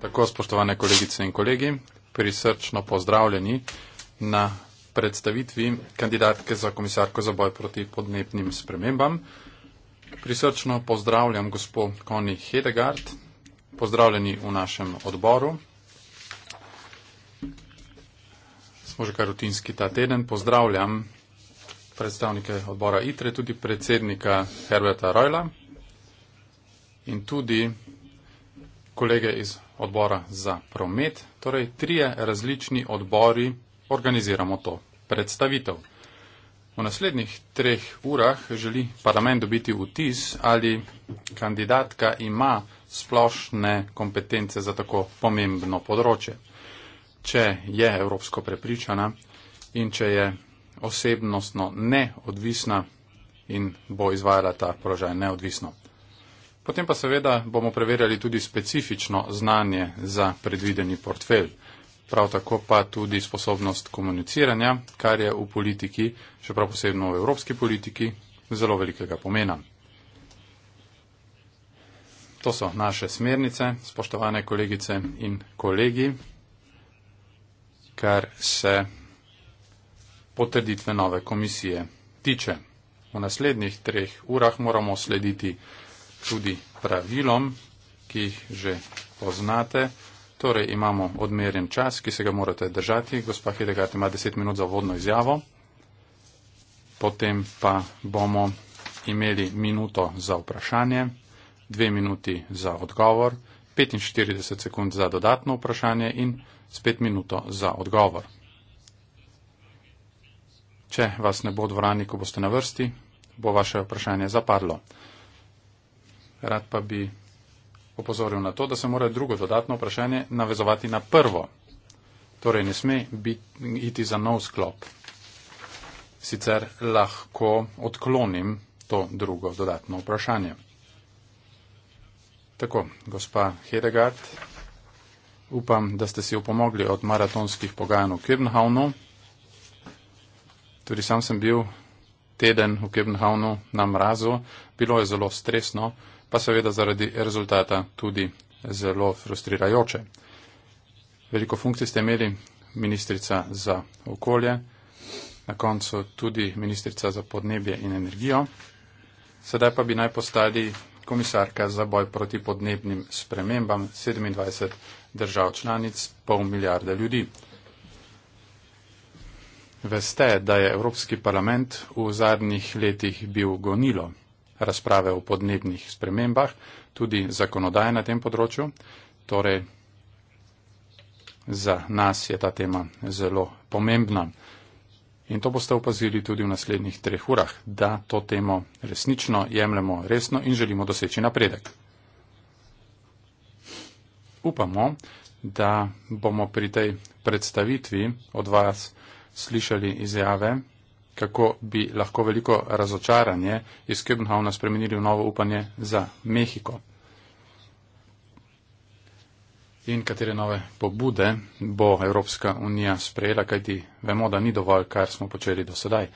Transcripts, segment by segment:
Tako, spoštovane kolegice in kolegi, prisrčno pozdravljeni na predstavitvi kandidatke za komisarko za boj proti podnebnim spremembam. Prisrčno pozdravljam gospo Koni Hedegard, pozdravljeni v našem odboru. Smo že kar rutinski ta teden. Pozdravljam predstavnike odbora ITRE, tudi predsednika Herberta Rojla in tudi kolege iz odbora za promet. Torej, trije različni odbori organiziramo to predstavitev. V naslednjih treh urah želi parlament dobiti vtis, ali kandidatka ima splošne kompetence za tako pomembno področje. Če je evropsko prepričana in če je osebnostno neodvisna in bo izvajala ta položaj neodvisno. Potem pa seveda bomo preverjali tudi specifično znanje za predvideni portfelj. Prav tako pa tudi sposobnost komuniciranja, kar je v politiki, še prav posebno v evropski politiki, zelo velikega pomena. To so naše smernice, spoštovane kolegice in kolegi, kar se potrditve nove komisije tiče. V naslednjih treh urah moramo slediti tudi pravilom, ki jih že poznate. Torej imamo odmerjen čas, ki se ga morate držati. Gospa Hidegard ima 10 minut za vodno izjavo. Potem pa bomo imeli minuto za vprašanje, dve minuti za odgovor, 45 sekund za dodatno vprašanje in spet minuto za odgovor. Če vas ne bo dvorani, ko boste na vrsti, bo vaše vprašanje zapadlo rad pa bi opozoril na to, da se mora drugo dodatno vprašanje navezovati na prvo. Torej ne sme biti, iti za nov sklop. Sicer lahko odklonim to drugo dodatno vprašanje. Tako, gospa Hedegard, upam, da ste si upomogli od maratonskih pogajanj v Kebnhavnu. Tudi sam sem bil teden v Kebnhavnu na mrazu. Bilo je zelo stresno pa seveda zaradi rezultata tudi zelo frustrirajoče. Veliko funkcij ste imeli, ministrica za okolje, na koncu tudi ministrica za podnebje in energijo, sedaj pa bi naj postali komisarka za boj proti podnebnim spremembam 27 držav članic, pol milijarde ljudi. Veste, da je Evropski parlament v zadnjih letih bil gonilo razprave o podnebnih spremembah, tudi zakonodaje na tem področju. Torej, za nas je ta tema zelo pomembna. In to boste opazili tudi v naslednjih treh urah, da to temo resnično jemljemo resno in želimo doseči napredek. Upamo, da bomo pri tej predstavitvi od vas slišali izjave kako bi lahko veliko razočaranje iz Kjubnhavna spremenili v novo upanje za Mehiko. In katere nove pobude bo Evropska unija sprejela, kajti vemo, da ni dovolj, kar smo počeli do sedaj.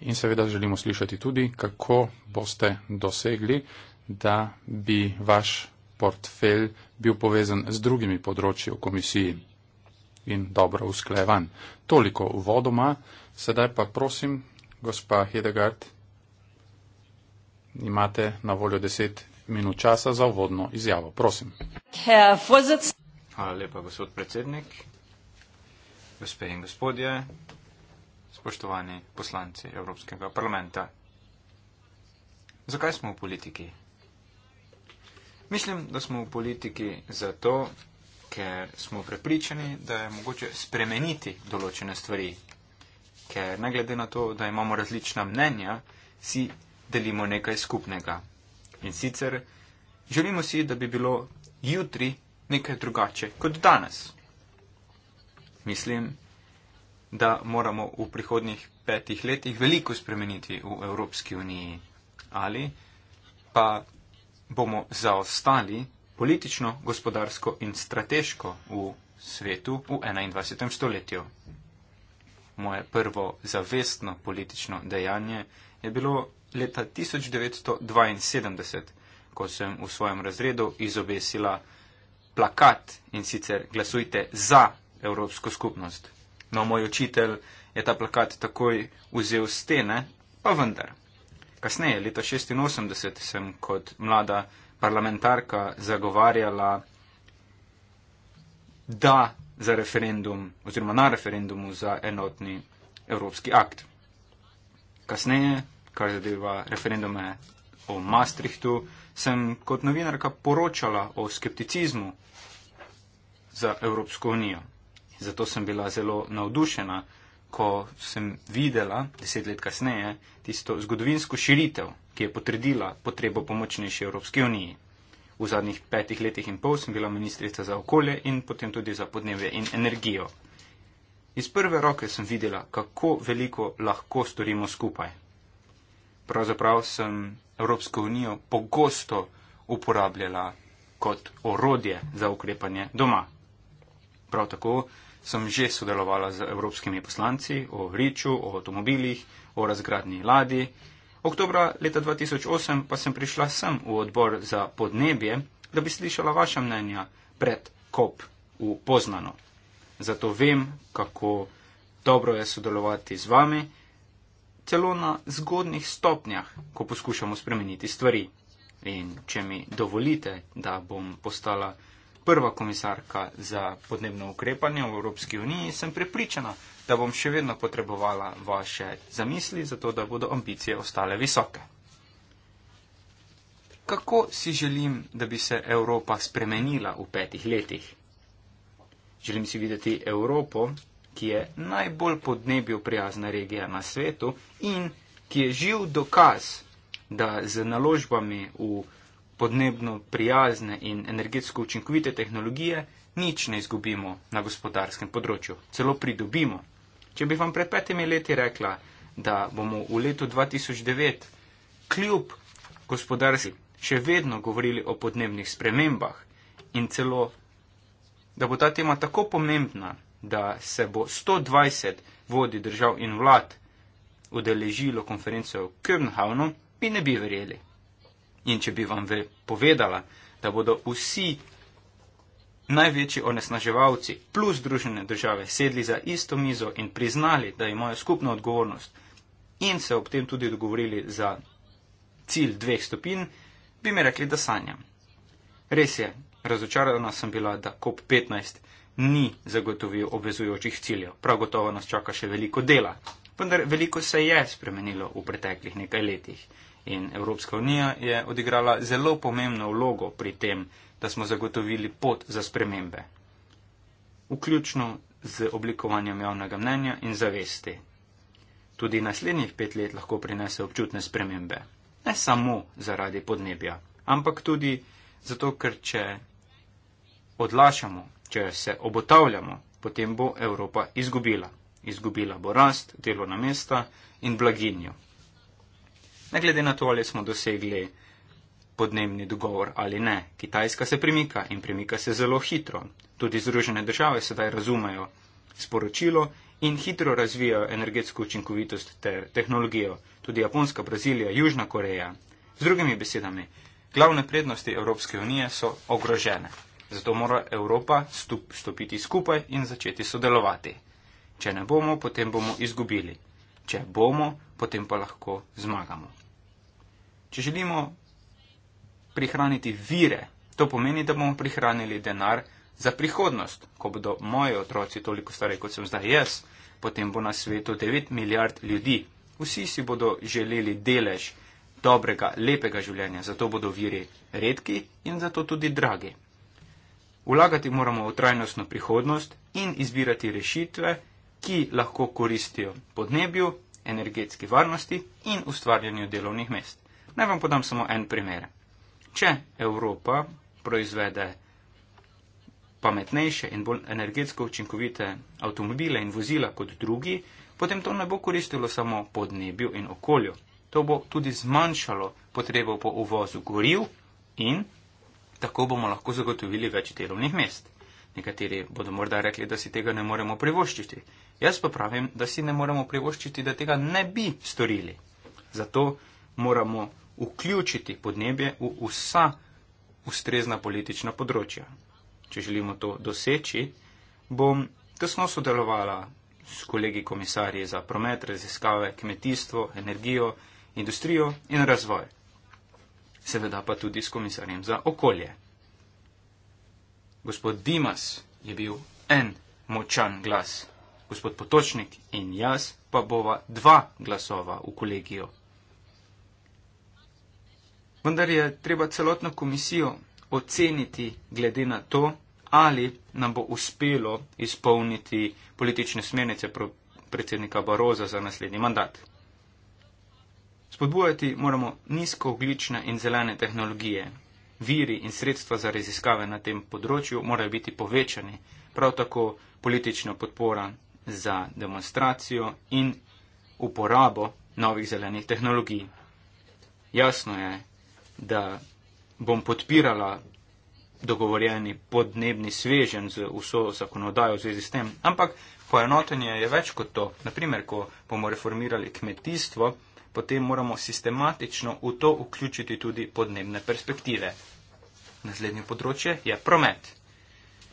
In seveda želimo slišati tudi, kako boste dosegli, da bi vaš portfelj bil povezan z drugimi področji v komisiji in dobro usklejevan. Toliko uvodoma, sedaj pa prosim, gospa Hedegard, imate na voljo deset minut časa za uvodno izjavo. Prosim. Hvala lepa, gospod predsednik, gospe in gospodje, spoštovani poslanci Evropskega parlamenta. Zakaj smo v politiki? Mislim, da smo v politiki zato, ker smo prepričani, da je mogoče spremeniti določene stvari. Ker ne glede na to, da imamo različna mnenja, si delimo nekaj skupnega. In sicer želimo si, da bi bilo jutri nekaj drugače kot danes. Mislim, da moramo v prihodnjih petih letih veliko spremeniti v Evropski uniji ali pa bomo zaostali politično, gospodarsko in strateško v svetu v 21. stoletju. Moje prvo zavestno politično dejanje je bilo leta 1972, ko sem v svojem razredu izobesila plakat in sicer glasujte za Evropsko skupnost. No, moj učitelj je ta plakat takoj vzel stene, pa vendar. Kasneje, leta 1986, sem kot mlada parlamentarka zagovarjala, da za referendum oziroma na referendumu za enotni evropski akt. Kasneje, kar zadeva referendume o Maastrichtu, sem kot novinarka poročala o skepticizmu za Evropsko unijo. Zato sem bila zelo navdušena, ko sem videla deset let kasneje tisto zgodovinsko širitev, ki je potrdila potrebo pomočnejše Evropske unije. V zadnjih petih letih in pol sem bila ministrica za okolje in potem tudi za podnebje in energijo. Iz prve roke sem videla, kako veliko lahko storimo skupaj. Pravzaprav sem Evropsko unijo pogosto uporabljala kot orodje za ukrepanje doma. Prav tako sem že sodelovala z evropskimi poslanci o Riču, o avtomobilih, o razgradni ladi. Oktobra leta 2008 pa sem prišla sem v odbor za podnebje, da bi slišala vaša mnenja pred kop v poznano. Zato vem, kako dobro je sodelovati z vami, celo na zgodnih stopnjah, ko poskušamo spremeniti stvari. In če mi dovolite, da bom postala prva komisarka za podnebno ukrepanje v Evropski uniji, sem prepričana, da bom še vedno potrebovala vaše zamisli, zato da bodo ambicije ostale visoke. Kako si želim, da bi se Evropa spremenila v petih letih? Želim si videti Evropo, ki je najbolj podnebju prijazna regija na svetu in ki je živ dokaz, da z naložbami v podnebno prijazne in energetsko učinkovite tehnologije, nič ne izgubimo na gospodarskem področju, celo pridobimo. Če bi vam pred petimi leti rekla, da bomo v letu 2009 kljub gospodarski še vedno govorili o podnebnih spremembah in celo, da bo ta tema tako pomembna, da se bo 120 vodi držav in vlad udeležilo konference v Köbenhavnu, bi ne bi verjeli. In če bi vam povedala, da bodo vsi največji onesnaževalci plus družene države sedli za isto mizo in priznali, da imajo skupno odgovornost in se ob tem tudi dogovorili za cilj dveh stopinj, bi mi rekli, da sanjam. Res je, razočarana sem bila, da COP15 ni zagotovil obvezujočih ciljev. Prav gotovo nas čaka še veliko dela, vendar veliko se je spremenilo v preteklih nekaj letih In Evropska unija je odigrala zelo pomembno vlogo pri tem, da smo zagotovili pot za spremembe, vključno z oblikovanjem javnega mnenja in zavesti. Tudi naslednjih pet let lahko prinese občutne spremembe, ne samo zaradi podnebja, ampak tudi zato, ker če odlašamo, če se obotavljamo, potem bo Evropa izgubila. Izgubila bo rast, delovna mesta in blaginjo ne glede na to, ali smo dosegli podnebni dogovor ali ne. Kitajska se premika in premika se zelo hitro. Tudi Združene države sedaj razumejo sporočilo in hitro razvijajo energetsko učinkovitost ter tehnologijo. Tudi Japonska, Brazilija, Južna Koreja. Z drugimi besedami, glavne prednosti Evropske unije so ogrožene. Zato mora Evropa stup, stopiti skupaj in začeti sodelovati. Če ne bomo, potem bomo izgubili. Če bomo, potem pa lahko zmagamo. Če želimo prihraniti vire, to pomeni, da bomo prihranili denar za prihodnost. Ko bodo moji otroci toliko stari, kot sem zdaj jaz, potem bo na svetu 9 milijard ljudi. Vsi si bodo želeli delež dobrega, lepega življenja, zato bodo viri redki in zato tudi dragi. Vlagati moramo v trajnostno prihodnost in izbirati rešitve, ki lahko koristijo podnebju, energetski varnosti in ustvarjanju delovnih mest. Naj vam podam samo en primer. Če Evropa proizvede pametnejše in bolj energetsko učinkovite avtomobile in vozila kot drugi, potem to ne bo koristilo samo podnebju in okolju. To bo tudi zmanjšalo potrebo po uvozu goril in tako bomo lahko zagotovili več delovnih mest. Nekateri bodo morda rekli, da si tega ne moremo privoščiti. Jaz pa pravim, da si ne moremo privoščiti, da tega ne bi storili. Zato moramo vključiti podnebje v vsa ustrezna politična področja. Če želimo to doseči, bom tesno sodelovala s kolegi komisarji za promet, raziskave, kmetijstvo, energijo, industrijo in razvoj. Seveda pa tudi s komisarjem za okolje. Gospod Dimas je bil en močan glas, gospod Potočnik in jaz pa bova dva glasova v kolegijo vendar je treba celotno komisijo oceniti glede na to, ali nam bo uspelo izpolniti politične smernice predsednika Baroza za naslednji mandat. Spodbujati moramo nizkooglične in zelene tehnologije. Viri in sredstva za raziskave na tem področju morajo biti povečani, prav tako politična podpora za demonstracijo in uporabo novih zelenih tehnologij. Jasno je, da bom podpirala dogovorjeni podnebni svežen z vso zakonodajo v zvezi s tem. Ampak poenotenje je več kot to. Naprimer, ko bomo reformirali kmetijstvo, potem moramo sistematično v to vključiti tudi podnebne perspektive. Naslednje področje je promet.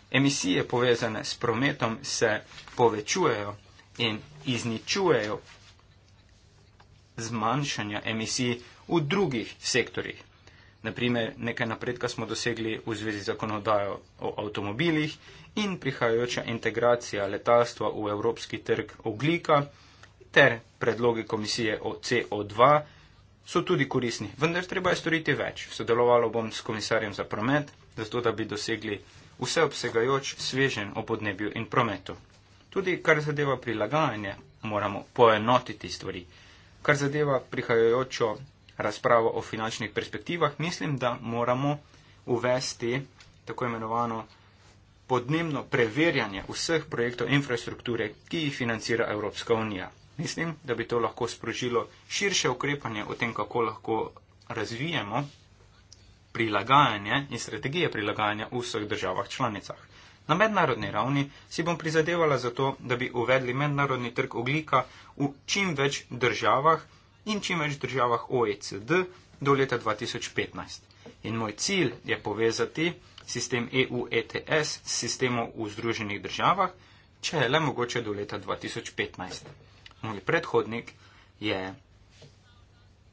Emisije povezane s prometom se povečujejo in izničujejo zmanjšanja emisij v drugih sektorjih. Naprimer, nekaj napredka smo dosegli v zvezi z zakonodajo o avtomobilih in prihajajoča integracija letalstva v evropski trg oglika ter predlogi komisije o CO2 so tudi korisni. Vendar treba je storiti več. Sodelovalo bom s komisarjem za promet, zato da bi dosegli vseobsegajoč svežen o podnebju in prometu. Tudi kar zadeva prilagajanje, moramo poenotiti stvari. Kar zadeva prihajajočo razpravo o finančnih perspektivah, mislim, da moramo uvesti tako imenovano podnebno preverjanje vseh projektov infrastrukture, ki jih financira Evropska unija. Mislim, da bi to lahko sprožilo širše ukrepanje o tem, kako lahko razvijemo prilagajanje in strategije prilagajanja v vseh državah članicah. Na mednarodni ravni si bom prizadevala za to, da bi uvedli mednarodni trg oglika v čim več državah in čim več državah OECD do leta 2015. In moj cilj je povezati sistem EU ETS s sistemom v Združenih državah, če je le mogoče do leta 2015. Moj predhodnik je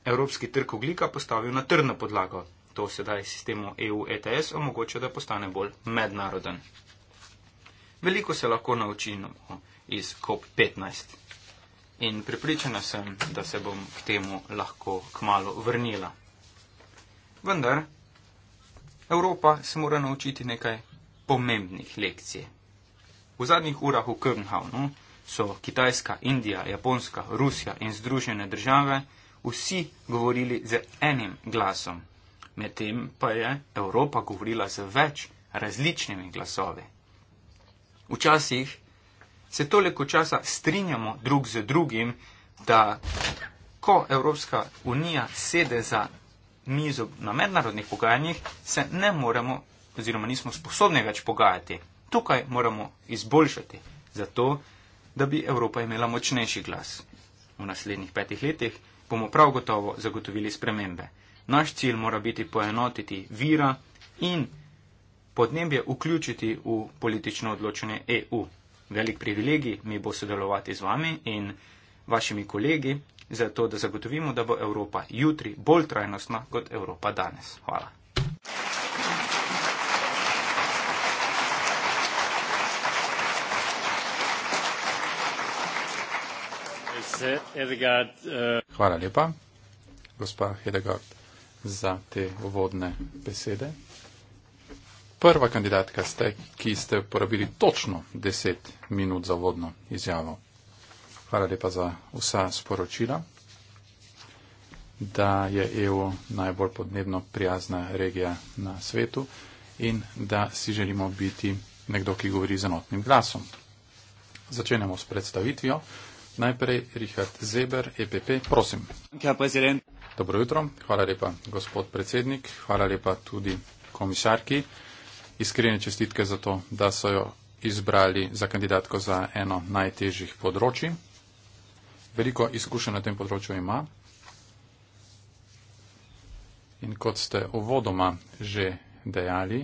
evropski trg oglika postavil na trdno podlago. To sedaj sistemu EU ETS omogoča, da postane bolj mednaroden. Veliko se lahko naučimo iz COP15 in pripričana sem, da se bom k temu lahko kmalo vrnila. Vendar, Evropa se mora naučiti nekaj pomembnih lekcij. V zadnjih urah v Kögenhavnu so Kitajska, Indija, Japonska, Rusija in Združene države vsi govorili z enim glasom, medtem pa je Evropa govorila z več različnimi glasovi. Včasih se toliko časa strinjamo drug z drugim, da ko Evropska unija sede za mizo na mednarodnih pogajanjih, se ne moremo oziroma nismo sposobni več pogajati. Tukaj moramo izboljšati, zato da bi Evropa imela močnejši glas. V naslednjih petih letih bomo prav gotovo zagotovili spremembe. Naš cilj mora biti poenotiti vira in podnebje vključiti v politično odločanje EU velik privilegij mi bo sodelovati z vami in vašimi kolegi, zato da zagotovimo, da bo Evropa jutri bolj trajnostna kot Evropa danes. Hvala. Hvala lepa, gospa Hedegard, za te uvodne besede prva kandidatka ste, ki ste uporabili točno deset minut za vodno izjavo. Hvala lepa za vsa sporočila, da je EU najbolj podnebno prijazna regija na svetu in da si želimo biti nekdo, ki govori z enotnim glasom. Začenjamo s predstavitvijo. Najprej Richard Zeber, EPP, prosim. Dobro jutro, hvala lepa gospod predsednik, hvala lepa tudi komisarki iskrene čestitke za to, da so jo izbrali za kandidatko za eno najtežjih področji. Veliko izkušenj na tem področju ima. In kot ste uvodoma že dejali,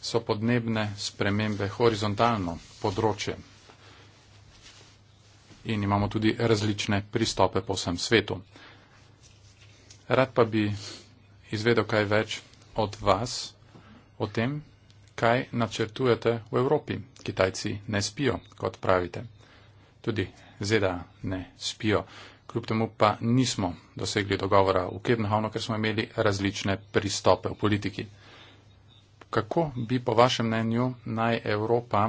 so podnebne spremembe horizontalno področje. In imamo tudi različne pristope po vsem svetu. Rad pa bi izvedel kaj več od vas o tem, kaj načrtujete v Evropi. Kitajci ne spijo, kot pravite. Tudi ZDA ne spijo. Kljub temu pa nismo dosegli dogovora v Kebnhavnu, ker smo imeli različne pristope v politiki. Kako bi po vašem mnenju naj Evropa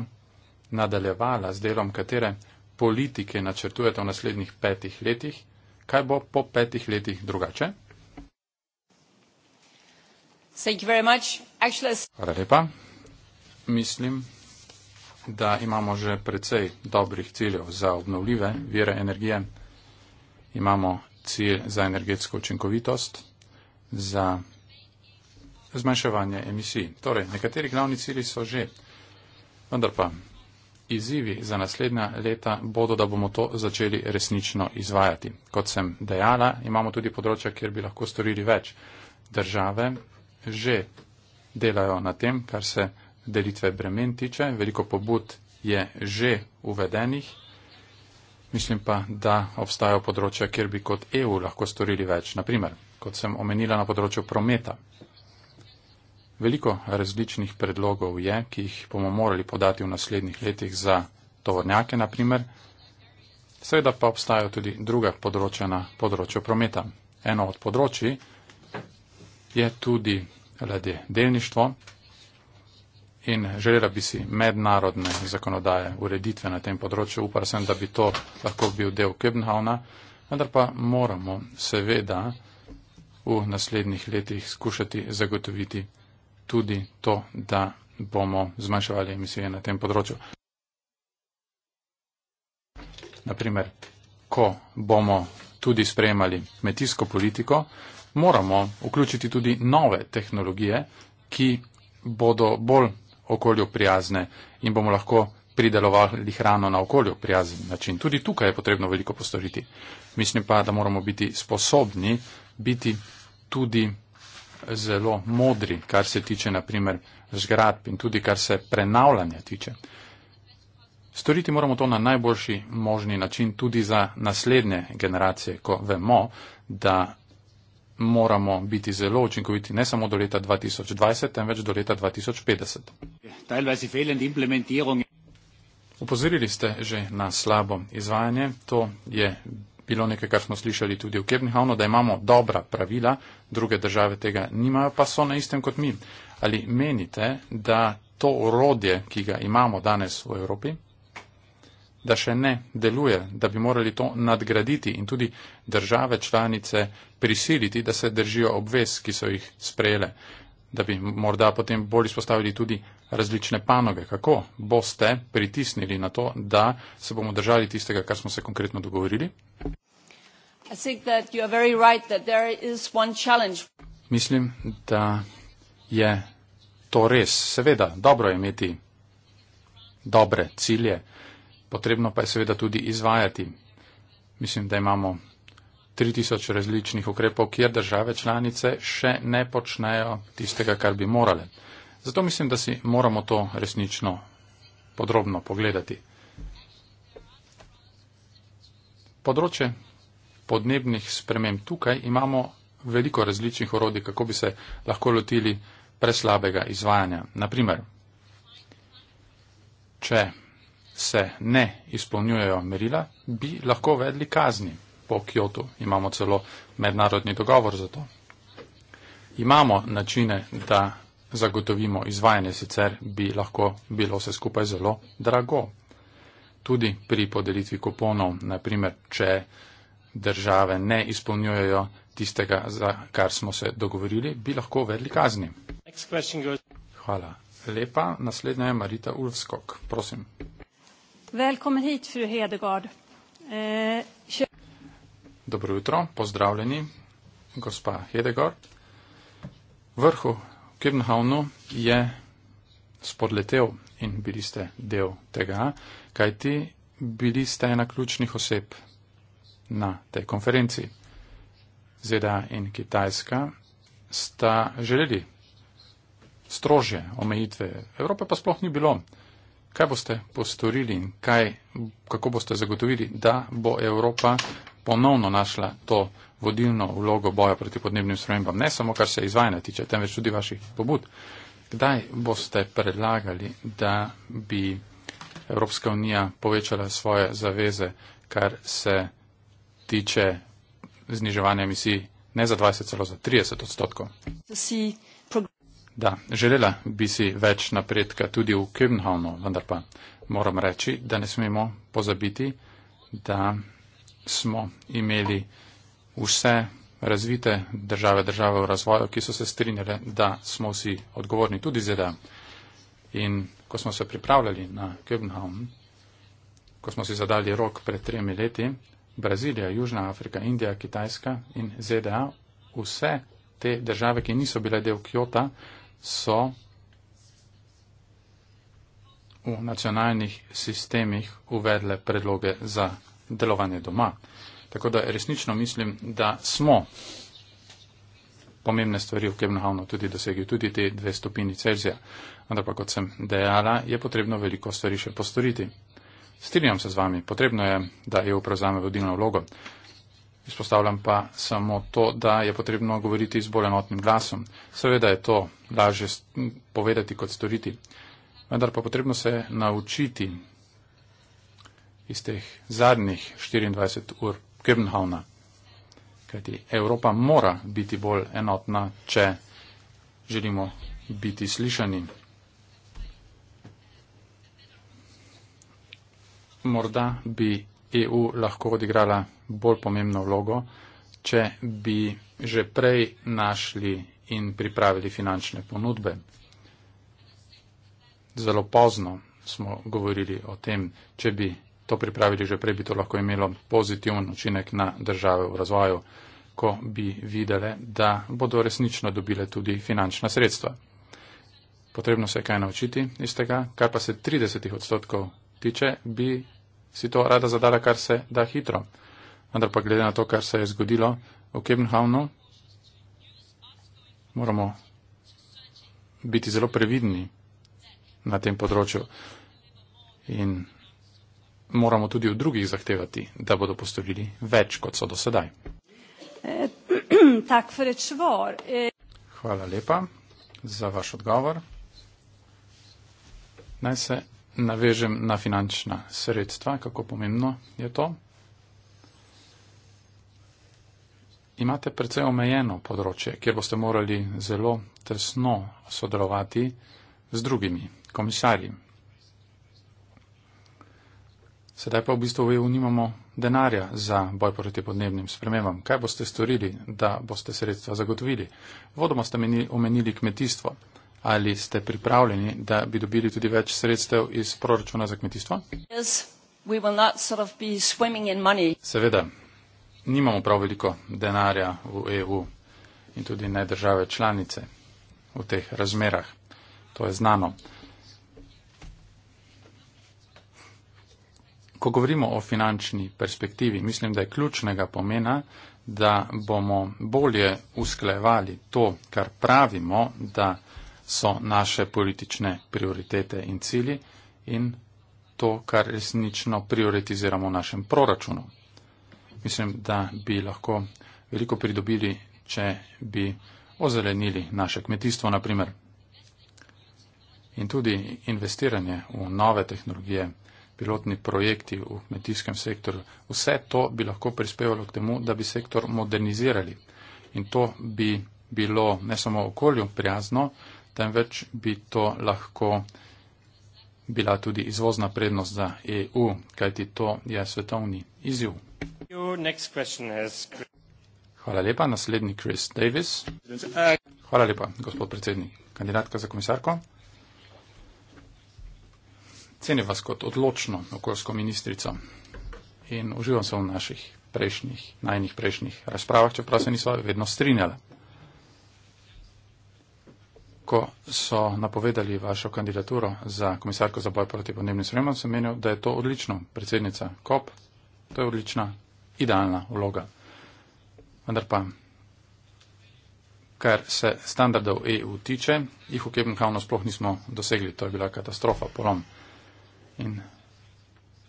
nadaljevala z delom, katere politike načrtujete v naslednjih petih letih? Kaj bo po petih letih drugače? Hvala lepa. Mislim, da imamo že precej dobrih ciljev za obnovljive vire energije. Imamo cilj za energetsko učinkovitost, za zmanjševanje emisij. Torej, nekateri glavni cilji so že. Vendar pa izzivi za naslednja leta bodo, da bomo to začeli resnično izvajati. Kot sem dejala, imamo tudi področja, kjer bi lahko storili več. Države že delajo na tem, kar se delitve bremen tiče. Veliko pobud je že uvedenih. Mislim pa, da obstajajo področja, kjer bi kot EU lahko storili več. Naprimer, kot sem omenila na področju prometa. Veliko različnih predlogov je, ki jih bomo morali podati v naslednjih letih za tovornjake, naprimer. Seveda pa obstajajo tudi druga področja na področju prometa. Eno od področji, je tudi ladje delništvo in želela bi si mednarodne zakonodaje ureditve na tem področju. Upala sem, da bi to lahko bil del Kebnhavna, vendar pa moramo seveda v naslednjih letih skušati zagotoviti tudi to, da bomo zmanjševali emisije na tem področju. Naprimer, ko bomo tudi sprejemali kmetijsko politiko, moramo vključiti tudi nove tehnologije, ki bodo bolj okolju prijazne in bomo lahko pridelovali hrano na okolju prijazen način. Tudi tukaj je potrebno veliko postoriti. Mislim pa, da moramo biti sposobni biti tudi zelo modri, kar se tiče naprimer zgradb in tudi kar se prenavljanja tiče. Storiti moramo to na najboljši možni način tudi za naslednje generacije, ko vemo, da moramo biti zelo učinkoviti ne samo do leta 2020, temveč do leta 2050. Upozorili ste že na slabo izvajanje. To je bilo nekaj, kar smo slišali tudi v Kebnihavnu, da imamo dobra pravila, druge države tega nimajo, pa so na istem kot mi. Ali menite, da to urodje, ki ga imamo danes v Evropi, da še ne deluje, da bi morali to nadgraditi in tudi države članice prisiliti, da se držijo obvez, ki so jih sprejele, da bi morda potem bolj izpostavili tudi različne panoge. Kako boste pritisnili na to, da se bomo držali tistega, kar smo se konkretno dogovorili? Right, Mislim, da je to res. Seveda, dobro je imeti dobre cilje potrebno pa je seveda tudi izvajati. Mislim, da imamo 3000 različnih ukrepov, kjer države članice še ne počnejo tistega, kar bi morale. Zato mislim, da si moramo to resnično podrobno pogledati. Področje podnebnih sprememb tukaj imamo veliko različnih orodij, kako bi se lahko lotili preslabega izvajanja. Naprimer, če se ne izpolnjujejo merila, bi lahko vedli kazni po Kjotu. Imamo celo mednarodni dogovor za to. Imamo načine, da zagotovimo izvajanje, sicer bi lahko bilo vse skupaj zelo drago. Tudi pri podelitvi kuponov, naprimer, če države ne izpolnjujejo tistega, za kar smo se dogovorili, bi lahko vedli kazni. Hvala. Lepa, naslednja je Marita Ulfskog. Prosim. Välkommen hit, fru Hedegard. Eh, Dobro jutro, pozdravljeni, gospa Hedegard. Vrhu v Kirnhavnu je spodletel in bili ste del tega, kaj ti bili ste ena ključnih oseb na tej konferenci. ZDA in Kitajska sta želeli strože omejitve. Evrope pa sploh ni bilo. Kaj boste postorili in kaj, kako boste zagotovili, da bo Evropa ponovno našla to vodilno vlogo boja proti podnebnim spremembam, ne samo kar se izvajanja tiče, temveč tudi vaših pobud? Kdaj boste predlagali, da bi Evropska unija povečala svoje zaveze, kar se tiče zniževanja emisij ne za 20, celo za 30 odstotkov? Da, želela bi si več napredka tudi v Kebnhavnu, vendar pa moram reči, da ne smemo pozabiti, da smo imeli vse razvite države, države v razvoju, ki so se strinjale, da smo vsi odgovorni tudi za da. In ko smo se pripravljali na Kebnhavn, ko smo si zadali rok pred tremi leti, Brazilija, Južna Afrika, Indija, Kitajska in ZDA, vse te države, ki niso bile del Kyoto, so v nacionalnih sistemih uvedle predloge za delovanje doma. Tako da resnično mislim, da smo pomembne stvari v Kebnhavnu tudi dosegli, tudi te dve stopini Celzija. Ampak pa kot sem dejala, je potrebno veliko stvari še postoriti. Strinjam se z vami, potrebno je, da EU prevzame vodilno vlogo. Izpostavljam pa samo to, da je potrebno govoriti z bolj enotnim glasom. Seveda je to lažje povedati kot storiti, vendar pa potrebno se naučiti iz teh zadnjih 24 ur Kirbenhavna, kajti Evropa mora biti bolj enotna, če želimo biti slišani. Morda bi EU lahko odigrala bolj pomembno vlogo, če bi že prej našli in pripravili finančne ponudbe. Zelo pozno smo govorili o tem, če bi to pripravili že prej, bi to lahko imelo pozitiven učinek na države v razvoju, ko bi videle, da bodo resnično dobile tudi finančna sredstva. Potrebno se je kaj naučiti iz tega, kar pa se 30 odstotkov tiče, bi si to rada zadala, kar se da hitro vendar pa glede na to, kar se je zgodilo v Kebenhavnu, moramo biti zelo previdni na tem področju in moramo tudi od drugih zahtevati, da bodo postorili več, kot so do sedaj. E- Hvala lepa za vaš odgovor. Naj se navežem na finančna sredstva, kako pomembno je to. imate predvsej omejeno področje, kjer boste morali zelo tesno sodelovati z drugimi komisarji. Sedaj pa v bistvu v EU nimamo denarja za boj proti podnebnim spremembam. Kaj boste storili, da boste sredstva zagotovili? Vodoma ste omenili kmetijstvo. Ali ste pripravljeni, da bi dobili tudi več sredstev iz proračuna za kmetijstvo? Seveda, nimamo prav veliko denarja v EU in tudi ne države članice v teh razmerah. To je znano. Ko govorimo o finančni perspektivi, mislim, da je ključnega pomena, da bomo bolje usklajevali to, kar pravimo, da so naše politične prioritete in cilji in to, kar resnično prioritiziramo v našem proračunu mislim, da bi lahko veliko pridobili, če bi ozelenili naše kmetijstvo, naprimer. In tudi investiranje v nove tehnologije, pilotni projekti v kmetijskem sektorju, vse to bi lahko prispevalo k temu, da bi sektor modernizirali. In to bi bilo ne samo okolju prijazno, temveč bi to lahko bila tudi izvozna prednost za EU, kajti to je svetovni izjiv. Hvala lepa. Naslednji Chris Davis. Hvala lepa, gospod predsednik. Kandidatka za komisarko. Cenim vas kot odločno okoljsko ministrico in uživam se v naših prejšnjih, najnih prejšnjih razpravah, čeprav se niso vedno strinjale. Ko so napovedali vašo kandidaturo za komisarko za boj proti podnebnim spremembam, sem menil, da je to odlično. Predsednica KOP, to je odlična idealna vloga. Vendar pa, kar se standardov EU tiče, jih v Kebenhavnu sploh nismo dosegli. To je bila katastrofa, polom. In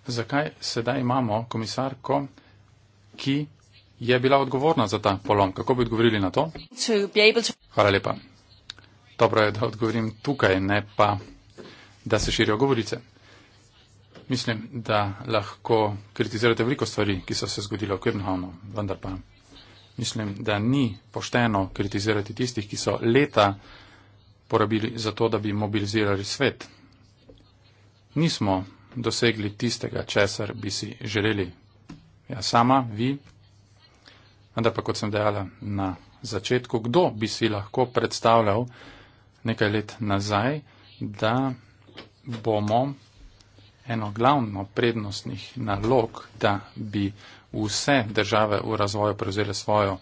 zakaj sedaj imamo komisarko, ki je bila odgovorna za ta polom? Kako bi odgovorili na to? Hvala lepa. Dobro je, da odgovorim tukaj, ne pa, da se širijo govorice. Mislim, da lahko kritizirate veliko stvari, ki so se zgodile v Kirnhavnu, vendar pa mislim, da ni pošteno kritizirati tistih, ki so leta porabili za to, da bi mobilizirali svet. Nismo dosegli tistega, česar bi si želeli. Ja, sama, vi, vendar pa kot sem dejala na začetku, kdo bi si lahko predstavljal nekaj let nazaj, da bomo eno glavno prednostnih nalog, da bi vse države v razvoju prevzele svojo,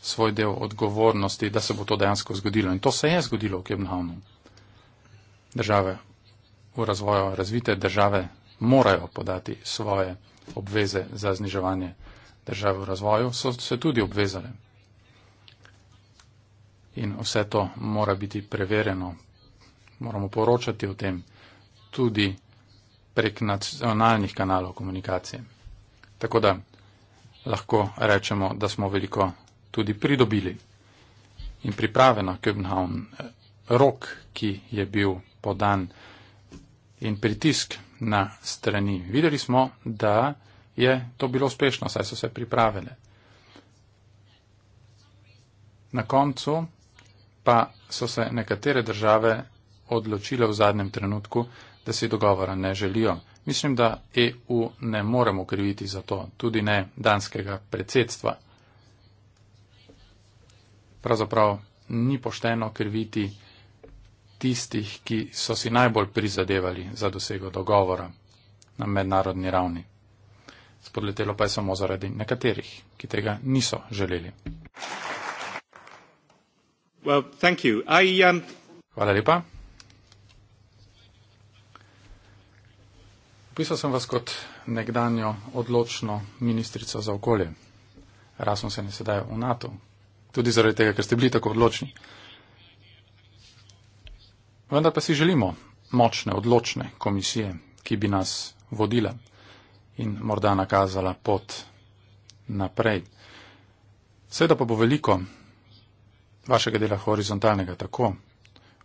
svoj del odgovornosti, da se bo to dejansko zgodilo. In to se je zgodilo v Kemnavnu. Države v razvoju, razvite države morajo podati svoje obveze za zniževanje države v razvoju, so se tudi obvezale. In vse to mora biti preverjeno. Moramo poročati o tem tudi prek nacionalnih kanalov komunikacije. Tako da lahko rečemo, da smo veliko tudi pridobili. In priprave na Köbenhavn, eh, rok, ki je bil podan in pritisk na strani, videli smo, da je to bilo uspešno, saj so se pripravile. Na koncu pa so se nekatere države odločile v zadnjem trenutku, da si dogovora ne želijo. Mislim, da EU ne moremo kriviti za to, tudi ne danskega predsedstva. Pravzaprav ni pošteno kriviti tistih, ki so si najbolj prizadevali za dosego dogovora na mednarodni ravni. Spodletelo pa je samo zaradi nekaterih, ki tega niso želeli. Well, I, um... Hvala lepa. Pisal sem vas kot nekdanjo odločno ministrico za okolje. Rasmus je sedaj v NATO. Tudi zaradi tega, ker ste bili tako odločni. Vendar pa si želimo močne, odločne komisije, ki bi nas vodila in morda nakazala pot naprej. Seveda pa bo veliko vašega dela horizontalnega tako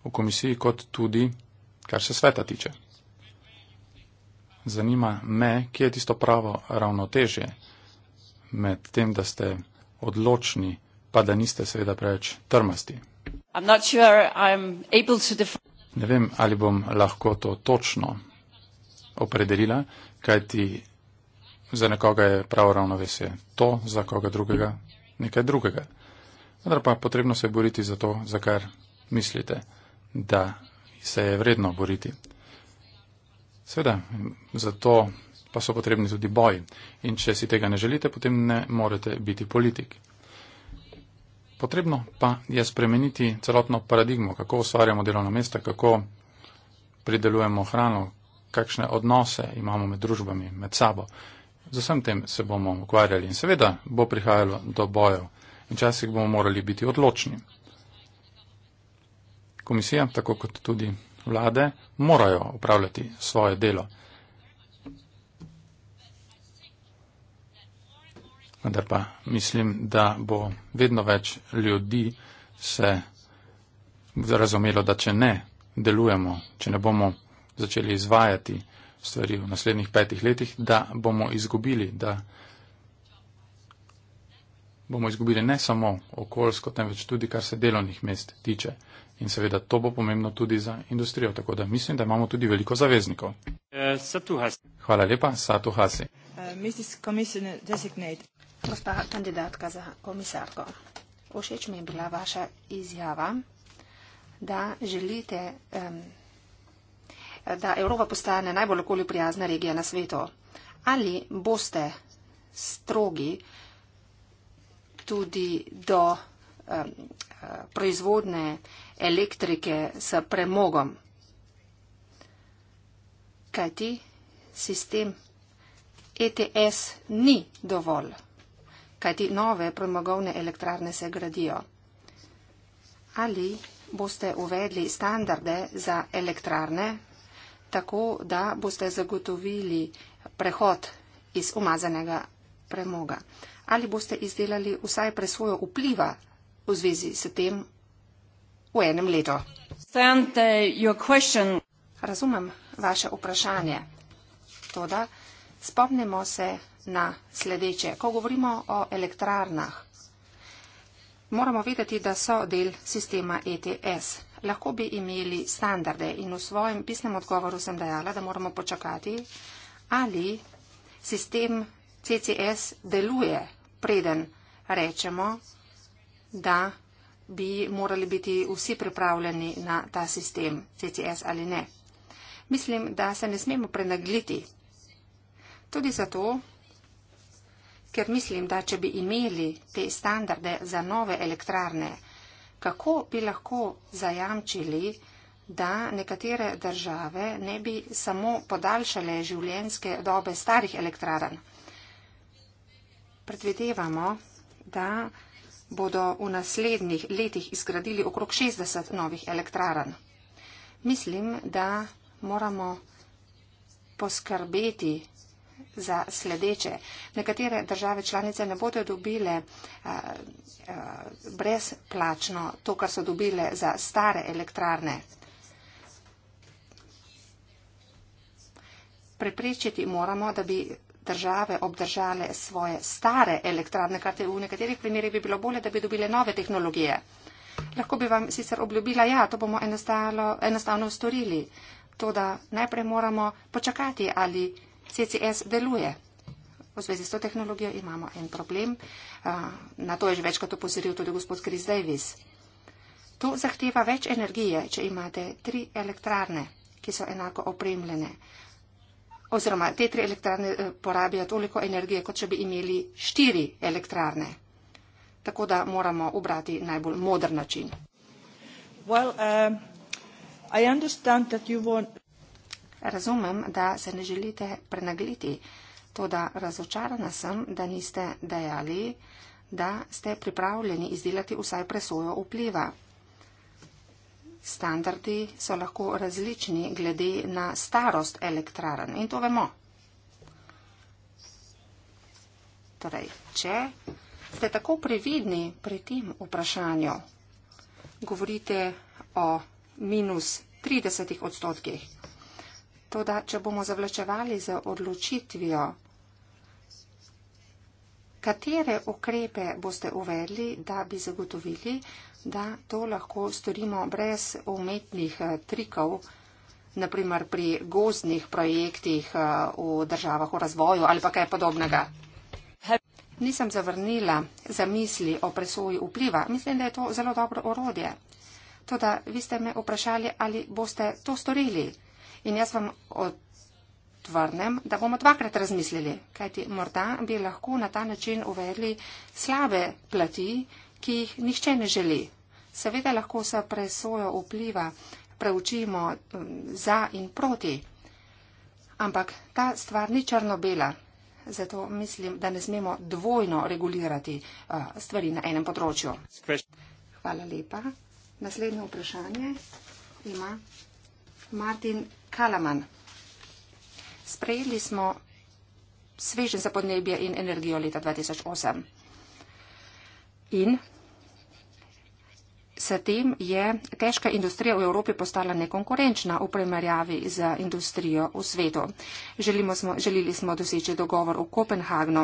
v komisiji kot tudi, kar se sveta tiče zanima me, kje je tisto pravo ravnotežje med tem, da ste odločni, pa da niste seveda preveč trmasti. Sure ne vem, ali bom lahko to točno opredelila, kajti za nekoga je pravo ravnovesje to, za koga drugega nekaj drugega. Vendar pa potrebno se boriti za to, za kar mislite, da se je vredno boriti. Seveda, zato pa so potrebni tudi boji. In če si tega ne želite, potem ne morete biti politik. Potrebno pa je spremeniti celotno paradigmo, kako ustvarjamo delovna mesta, kako pridelujemo hrano, kakšne odnose imamo med družbami, med sabo. Z vsem tem se bomo ukvarjali in seveda bo prihajalo do bojev in časih bomo morali biti odločni. Komisija, tako kot tudi vlade morajo upravljati svoje delo. Vendar pa mislim, da bo vedno več ljudi se razumelo, da če ne delujemo, če ne bomo začeli izvajati stvari v naslednjih petih letih, da bomo izgubili, da bomo izgubili ne samo okoljsko, temveč tudi, kar se delovnih mest tiče. In seveda to bo pomembno tudi za industrijo, tako da mislim, da imamo tudi veliko zaveznikov. Uh, Hvala lepa, Satu Hasi. Uh, Gospa kandidatka za komisarko, všeč mi je bila vaša izjava, da želite, um, da Evropa postane najbolj okolju prijazna regija na svetu. Ali boste strogi tudi do um, proizvodne, elektrike s premogom. Kaj ti sistem ETS ni dovolj? Kaj ti nove premogovne elektrarne se gradijo? Ali boste uvedli standarde za elektrarne, tako da boste zagotovili prehod iz umazanega premoga? Ali boste izdelali vsaj presvojo vpliva v zvezi s tem v enem letu. Razumem vaše vprašanje. Toda spomnimo se na sledeče. Ko govorimo o elektrarnah, moramo vedeti, da so del sistema ETS. Lahko bi imeli standarde in v svojem pisnem odgovoru sem dejala, da moramo počakati, ali sistem CCS deluje, preden rečemo, da bi morali biti vsi pripravljeni na ta sistem CCS ali ne. Mislim, da se ne smemo prenagliti. Tudi zato, ker mislim, da če bi imeli te standarde za nove elektrarne, kako bi lahko zajamčili, da nekatere države ne bi samo podaljšale življenjske dobe starih elektraran. Predvidevamo, da bodo v naslednjih letih izgradili okrog 60 novih elektraran. Mislim, da moramo poskrbeti za sledeče. Nekatere države članice ne bodo dobile eh, eh, brezplačno to, kar so dobile za stare elektrarne. Preprečiti moramo, da bi države obdržale svoje stare elektrarne, kar te v nekaterih primerjih bi bilo bolje, da bi dobile nove tehnologije. Lahko bi vam sicer obljubila, ja, to bomo enostavno storili. To, da najprej moramo počakati, ali CCS deluje. V zvezi s to tehnologijo imamo en problem. Na to je že večkrat upozoril tudi gospod Chris Davis. To zahteva več energije, če imate tri elektrarne, ki so enako opremljene oziroma te tri elektrarne eh, porabijo toliko energije, kot če bi imeli štiri elektrarne. Tako da moramo ubrati najbolj modr način. Well, uh, want... Razumem, da se ne želite prenagliti, to da razočarana sem, da niste dejali, da ste pripravljeni izdelati vsaj presojo vpliva. Standardi so lahko različni glede na starost elektraren in to vemo. Torej, če ste tako previdni pri tem vprašanju, govorite o minus 30 odstotkih. Toda, če bomo zavlačevali za odločitvijo, katere ukrepe boste uvedli, da bi zagotovili, da to lahko storimo brez umetnih eh, trikov, naprimer pri gozdnih projektih eh, v državah v razvoju ali pa kaj podobnega. Nisem zavrnila zamisli o presoji vpliva. Mislim, da je to zelo dobro orodje. Toda vi ste me vprašali, ali boste to storili. In jaz vam odvrnem, da bomo dvakrat razmislili, kajti morda bi lahko na ta način uvedli slabe plati, ki jih nihče ne želi. Seveda lahko se presojo vpliva preučimo um, za in proti, ampak ta stvar ni črno-bela. Zato mislim, da ne smemo dvojno regulirati uh, stvari na enem področju. Hvala lepa. Naslednje vprašanje ima Martin Kalaman. Sprejeli smo svežen za podnebje in energijo leta 2008. In S tem je težka industrija v Evropi postala nekonkurenčna v primerjavi z industrijo v svetu. Smo, želili smo doseči dogovor v Kopenhagnu.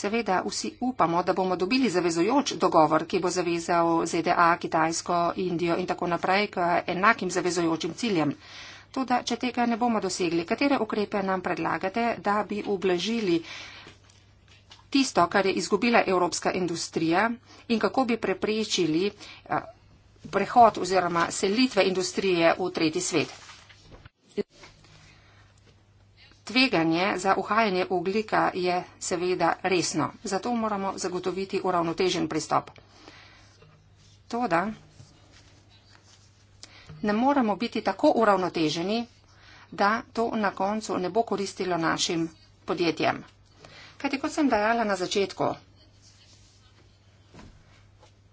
Seveda vsi upamo, da bomo dobili zavezujoč dogovor, ki bo zavezal ZDA, Kitajsko, Indijo in tako naprej k enakim zavezujočim ciljem. Tudi, če tega ne bomo dosegli, katere ukrepe nam predlagate, da bi ublažili uh, tisto, kar je izgubila evropska industrija in kako bi preprečili eh, prehod oziroma selitve industrije v tretji svet. Tveganje za uhajanje oglika je seveda resno, zato moramo zagotoviti uravnotežen pristop. Toda ne moramo biti tako uravnoteženi, da to na koncu ne bo koristilo našim podjetjem kajti kot sem dajala na začetku,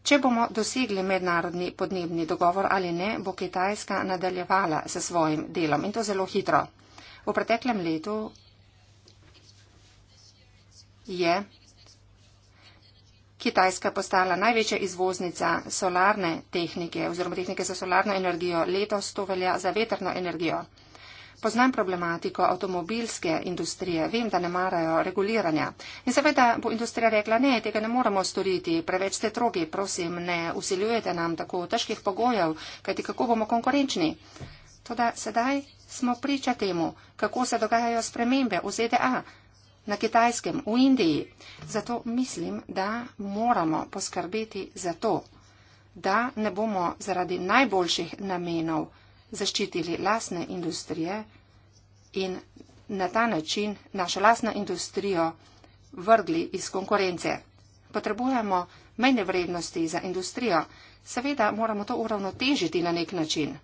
če bomo dosegli mednarodni podnebni dogovor ali ne, bo Kitajska nadaljevala se svojim delom in to zelo hitro. V preteklem letu je Kitajska postala največja izvoznica solarne tehnike oziroma tehnike za solarno energijo. Letos to velja za veterno energijo. Poznam problematiko avtomobilske industrije, vem, da ne marajo reguliranja. In seveda bo industrija rekla, ne, tega ne moramo storiti, preveč ste trogi, prosim, ne usiljujete nam tako težkih pogojev, kajti kako bomo konkurenčni. Toda sedaj smo priča temu, kako se dogajajo spremembe v ZDA. Na kitajskem, v Indiji. Zato mislim, da moramo poskrbeti za to, da ne bomo zaradi najboljših namenov zaščitili lasne industrije in na ta način našo lasno industrijo vrgli iz konkurence. Potrebujemo menje vrednosti za industrijo. Seveda moramo to uravnotežiti na nek način.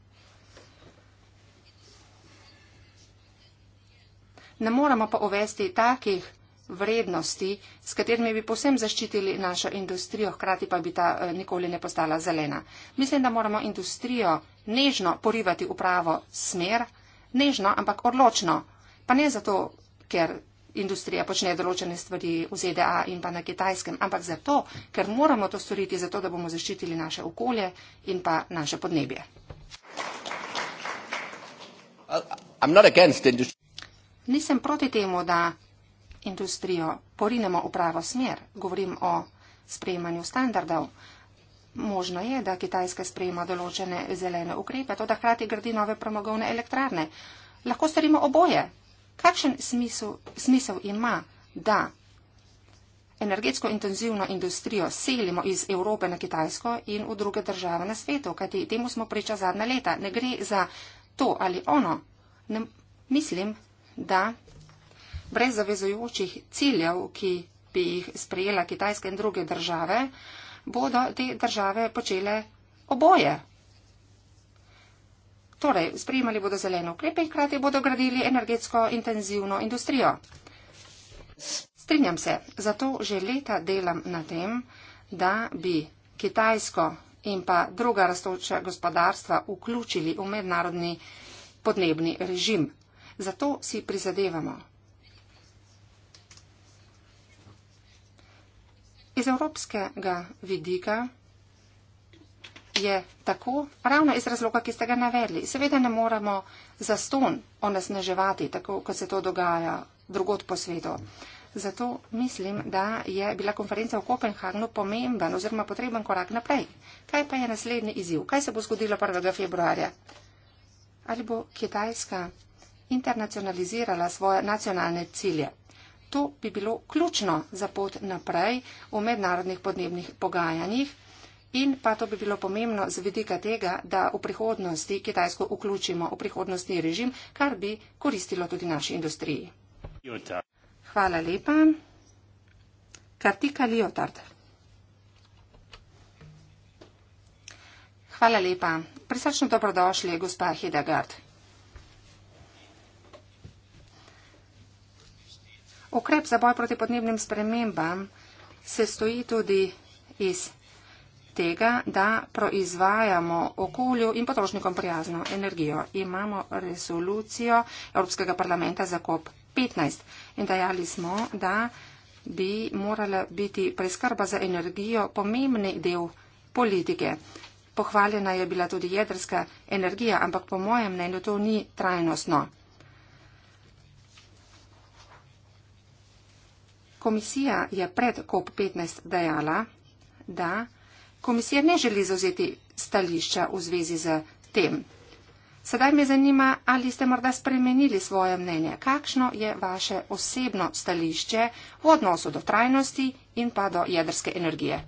Ne moramo pa uvesti takih vrednosti, s katerimi bi posem zaščitili našo industrijo, hkrati pa bi ta eh, nikoli ne postala zelena. Mislim, da moramo industrijo nežno porivati v pravo smer, nežno, ampak odločno. Pa ne zato, ker industrija počne določene stvari v ZDA in pa na kitajskem, ampak zato, ker moramo to storiti, zato, da bomo zaščitili naše okolje in pa naše podnebje. Uh, Nisem proti temu, da industrijo porinemo v pravo smer, govorim o sprejemanju standardov. Možno je, da Kitajska sprejema določene zelene ukrepe, to da hkrati gradi nove premogovne elektrarne. Lahko storimo oboje. Kakšen smisel, smisel ima, da energetsko intenzivno industrijo selimo iz Evrope na Kitajsko in v druge države na svetu, kajti temu smo priča zadnja leta. Ne gre za to ali ono. Ne, mislim, da brez zavezujočih ciljev, ki bi jih sprejela Kitajska in druge države, bodo te države počele oboje. Torej, sprejemali bodo zeleno ukrepe in hkrati bodo gradili energetsko intenzivno industrijo. Strinjam se, zato že leta delam na tem, da bi Kitajsko in pa druga rastoča gospodarstva vključili v mednarodni podnebni režim. Zato si prizadevamo, iz evropskega vidika je tako ravno iz razloga, ki ste ga navedli. Seveda ne moremo zaston onesneževati, tako kot se to dogaja drugot po svetu. Zato mislim, da je bila konferenca v Kopenhagnu pomemben oziroma potreben korak naprej. Kaj pa je naslednji izziv? Kaj se bo zgodilo 1. februarja? Ali bo Kitajska internacionalizirala svoje nacionalne cilje? To bi bilo ključno za pot naprej v mednarodnih podnebnih pogajanjih in pa to bi bilo pomembno z vidika tega, da v prihodnosti Kitajsko vključimo v prihodnostni režim, kar bi koristilo tudi naši industriji. Hvala lepa. Kartika Liotard. Hvala lepa. Prisrčno dobrodošli, gospa Hedegard. Ukrep za boj proti podnebnim spremembam se stoji tudi iz tega, da proizvajamo okolju in potrošnikom prijazno energijo. Imamo resolucijo Evropskega parlamenta za COP15 in dajali smo, da bi morala biti preskrba za energijo pomembni del politike. Pohvaljena je bila tudi jedrska energija, ampak po mojem mnenju to ni trajnostno. Komisija je pred COP15 dejala, da komisija ne želi zauzeti stališča v zvezi z tem. Sedaj me zanima, ali ste morda spremenili svoje mnenje. Kakšno je vaše osebno stališče v odnosu do trajnosti in pa do jedrske energije?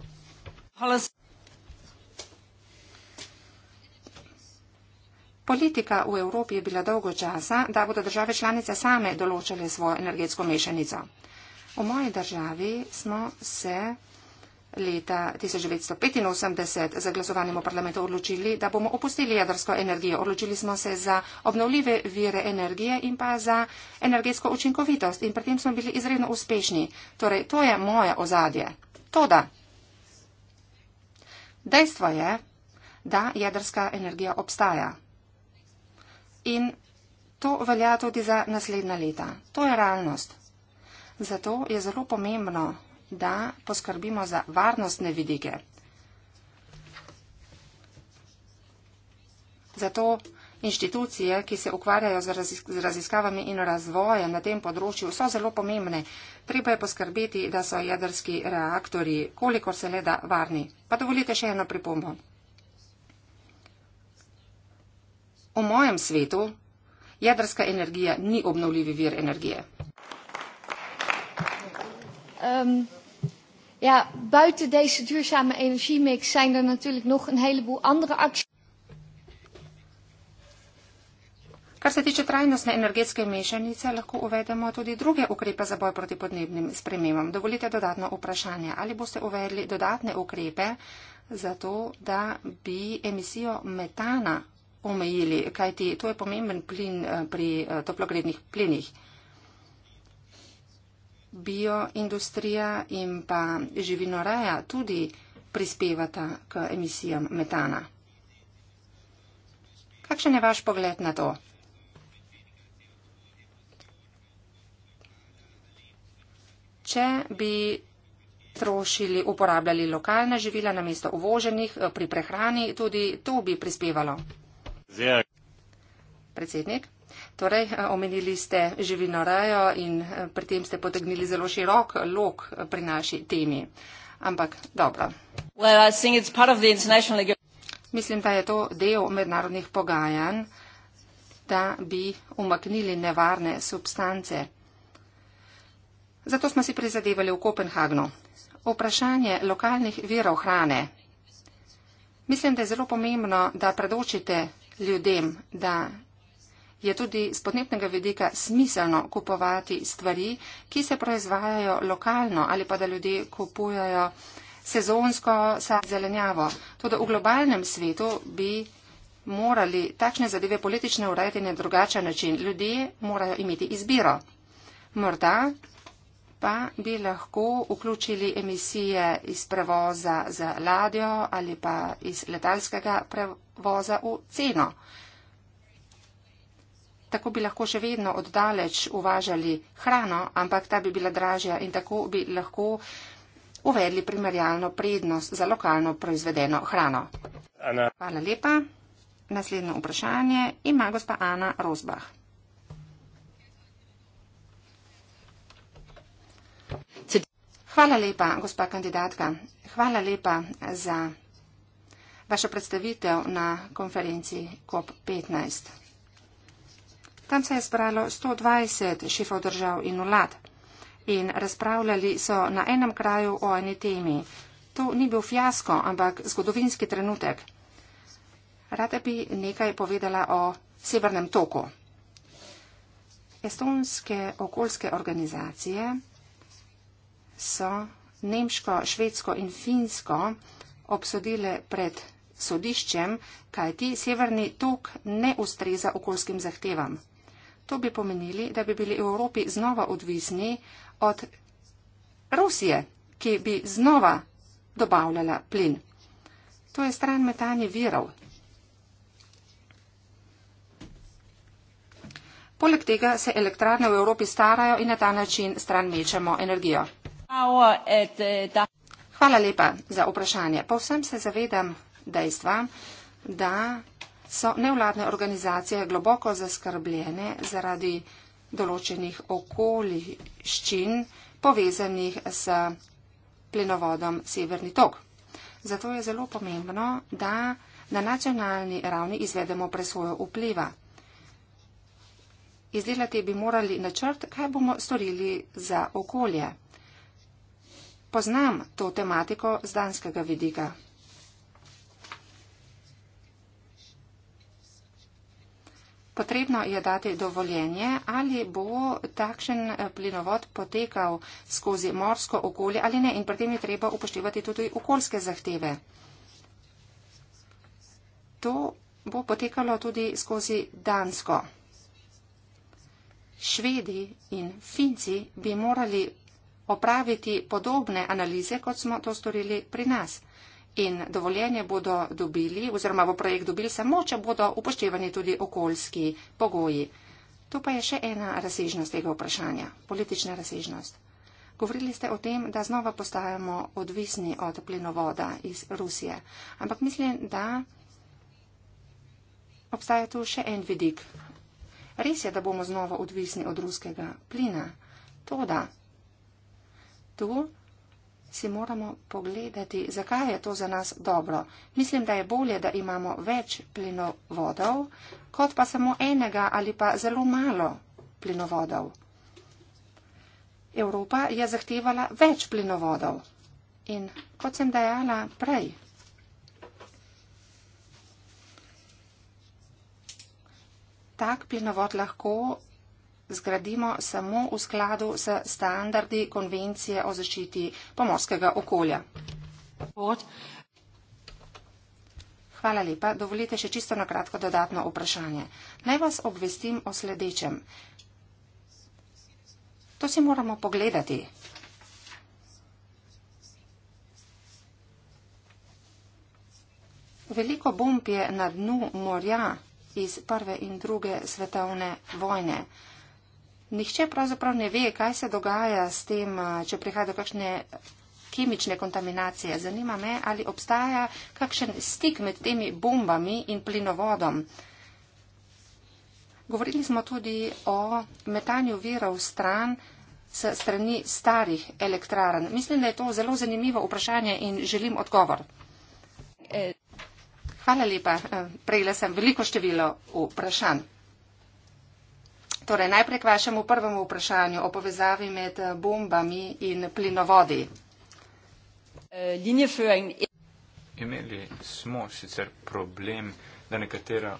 Politika v Evropi je bila dolgo časa, da bodo države članice same določale svojo energetsko mešanico. V moji državi smo se leta 1985 za glasovanjem v parlamentu odločili, da bomo opustili jedrsko energijo. Odločili smo se za obnovljive vire energije in pa za energetsko učinkovitost in pri tem smo bili izredno uspešni. Torej, to je moje ozadje. Toda. Dejstvo je, da jedrska energija obstaja. In to velja tudi za naslednja leta. To je realnost. Zato je zelo pomembno, da poskrbimo za varnostne vidike. Zato inštitucije, ki se ukvarjajo z raziskavami in razvojem na tem področju, so zelo pomembne. Treba je poskrbeti, da so jedrski reaktori, kolikor se le da, varni. Pa dovolite še eno pripombo. V mojem svetu jedrska energija ni obnovljivi vir energije. Um, ja, buiten deze duurzame energiemix zijn er natuurlijk nog een heleboel andere acties. Kar se tiče trajnostne energetske mešanice, lahko uvedemo tudi druge ukrepe za boj proti podnebnim spremembam. Dovolite dodatno vprašanje. Ali boste uvedli dodatne ukrepe za to, da bi emisijo metana omejili, kajti to je pomemben plin eh, pri eh, toplogrednih plinih? bioindustrija in pa živinoreja tudi prispevata k emisijam metana. Kakšen je vaš pogled na to? Če bi trošili, uporabljali lokalna živila namesto uvoženih eh, pri prehrani, tudi to bi prispevalo. Predsednik. Torej, eh, omenili ste živino rajo in eh, pri tem ste potegnili zelo širok lok eh, pri naši temi. Ampak dobro. Well, Mislim, da je to del mednarodnih pogajanj, da bi umaknili nevarne substance. Zato smo si prizadevali v Kopenhagnu. Vprašanje lokalnih virov hrane. Mislim, da je zelo pomembno, da predočite ljudem, da je tudi z podnetnega vidika smiselno kupovati stvari, ki se proizvajajo lokalno ali pa da ljudje kupujajo sezonsko zelenjavo. Tudi v globalnem svetu bi morali takšne zadeve politične urejati na drugačen način. Ljudje morajo imeti izbiro. Morda pa bi lahko vključili emisije iz prevoza z ladjo ali pa iz letalskega prevoza v ceno. Tako bi lahko še vedno oddaleč uvažali hrano, ampak ta bi bila dražja in tako bi lahko uvedli primerjalno prednost za lokalno proizvedeno hrano. Ana. Hvala lepa. Naslednje vprašanje ima gospa Ana Rozbah. Hvala lepa, gospa kandidatka. Hvala lepa za vašo predstavitev na konferenci COP15. Tam se je zbralo 120 šefov držav in vlad in razpravljali so na enem kraju o eni temi. To ni bil fjasko, ampak zgodovinski trenutek. Rada bi nekaj povedala o Severnem toku. Estonske okoljske organizacije so Nemško, Švedsko in Finsko obsodile pred sodiščem, kajti Severni tok ne ustreza okoljskim zahtevam. To bi pomenili, da bi bili v Evropi znova odvisni od Rusije, ki bi znova dobavljala plin. To je stran metanje virov. Poleg tega se elektrarne v Evropi starajo in na ta način stran mečemo energijo. Hvala lepa za vprašanje. Povsem se zavedam dejstva, da so nevladne organizacije globoko zaskrbljene zaradi določenih okoliščin povezanih s plinovodom Severni tok. Zato je zelo pomembno, da na nacionalni ravni izvedemo presojo vpliva. Izdelati bi morali načrt, kaj bomo storili za okolje. Poznam to tematiko z danskega vidika. Potrebno je dati dovoljenje, ali bo takšen eh, plinovod potekal skozi morsko okolje ali ne. In pri tem je treba upoštevati tudi okoljske zahteve. To bo potekalo tudi skozi Dansko. Švedi in Finci bi morali opraviti podobne analize, kot smo to storili pri nas in dovoljenje bodo dobili oziroma bo projekt dobili samo, če bodo upoštevani tudi okoljski pogoji. To pa je še ena razsežnost tega vprašanja, politična razsežnost. Govorili ste o tem, da znova postajamo odvisni od plinovoda iz Rusije. Ampak mislim, da obstaja tu še en vidik. Res je, da bomo znova odvisni od ruskega plina. Toda tu si moramo pogledati, zakaj je to za nas dobro. Mislim, da je bolje, da imamo več plinovodov, kot pa samo enega ali pa zelo malo plinovodov. Evropa je zahtevala več plinovodov. In kot sem dejala prej, tak plinovod lahko zgradimo samo v skladu s standardi konvencije o zaščiti pomorskega okolja. Hvala lepa. Dovolite še čisto na kratko dodatno vprašanje. Naj vas obvestim o sledečem. To si moramo pogledati. Veliko bomb je na dnu morja iz prve in druge svetovne vojne. Nihče pravzaprav ne ve, kaj se dogaja s tem, če prihaja do kakšne kemične kontaminacije. Zanima me, ali obstaja kakšen stik med temi bombami in plinovodom. Govorili smo tudi o metanju virov stran s strani starih elektraren. Mislim, da je to zelo zanimivo vprašanje in želim odgovor. Eh. Hvala lepa. Eh, prejela sem veliko število vprašanj. Torej, najprej k vašemu prvemu vprašanju o povezavi med eh, bombami in plinovodi. Eh, e. Imeli smo sicer problem, da nekatera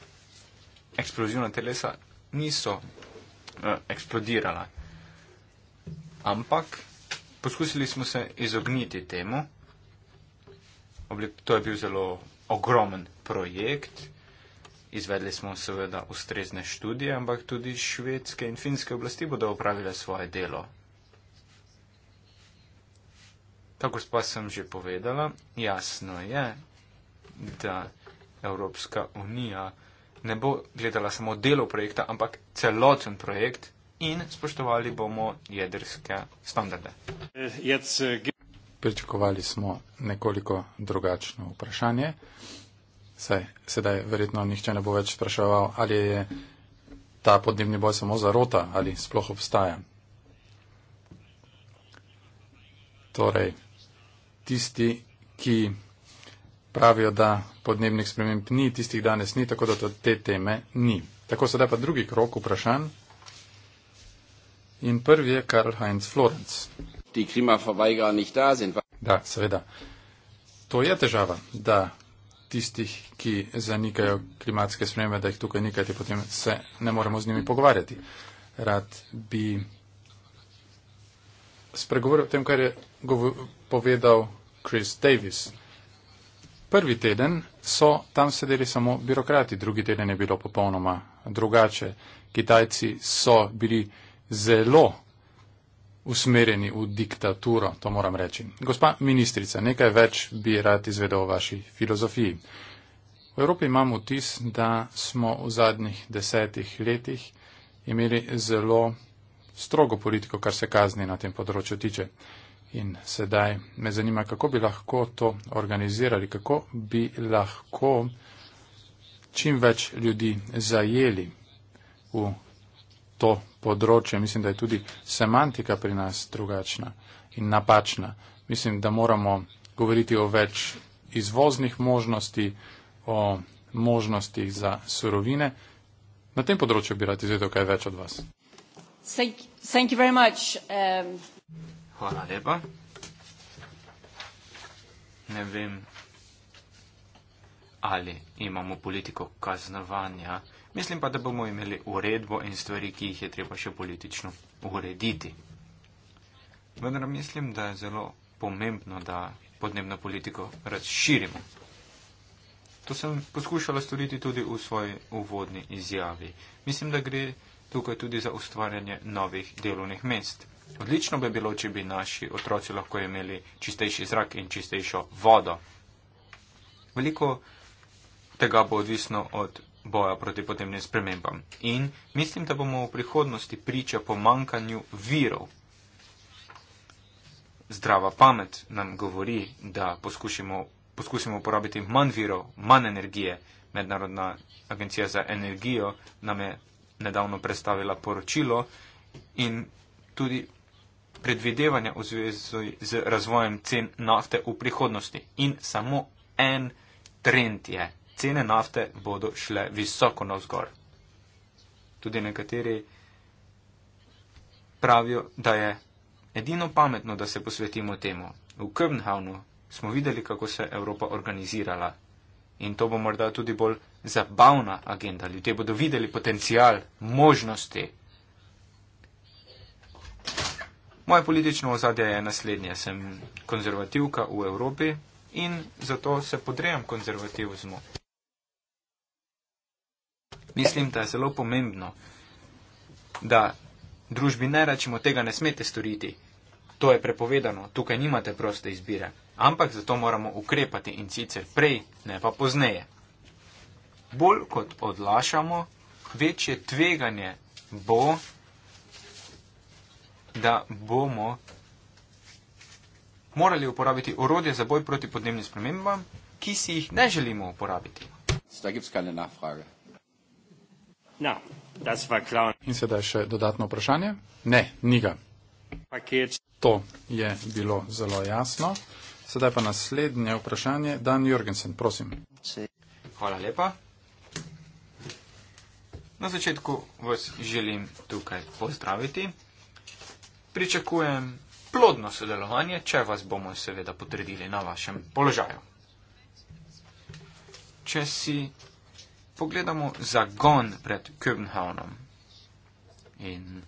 eksplozivna telesa niso uh, eksplodirala. Ampak poskusili smo se izogniti temu. Oblik, to je bil zelo ogromen projekt. Uh, Izvedli smo seveda ustrezne študije, ampak tudi švedske in finske oblasti bodo upravile svoje delo. Tako pa sem že povedala, jasno je, da Evropska unija ne bo gledala samo delo projekta, ampak celoten projekt in spoštovali bomo jedrske standarde. Eh, Pričakovali smo nekoliko drugačno vprašanje. Saj, sedaj verjetno nihče ne bo več spraševal, ali je ta podnebni boj samo zarota ali sploh obstaja. Torej, tisti, ki pravijo, da podnebnih sprememb ni, tistih danes ni, tako da te teme ni. Tako sedaj pa drugi krok vprašanj. In prvi je Karl Heinz Florenc. Da, seveda. To je težava, da tistih, ki zanikajo klimatske spremembe, da jih tukaj nekaj, potem se ne moremo z njimi pogovarjati. Rad bi spregovoril o tem, kar je povedal Chris Davis. Prvi teden so tam sedeli samo birokrati, drugi teden je bilo popolnoma drugače. Kitajci so bili zelo usmerjeni v diktaturo, to moram reči. Gospa ministrica, nekaj več bi rad izvedel o vaši filozofiji. V Evropi imam vtis, da smo v zadnjih desetih letih imeli zelo strogo politiko, kar se kazni na tem področju tiče. In sedaj me zanima, kako bi lahko to organizirali, kako bi lahko čim več ljudi zajeli v to področje. Mislim, da je tudi semantika pri nas drugačna in napačna. Mislim, da moramo govoriti o več izvoznih možnosti, o možnosti za surovine. Na tem področju bi rad izvedel kaj več od vas. Thank, thank um... Hvala lepa. Ne vem, ali imamo politiko kaznovanja. Mislim pa, da bomo imeli uredbo in stvari, ki jih je treba še politično urediti. Vendar mislim, da je zelo pomembno, da podnebno politiko razširimo. To sem poskušala storiti tudi v svoji uvodni izjavi. Mislim, da gre tukaj tudi za ustvarjanje novih delovnih mest. Odlično bi bilo, če bi naši otroci lahko imeli čistejši zrak in čistejšo vodo. Veliko tega bo odvisno od boja proti podnebnim spremembam. In mislim, da bomo v prihodnosti priča pomankanju virov. Zdrava pamet nam govori, da poskušimo, poskusimo uporabiti manj virov, manj energije. Mednarodna agencija za energijo nam je nedavno predstavila poročilo in tudi predvidevanja v zvezi z razvojem cen nafte v prihodnosti. In samo en trend je cene nafte bodo šle visoko navzgor. Tudi nekateri pravijo, da je edino pametno, da se posvetimo temu. V Köbenhavnu smo videli, kako se Evropa organizirala in to bo morda tudi bolj zabavna agenda. Ljudje bodo videli potencial, možnosti. Moje politično ozadje je naslednje. Sem konzervativka v Evropi in zato se podrejam konzervativizmu. Mislim, da je zelo pomembno, da družbi ne rečemo, tega ne smete storiti. To je prepovedano, tukaj nimate proste izbire. Ampak zato moramo ukrepati in sicer prej, ne pa pozneje. Bolj kot odlašamo, večje tveganje bo, da bomo morali uporabiti orodje za boj proti podnebnim spremembam, ki si jih ne želimo uporabiti. Da gibt's keine Nachfrage. No, In sedaj še dodatno vprašanje. Ne, niga. To je bilo zelo jasno. Sedaj pa naslednje vprašanje. Dan Jorgensen, prosim. Hvala lepa. Na začetku vas želim tukaj pozdraviti. Pričakujem plodno sodelovanje, če vas bomo seveda potrdili na vašem položaju. Če si pogledamo zagon pred Köbenhavnom in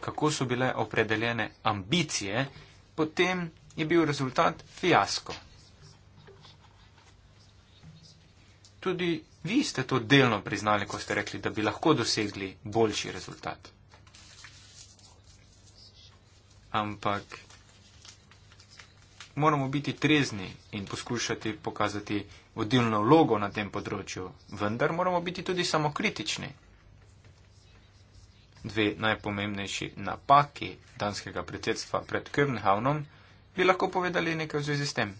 kako so bile opredeljene ambicije, potem je bil rezultat fiasko. Tudi vi ste to delno priznali, ko ste rekli, da bi lahko dosegli boljši rezultat. Ampak moramo biti trezni in poskušati pokazati vodilno vlogo na tem področju, vendar moramo biti tudi samokritični. Dve najpomembnejši napaki danskega predsedstva pred Krvnhavnom bi lahko povedali nekaj v zvezi s tem.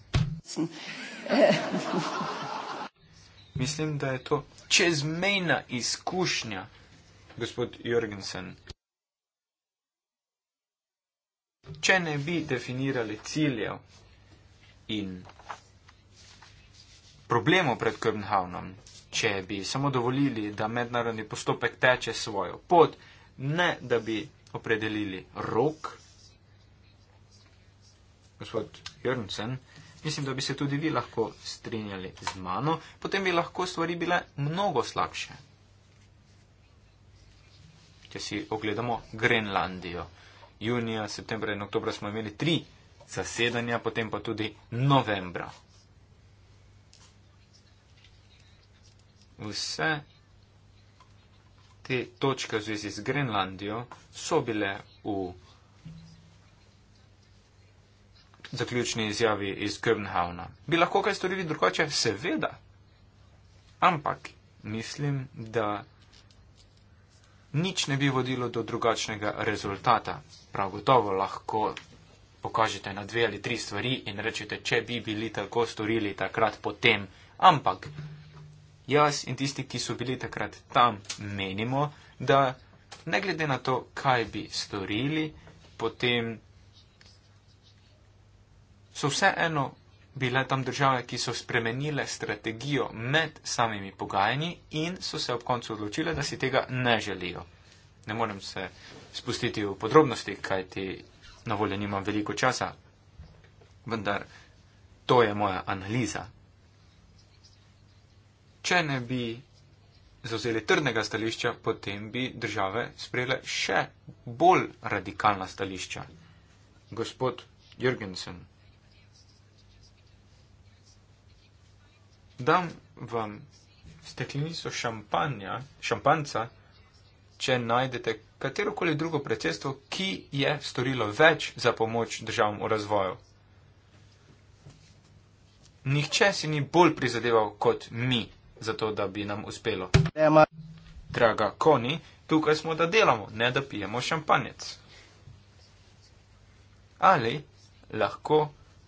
Mislim, da je to čezmejna izkušnja, gospod Jorgensen. Če ne bi definirali ciljev, in problemov pred Kopenhavnom, če bi samo dovolili, da mednarodni postopek teče svojo pot, ne da bi opredelili rok, gospod Jrnsen, mislim, da bi se tudi vi lahko strinjali z mano, potem bi lahko stvari bile mnogo slabše. Če si ogledamo Grenlandijo, junija, septembra in oktobra smo imeli tri zasedanja, potem pa tudi novembra. Vse te točke v zvezi z Grenlandijo so bile v zaključni izjavi iz Köbenhavna. Bi lahko kaj storili drugače? Seveda. Ampak mislim, da nič ne bi vodilo do drugačnega rezultata. Prav gotovo lahko pokažite na dve ali tri stvari in rečete, če bi bili tako storili takrat potem. Ampak jaz in tisti, ki so bili takrat tam, menimo, da ne glede na to, kaj bi storili, potem so vseeno bile tam države, ki so spremenile strategijo med samimi pogajanji in so se ob koncu odločile, da si tega ne želijo. Ne morem se spustiti v podrobnosti, kaj ti na voljo nimam veliko časa, vendar to je moja analiza. Če ne bi zauzeli trdnega stališča, potem bi države sprejele še bolj radikalna stališča. Gospod Jürgensen, dam vam steklenico šampanja, šampanca, če najdete katero koli drugo predsedstvo, ki je storilo več za pomoč državam v razvoju. Nihče si ni bolj prizadeval kot mi, zato da bi nam uspelo. Draga Koni, tukaj smo, da delamo, ne da pijemo šampanjec. Ali lahko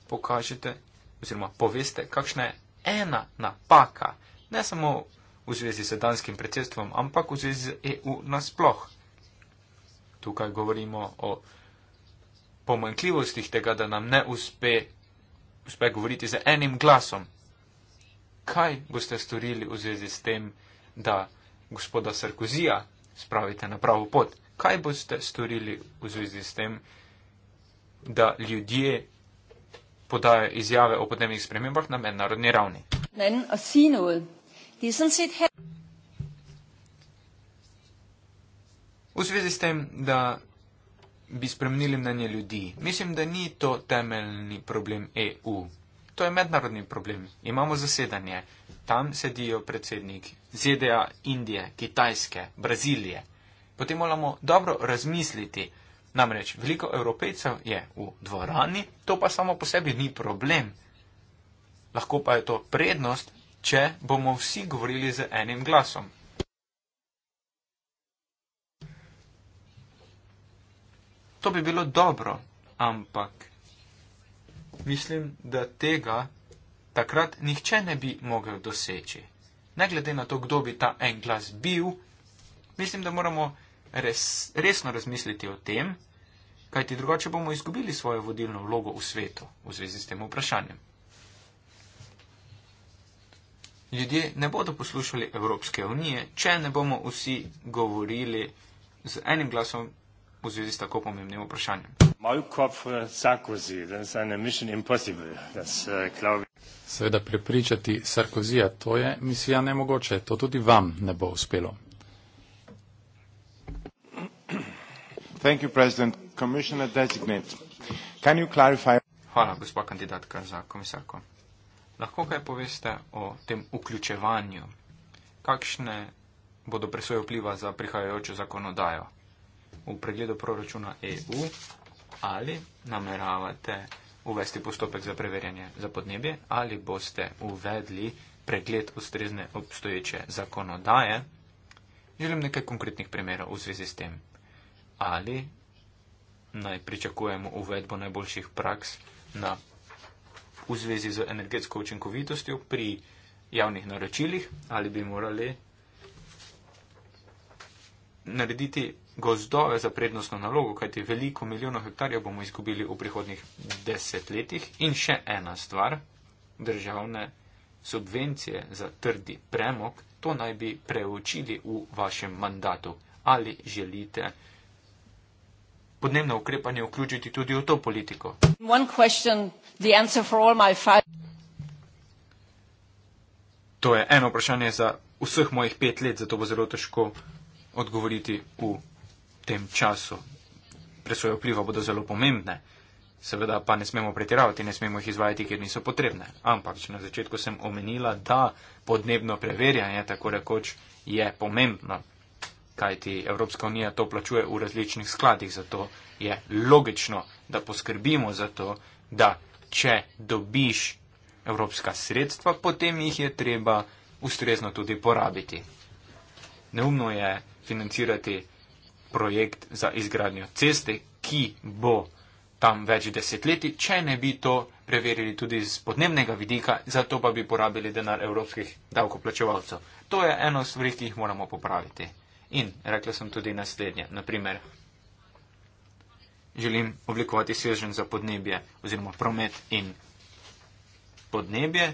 pokažete oziroma poveste, kakšna je ena napaka, ne samo v zvezi s danskim predsedstvom, ampak v zvezi z EU nasploh tukaj govorimo o pomankljivostih tega, da nam ne uspe, uspe govoriti z enim glasom. Kaj boste storili v zvezi s tem, da gospoda Sarkozija spravite na pravo pot? Kaj boste storili v zvezi s tem, da ljudje podajo izjave o podnebnih spremembah na mednarodni ravni? Then, a scene will. V zvezi s tem, da bi spremenili mnenje ljudi, mislim, da ni to temeljni problem EU. To je mednarodni problem. Imamo zasedanje. Tam sedijo predsednik ZDA, Indije, Kitajske, Brazilije. Potem moramo dobro razmisliti. Namreč veliko evropejcev je v dvorani, to pa samo po sebi ni problem. Lahko pa je to prednost, če bomo vsi govorili z enim glasom. To bi bilo dobro, ampak mislim, da tega takrat nihče ne bi mogel doseči. Ne glede na to, kdo bi ta en glas bil, mislim, da moramo res, resno razmisliti o tem, kajti drugače bomo izgubili svojo vodilno vlogo v svetu v zvezi s tem vprašanjem. Ljudje ne bodo poslušali Evropske unije, če ne bomo vsi govorili z enim glasom v zvezi s tako pomembnim vprašanjem. Eh, eh, Seveda prepričati Sarkozija, to je misija nemogoče, to tudi vam ne bo uspelo. Hvala, gospod kandidatka za komisarko. Lahko kaj poveste o tem vključevanju? Kakšne bodo presoje vpliva za prihajajočo zakonodajo? v pregledu proračuna EU ali nameravate uvesti postopek za preverjanje za podnebje ali boste uvedli pregled ustrezne obstoječe zakonodaje. Želim nekaj konkretnih primerov v zvezi s tem. Ali naj pričakujemo uvedbo najboljših praks na, v zvezi z energetsko učinkovitostjo pri javnih naročilih ali bi morali narediti gozdove za prednostno nalogo, kajti veliko milijonov hektarjev bomo izgubili v prihodnih desetletjih. In še ena stvar, državne subvencije za trdi premog, to naj bi preučili v vašem mandatu. Ali želite podnebno ukrepanje vključiti tudi v to politiko? To je eno vprašanje za vseh mojih pet let, zato bo zelo težko odgovoriti v tem času. Presoje vpliva bodo zelo pomembne, seveda pa ne smemo pretiravati, ne smemo jih izvajati, ker niso potrebne. Ampak, če na začetku sem omenila, da podnebno preverjanje tako rekoč je pomembno, kajti Evropska unija to plačuje v različnih skladih, zato je logično, da poskrbimo za to, da če dobiš evropska sredstva, potem jih je treba ustrezno tudi porabiti neumno je financirati projekt za izgradnjo ceste, ki bo tam več desetletij, če ne bi to preverili tudi z podnebnega vidika, zato pa bi porabili denar evropskih davkoplačevalcev. To je eno stvar, ki jih moramo popraviti. In rekla sem tudi naslednje. Naprimer, želim oblikovati svežen za podnebje oziroma promet in podnebje.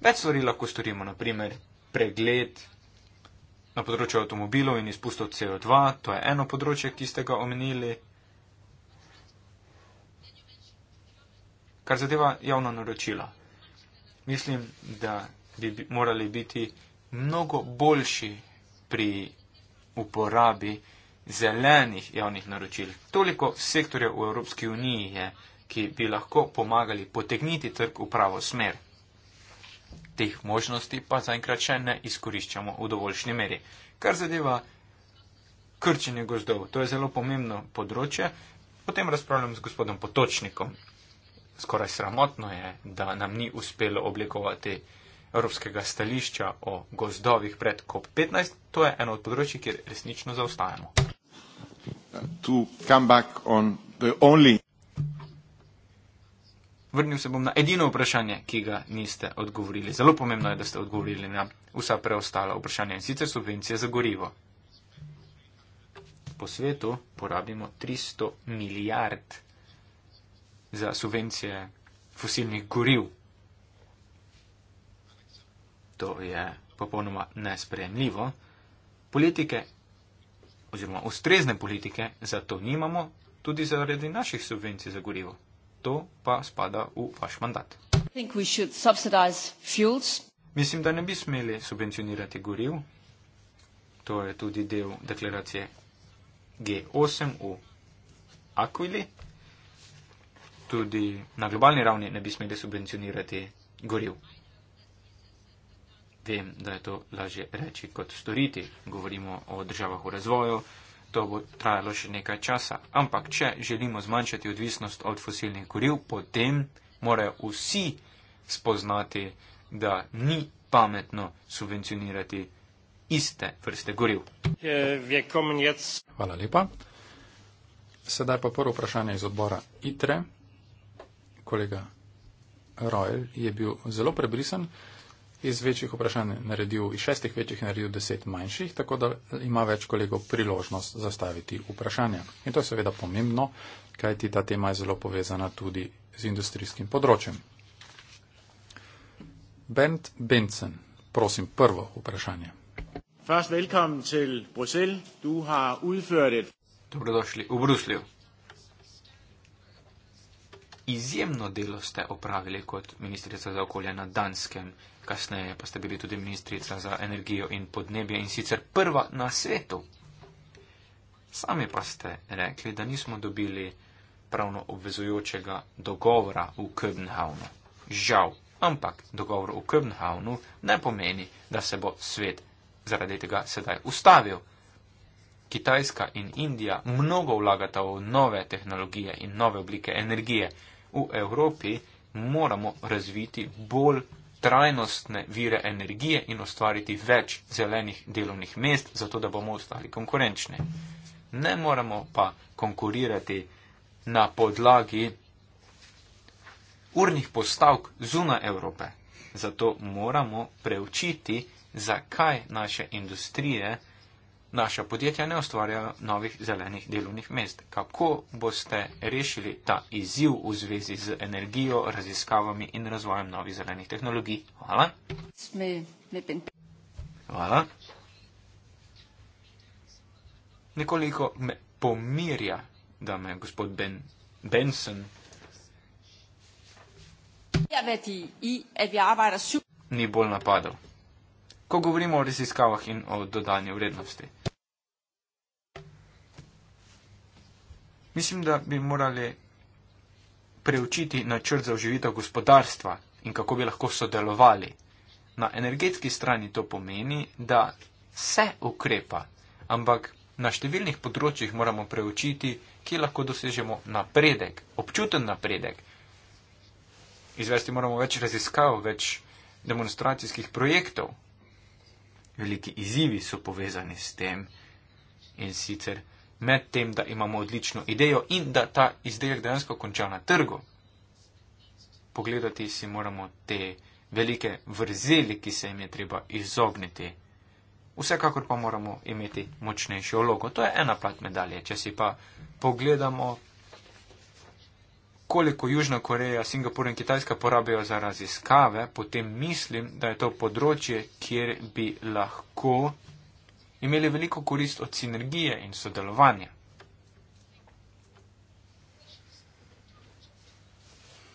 Več stvari lahko storimo, naprimer pregled na področju avtomobilov in izpustov CO2, to je eno področje, ki ste ga omenili. Kar zadeva javna naročila, mislim, da bi morali biti mnogo boljši pri uporabi zelenih javnih naročil. Toliko sektorjev v Evropski uniji je, ki bi lahko pomagali potegniti trg v pravo smer teh možnosti pa zaenkrat še ne izkoriščamo v dovoljšni meri. Kar zadeva krčenje gozdov, to je zelo pomembno področje. Potem razpravljam z gospodom Potočnikom. Skoraj sramotno je, da nam ni uspelo oblikovati evropskega stališča o gozdovih pred COP15. To je eno od področji, kjer resnično zaostajamo. Uh, Vrnil se bom na edino vprašanje, ki ga niste odgovorili. Zelo pomembno je, da ste odgovorili na vsa preostala vprašanja in sicer subvencije za gorivo. Po svetu porabimo 300 milijard za subvencije fosilnih goriv. To je popolnoma nesprejemljivo. Politike oziroma ustrezne politike za to nimamo, tudi zaradi naših subvencij za gorivo to pa spada v vaš mandat. Mislim, da ne bi smeli subvencionirati goriv. To je tudi del deklaracije G8 v Aquili. Tudi na globalni ravni ne bi smeli subvencionirati goriv. Vem, da je to lažje reči kot storiti. Govorimo o državah v razvoju, to bo trajalo še nekaj časa. Ampak, če želimo zmanjšati odvisnost od fosilnih goril, potem morajo vsi spoznati, da ni pametno subvencionirati iste vrste goril. Hvala lepa. Sedaj pa prvo vprašanje iz odbora ITRE. Kolega Rojl je bil zelo prebrisen iz večjih vprašanj naredil, iz šestih večjih naredil deset manjših, tako da ima več kolegov priložnost zastaviti vprašanja. In to je seveda pomembno, kajti ta tema je zelo povezana tudi z industrijskim področjem. Bent Bensen, prosim, prvo vprašanje. Prvi velkom v Bruslju. Du har udført et... Dobrodošli v Bruslju izjemno delo ste opravili kot ministrica za okolje na Danskem, kasneje pa ste bili tudi ministrica za energijo in podnebje in sicer prva na svetu. Sami pa ste rekli, da nismo dobili pravno obvezujočega dogovora v Köbenhavnu. Žal, ampak dogovor v Köbenhavnu ne pomeni, da se bo svet zaradi tega sedaj ustavil. Kitajska in Indija mnogo vlagata v nove tehnologije in nove oblike energije v Evropi moramo razviti bolj trajnostne vire energije in ustvariti več zelenih delovnih mest, zato da bomo ostali konkurenčni. Ne moramo pa konkurirati na podlagi urnih postavk zuna Evrope. Zato moramo preučiti, zakaj naše industrije naša podjetja ne ustvarjajo novih zelenih delovnih mest. Kako boste rešili ta izziv v zvezi z energijo, raziskavami in razvojem novih zelenih tehnologij? Hvala. Hvala. Nekoliko me pomirja, da me gospod ben, Benson. Ja, ni bolj napadal ko govorimo o raziskavah in o dodanju vrednosti. Mislim, da bi morali preučiti načrt za oživitev gospodarstva in kako bi lahko sodelovali. Na energetski strani to pomeni, da se ukrepa, ampak na številnih področjih moramo preučiti, kje lahko dosežemo napredek, občuten napredek. Izvesti moramo več raziskav, več demonstracijskih projektov, veliki izzivi so povezani s tem. In sicer med tem, da imamo odlično idejo in da ta izdelek dejansko konča na trgu. Pogledati si moramo te velike vrzeli, ki se jim je treba izogniti. Vsekakor pa moramo imeti močnejšo vlogo. To je ena plat medalje. Če si pa pogledamo koliko Južna Koreja, Singapur in Kitajska porabijo za raziskave, potem mislim, da je to področje, kjer bi lahko imeli veliko korist od sinergije in sodelovanja.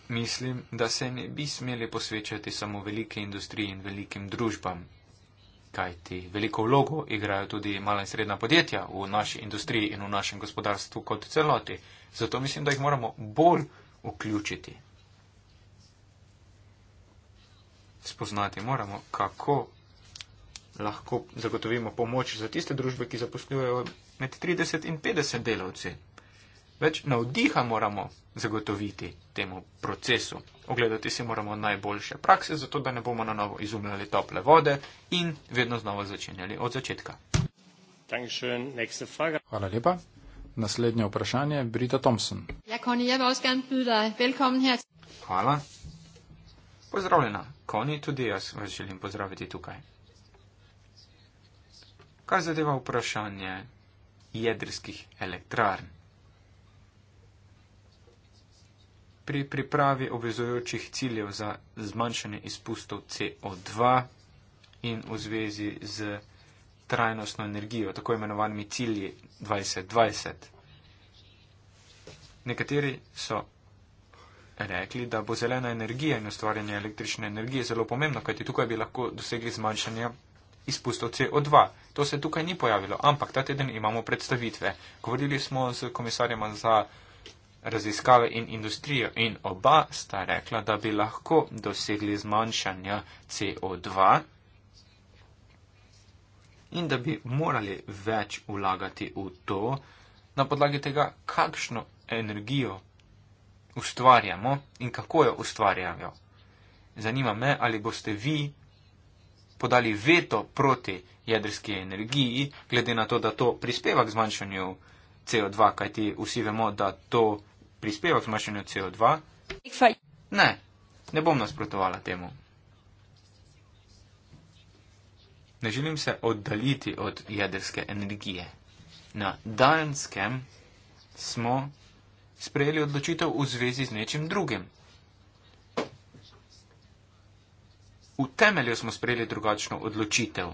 Mislim, da se ne bi smeli posvečati samo velike industrije in velikim družbam, kajti veliko vlogo igrajo tudi mala in srednja podjetja v naši industriji in v našem gospodarstvu kot celoti. Zato mislim, da jih moramo bolj vključiti. Spoznati moramo, kako lahko zagotovimo pomoč za tiste družbe, ki zaposlujejo med 30 in 50 delavci. Več navdiha moramo zagotoviti temu procesu. Ogledati si moramo najboljše prakse, zato da ne bomo na novo izumljali tople vode in vedno znova začenjali od začetka. Hvala lepa. Naslednje vprašanje je Brita Thompson. Ja, Koni, jaz bi vas gern pida, velkommen her. Hvala. Pozdravljena, Koni, tudi jaz vas želim pozdraviti tukaj. Kar zadeva vprašanje jedrskih elektrarn. Pri pripravi obvezujočih ciljev za zmanjšanje izpustov CO2 in v zvezi z trajnostno energijo, tako imenovanimi cilji 2020. Nekateri so rekli, da bo zelena energija in ustvarjanje električne energije zelo pomembno, kajti tukaj bi lahko dosegli zmanjšanje izpustov CO2. To se tukaj ni pojavilo, ampak ta teden imamo predstavitve. Govorili smo z komisarjem za raziskave in industrijo in oba sta rekla, da bi lahko dosegli zmanjšanje CO2 in da bi morali več vlagati v to, na podlagi tega, kakšno energijo ustvarjamo in kako jo ustvarjamo. Zanima me, ali boste vi podali veto proti jedrski energiji, glede na to, da to prispeva k zmanjšanju CO2, kajti vsi vemo, da to prispeva k zmanjšanju CO2. Ne, ne bom nasprotovala temu. Ne želim se oddaljiti od jedrske energije. Na Danskem smo sprejeli odločitev v zvezi z nečim drugim. V temelju smo sprejeli drugačno odločitev.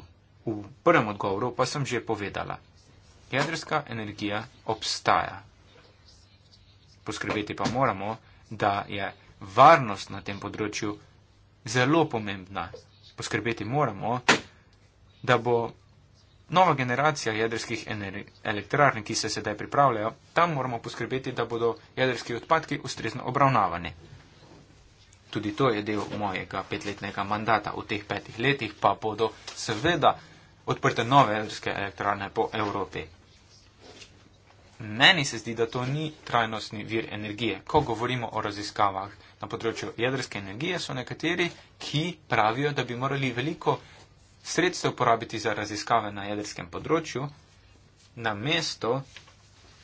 V prvem odgovoru pa sem že povedala. Jedrska energija obstaja. Poskrbeti pa moramo, da je varnost na tem področju zelo pomembna. Poskrbeti moramo, da bo nova generacija jedrskih elektrarn, ki se sedaj pripravljajo, tam moramo poskrbeti, da bodo jedrski odpadki ustrezno obravnavani. Tudi to je del mojega petletnega mandata. V teh petih letih pa bodo seveda odprte nove jedrske elektrarne po Evropi. Meni se zdi, da to ni trajnostni vir energije. Ko govorimo o raziskavah na področju jedrske energije, so nekateri, ki pravijo, da bi morali veliko sredstev uporabiti za raziskave na jedrskem področju, na mesto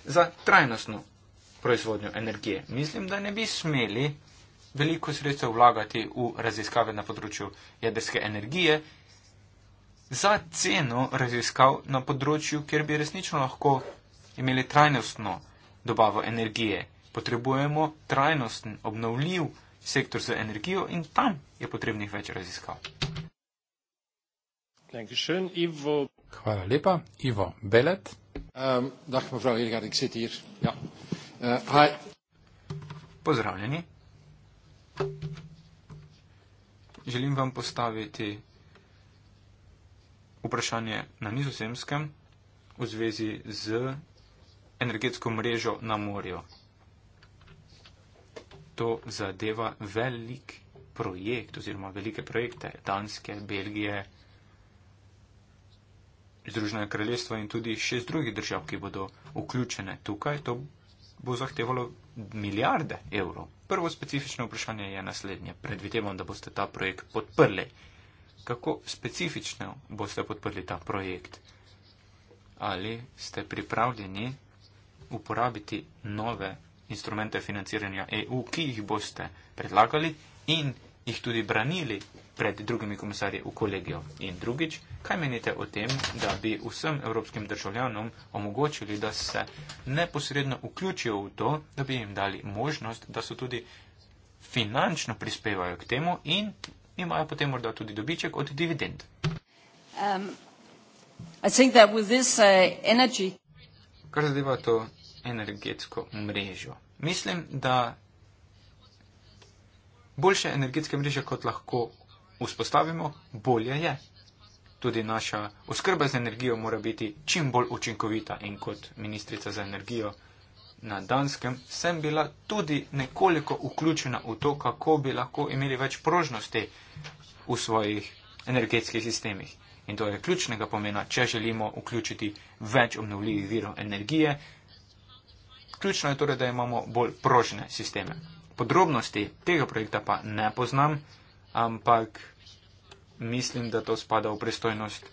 za trajnostno proizvodnjo energije. Mislim, da ne bi smeli veliko sredstev vlagati v raziskave na področju jedrske energije za ceno raziskav na področju, kjer bi resnično lahko imeli trajnostno dobavo energije. Potrebujemo trajnosten, obnovljiv sektor za energijo in tam je potrebnih več raziskav. Hvala lepa. Ivo Belet. Um, ehm, dah, mevrouw Hildegard, ik zit hier. Ja. Uh, hi. Pozdravljeni. Želim vam postaviti vprašanje na nizozemskem v zvezi z energetsko mrežo na morju. To zadeva velik projekt oziroma velike projekte Danske, Belgije, Združeno kraljestvo in tudi šest drugih držav, ki bodo vključene tukaj, to bo zahtevalo milijarde evrov. Prvo specifično vprašanje je naslednje. Predvidevam, da boste ta projekt podprli. Kako specifično boste podprli ta projekt? Ali ste pripravljeni uporabiti nove instrumente financiranja EU, ki jih boste predlagali in jih tudi branili pred drugimi komisarji v kolegijo. In drugič, kaj menite o tem, da bi vsem evropskim državljanom omogočili, da se neposredno vključijo v to, da bi jim dali možnost, da so tudi finančno prispevajo k temu in imajo potem morda tudi dobiček od dividend? Um. Uh, Kar zadeva to energetsko mrežo. Mislim, da boljše energetske mreže, kot lahko vzpostavimo, bolje je. Tudi naša oskrba z energijo mora biti čim bolj učinkovita in kot ministrica za energijo na Danskem sem bila tudi nekoliko vključena v to, kako bi lahko imeli več prožnosti v svojih energetskih sistemih. In to je ključnega pomena, če želimo vključiti več obnovljivih virov energije. Ključno je torej, da imamo bolj prožne sisteme podrobnosti tega projekta pa ne poznam, ampak mislim, da to spada v pristojnost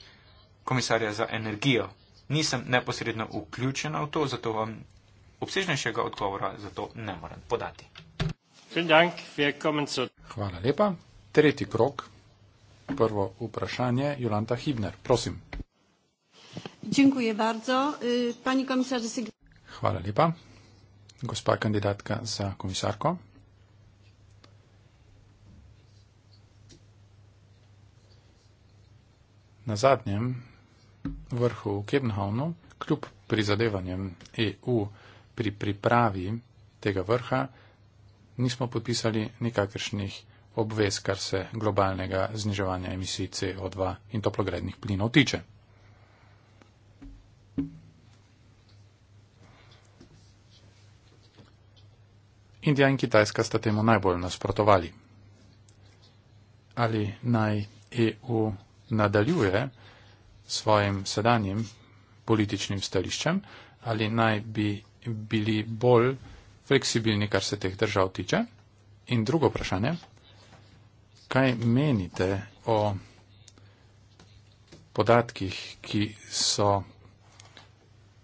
komisarja za energijo. Nisem neposredno vključena v to, zato vam obsežnejšega odgovora za to ne morem podati. Hvala lepa. Tretji krok. Prvo vprašanje, Jolanta Hibner. Prosim. Hvala lepa. Gospa kandidatka za komisarko. na zadnjem vrhu v Kebnhavnu, kljub prizadevanjem EU pri pripravi tega vrha, nismo podpisali nikakršnih obvez, kar se globalnega zniževanja emisij CO2 in toplogrednih plinov tiče. Indija in Kitajska sta temu najbolj nasprotovali. Ali naj EU nadaljuje svojim sedanjim političnim stališčem ali naj bi bili bolj fleksibilni, kar se teh držav tiče. In drugo vprašanje, kaj menite o podatkih, ki so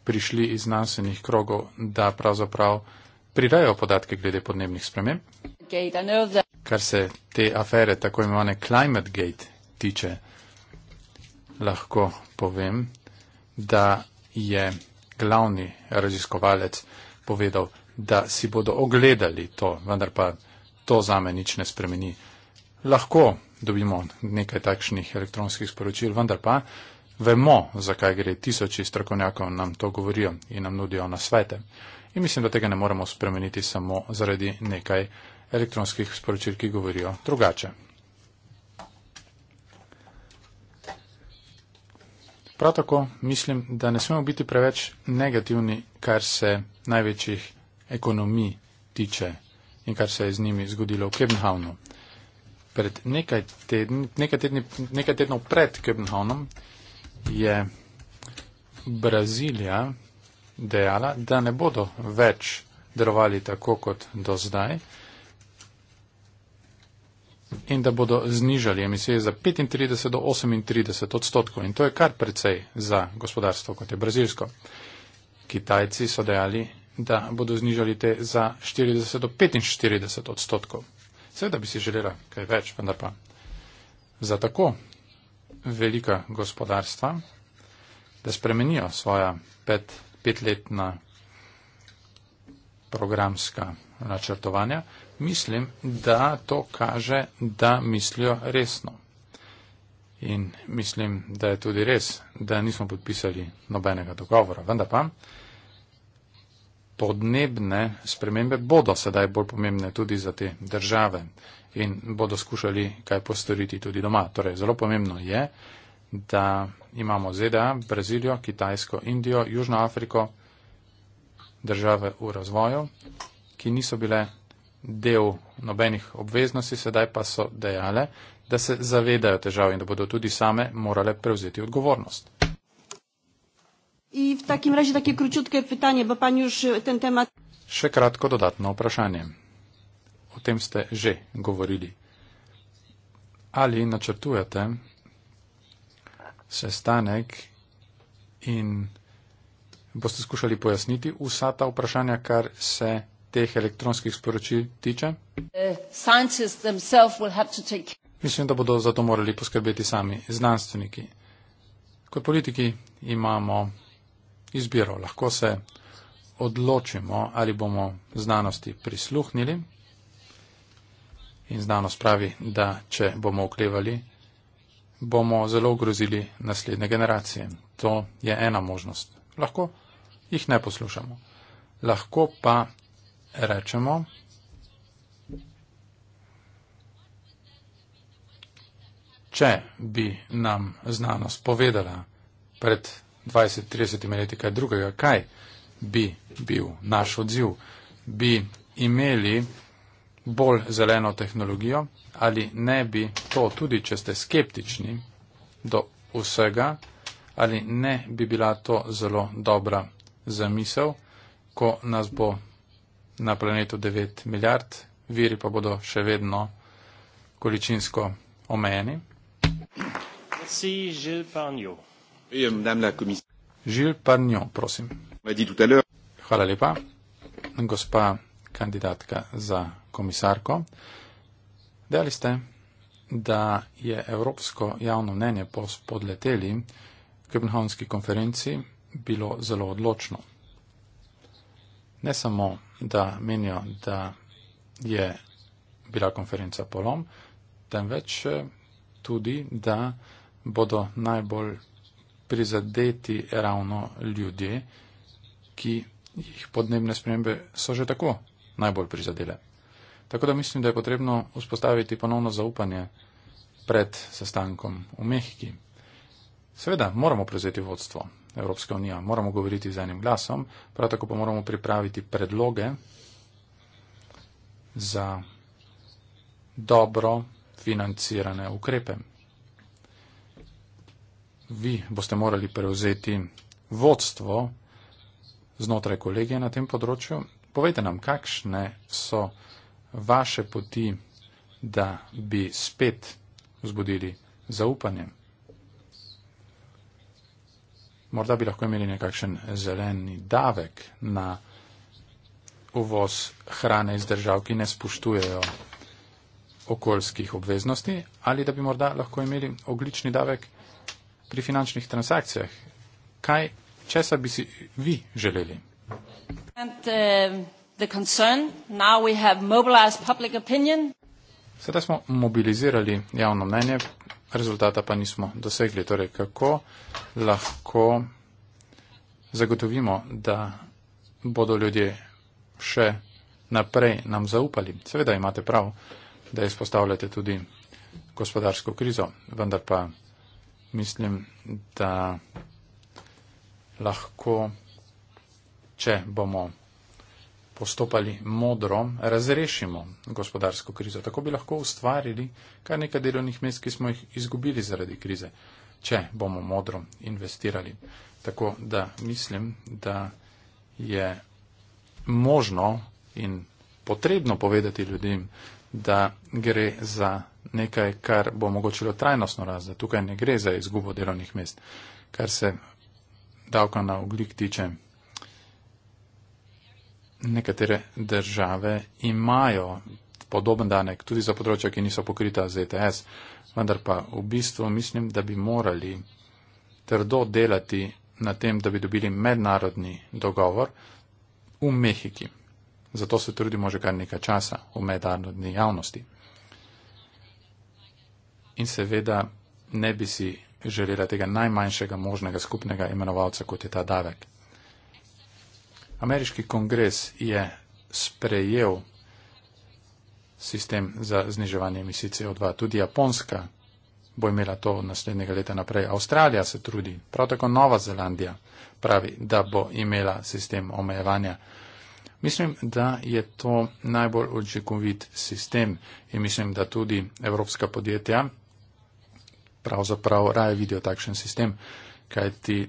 prišli iz znanstvenih krogov, da pravzaprav pridajo podatke glede podnebnih sprememb? Kar se te afere, tako imenovane Climate Gate, tiče lahko povem, da je glavni raziskovalec povedal, da si bodo ogledali to, vendar pa to zame nič ne spremeni. Lahko dobimo nekaj takšnih elektronskih sporočil, vendar pa vemo, zakaj gre tisoči strokovnjakov nam to govorijo in nam nudijo na svete. In mislim, da tega ne moremo spremeniti samo zaradi nekaj elektronskih sporočil, ki govorijo drugače. Prav tako mislim, da ne smemo biti preveč negativni, kar se največjih ekonomij tiče in kar se je z njimi zgodilo v Kebnhavnu. Pred nekaj, tedn, nekaj, tedni, nekaj tednov pred Kebnhavnom je Brazilija dejala, da ne bodo več delovali tako kot do zdaj in da bodo znižali emisije za 35 do 38 odstotkov. In to je kar precej za gospodarstvo, kot je brazilsko. Kitajci so dejali, da bodo znižali te za 40 do 45 odstotkov. Seveda bi si želela kaj več, vendar pa za tako velika gospodarstva, da spremenijo svoja pet, petletna programska načrtovanja, Mislim, da to kaže, da mislijo resno. In mislim, da je tudi res, da nismo podpisali nobenega dogovora. Vendar pa podnebne spremembe bodo sedaj bolj pomembne tudi za te države in bodo skušali kaj postoriti tudi doma. Torej, zelo pomembno je, da imamo ZDA, Brazilijo, Kitajsko, Indijo, Južno Afriko, države v razvoju, ki niso bile del nobenih obveznosti, sedaj pa so dejale, da se zavedajo težav in da bodo tudi same morale prevzeti odgovornost. In v takem reži tako kručutke vprašanje, pa pa ni už e, ten temat. Še kratko dodatno vprašanje. O tem ste že govorili. Ali načrtujete sestanek in boste skušali pojasniti vsa ta vprašanja, kar se teh elektronskih sporočil tiče? Mislim, da bodo za to morali poskrbeti sami znanstveniki. Kot politiki imamo izbiro, lahko se odločimo, ali bomo znanosti prisluhnili in znanost pravi, da če bomo oklevali, bomo zelo ogrozili naslednje generacije. To je ena možnost. Lahko jih ne poslušamo. Lahko pa rečemo. Če bi nam znanost povedala pred 20-30 leti kaj drugega, kaj bi bil naš odziv, bi imeli bolj zeleno tehnologijo ali ne bi to, tudi če ste skeptični do vsega, ali ne bi bila to zelo dobra zamisel, ko nas bo na planetu 9 milijard, viri pa bodo še vedno količinsko omejeni. Žil Parnjo, euh, prosim. Hvala lepa, gospa kandidatka za komisarko. Dejali ste, da je evropsko javno mnenje po spodleteli Köpenhavnski konferenci bilo zelo odločno. Ne samo da menijo, da je bila konferenca polom, temveč eh, tudi, da bodo najbolj prizadeti ravno ljudje, ki jih podnebne spremembe so že tako najbolj prizadele. Tako da mislim, da je potrebno vzpostaviti ponovno zaupanje pred sestankom v Mehiki. Seveda moramo prevzeti vodstvo, Evropska unija. Moramo govoriti z enim glasom, prav tako pa moramo pripraviti predloge za dobro financirane ukrepe. Vi boste morali prevzeti vodstvo znotraj kolegije na tem področju. Povejte nam, kakšne so vaše poti, da bi spet vzbudili zaupanje morda bi lahko imeli nekakšen zeleni davek na uvoz hrane iz držav, ki ne spoštujejo okoljskih obveznosti, ali da bi morda lahko imeli oglični davek pri finančnih transakcijah. Kaj, česa bi si vi želeli? Uh, Sedaj smo mobilizirali javno mnenje, rezultata pa nismo dosegli. Torej, kako lahko zagotovimo, da bodo ljudje še naprej nam zaupali? Seveda imate prav, da izpostavljate tudi gospodarsko krizo, vendar pa mislim, da lahko, če bomo postopali modro, razrešimo gospodarsko krizo. Tako bi lahko ustvarili kar nekaj delovnih mest, ki smo jih izgubili zaradi krize, če bomo modro investirali. Tako da mislim, da je možno in potrebno povedati ljudem, da gre za nekaj, kar bo omogočilo trajnostno rast, da tukaj ne gre za izgubo delovnih mest, kar se davka na oglik tiče nekatere države imajo podoben danek tudi za področja, ki niso pokrita z ETS, vendar pa v bistvu mislim, da bi morali trdo delati na tem, da bi dobili mednarodni dogovor v Mehiki. Zato se trudimo že kar nekaj časa v mednarodni javnosti. In seveda ne bi si želela tega najmanjšega možnega skupnega imenovalca, kot je ta davek. Ameriški kongres je sprejel sistem za zniževanje emisij CO2. Tudi Japonska bo imela to naslednjega leta naprej. Avstralija se trudi, prav tako Nova Zelandija pravi, da bo imela sistem omejevanja. Mislim, da je to najbolj očekovit sistem in mislim, da tudi evropska podjetja pravzaprav raje vidijo takšen sistem, kajti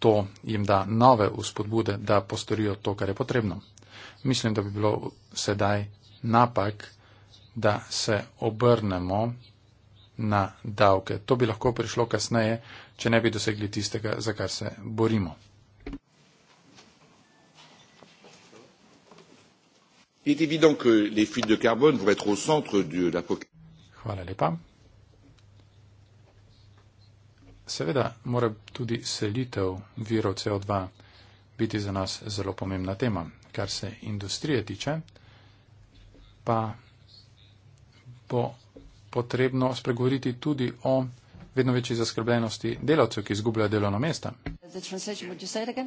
to jim da nove vzpodbude, da postorijo to, kar je potrebno. Mislim, da bi bilo sedaj napak, da se obrnemo na davke. To bi lahko prišlo kasneje, če ne bi dosegli tistega, za kar se borimo. Hvala lepa. Seveda mora tudi selitev virov CO2 biti za nas zelo pomembna tema. Kar se industrije tiče, pa bo potrebno spregovoriti tudi o vedno večji zaskrbljenosti delavcev, ki izgubljajo delovno mesto. Euh,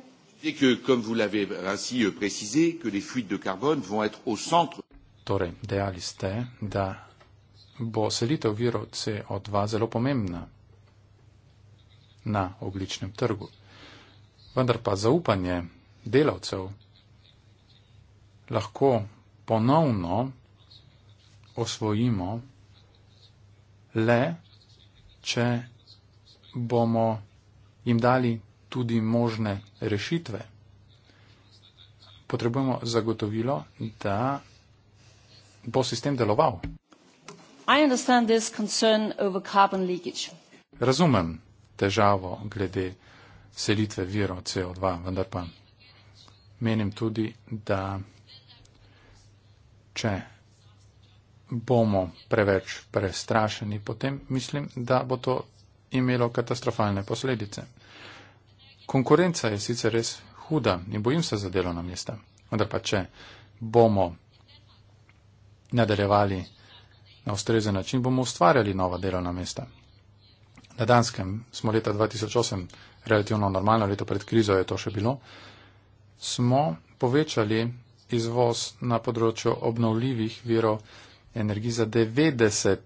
torej, dejali ste, da bo selitev virov CO2 zelo pomembna na ogličnem trgu. Vendar pa zaupanje delavcev lahko ponovno osvojimo le, če bomo jim dali tudi možne rešitve. Potrebujemo zagotovilo, da bo sistem deloval. Razumem težavo glede selitve virov CO2, vendar pa menim tudi, da če bomo preveč prestrašeni, potem mislim, da bo to imelo katastrofalne posledice. Konkurenca je sicer res huda in bojim se za delovna mesta, vendar pa če bomo nadaljevali na ustrezen način, bomo ustvarjali nova delovna mesta na Danskem smo leta 2008, relativno normalno leto pred krizo je to še bilo, smo povečali izvoz na področju obnovljivih virov energije za 90,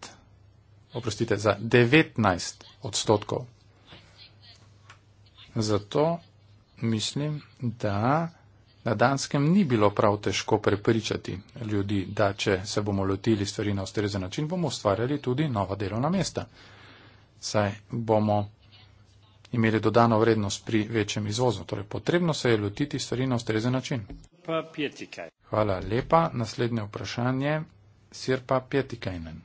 oprostite, za 19 odstotkov. Zato mislim, da na Danskem ni bilo prav težko prepričati ljudi, da če se bomo lotili stvari na ustrezen način, bomo ustvarjali tudi nova delovna mesta saj bomo imeli dodano vrednost pri večjem izvozu. Torej, potrebno se je lotiti stvari na ustrezen način. Hvala lepa. Naslednje vprašanje. Sir pa Pietikajnen.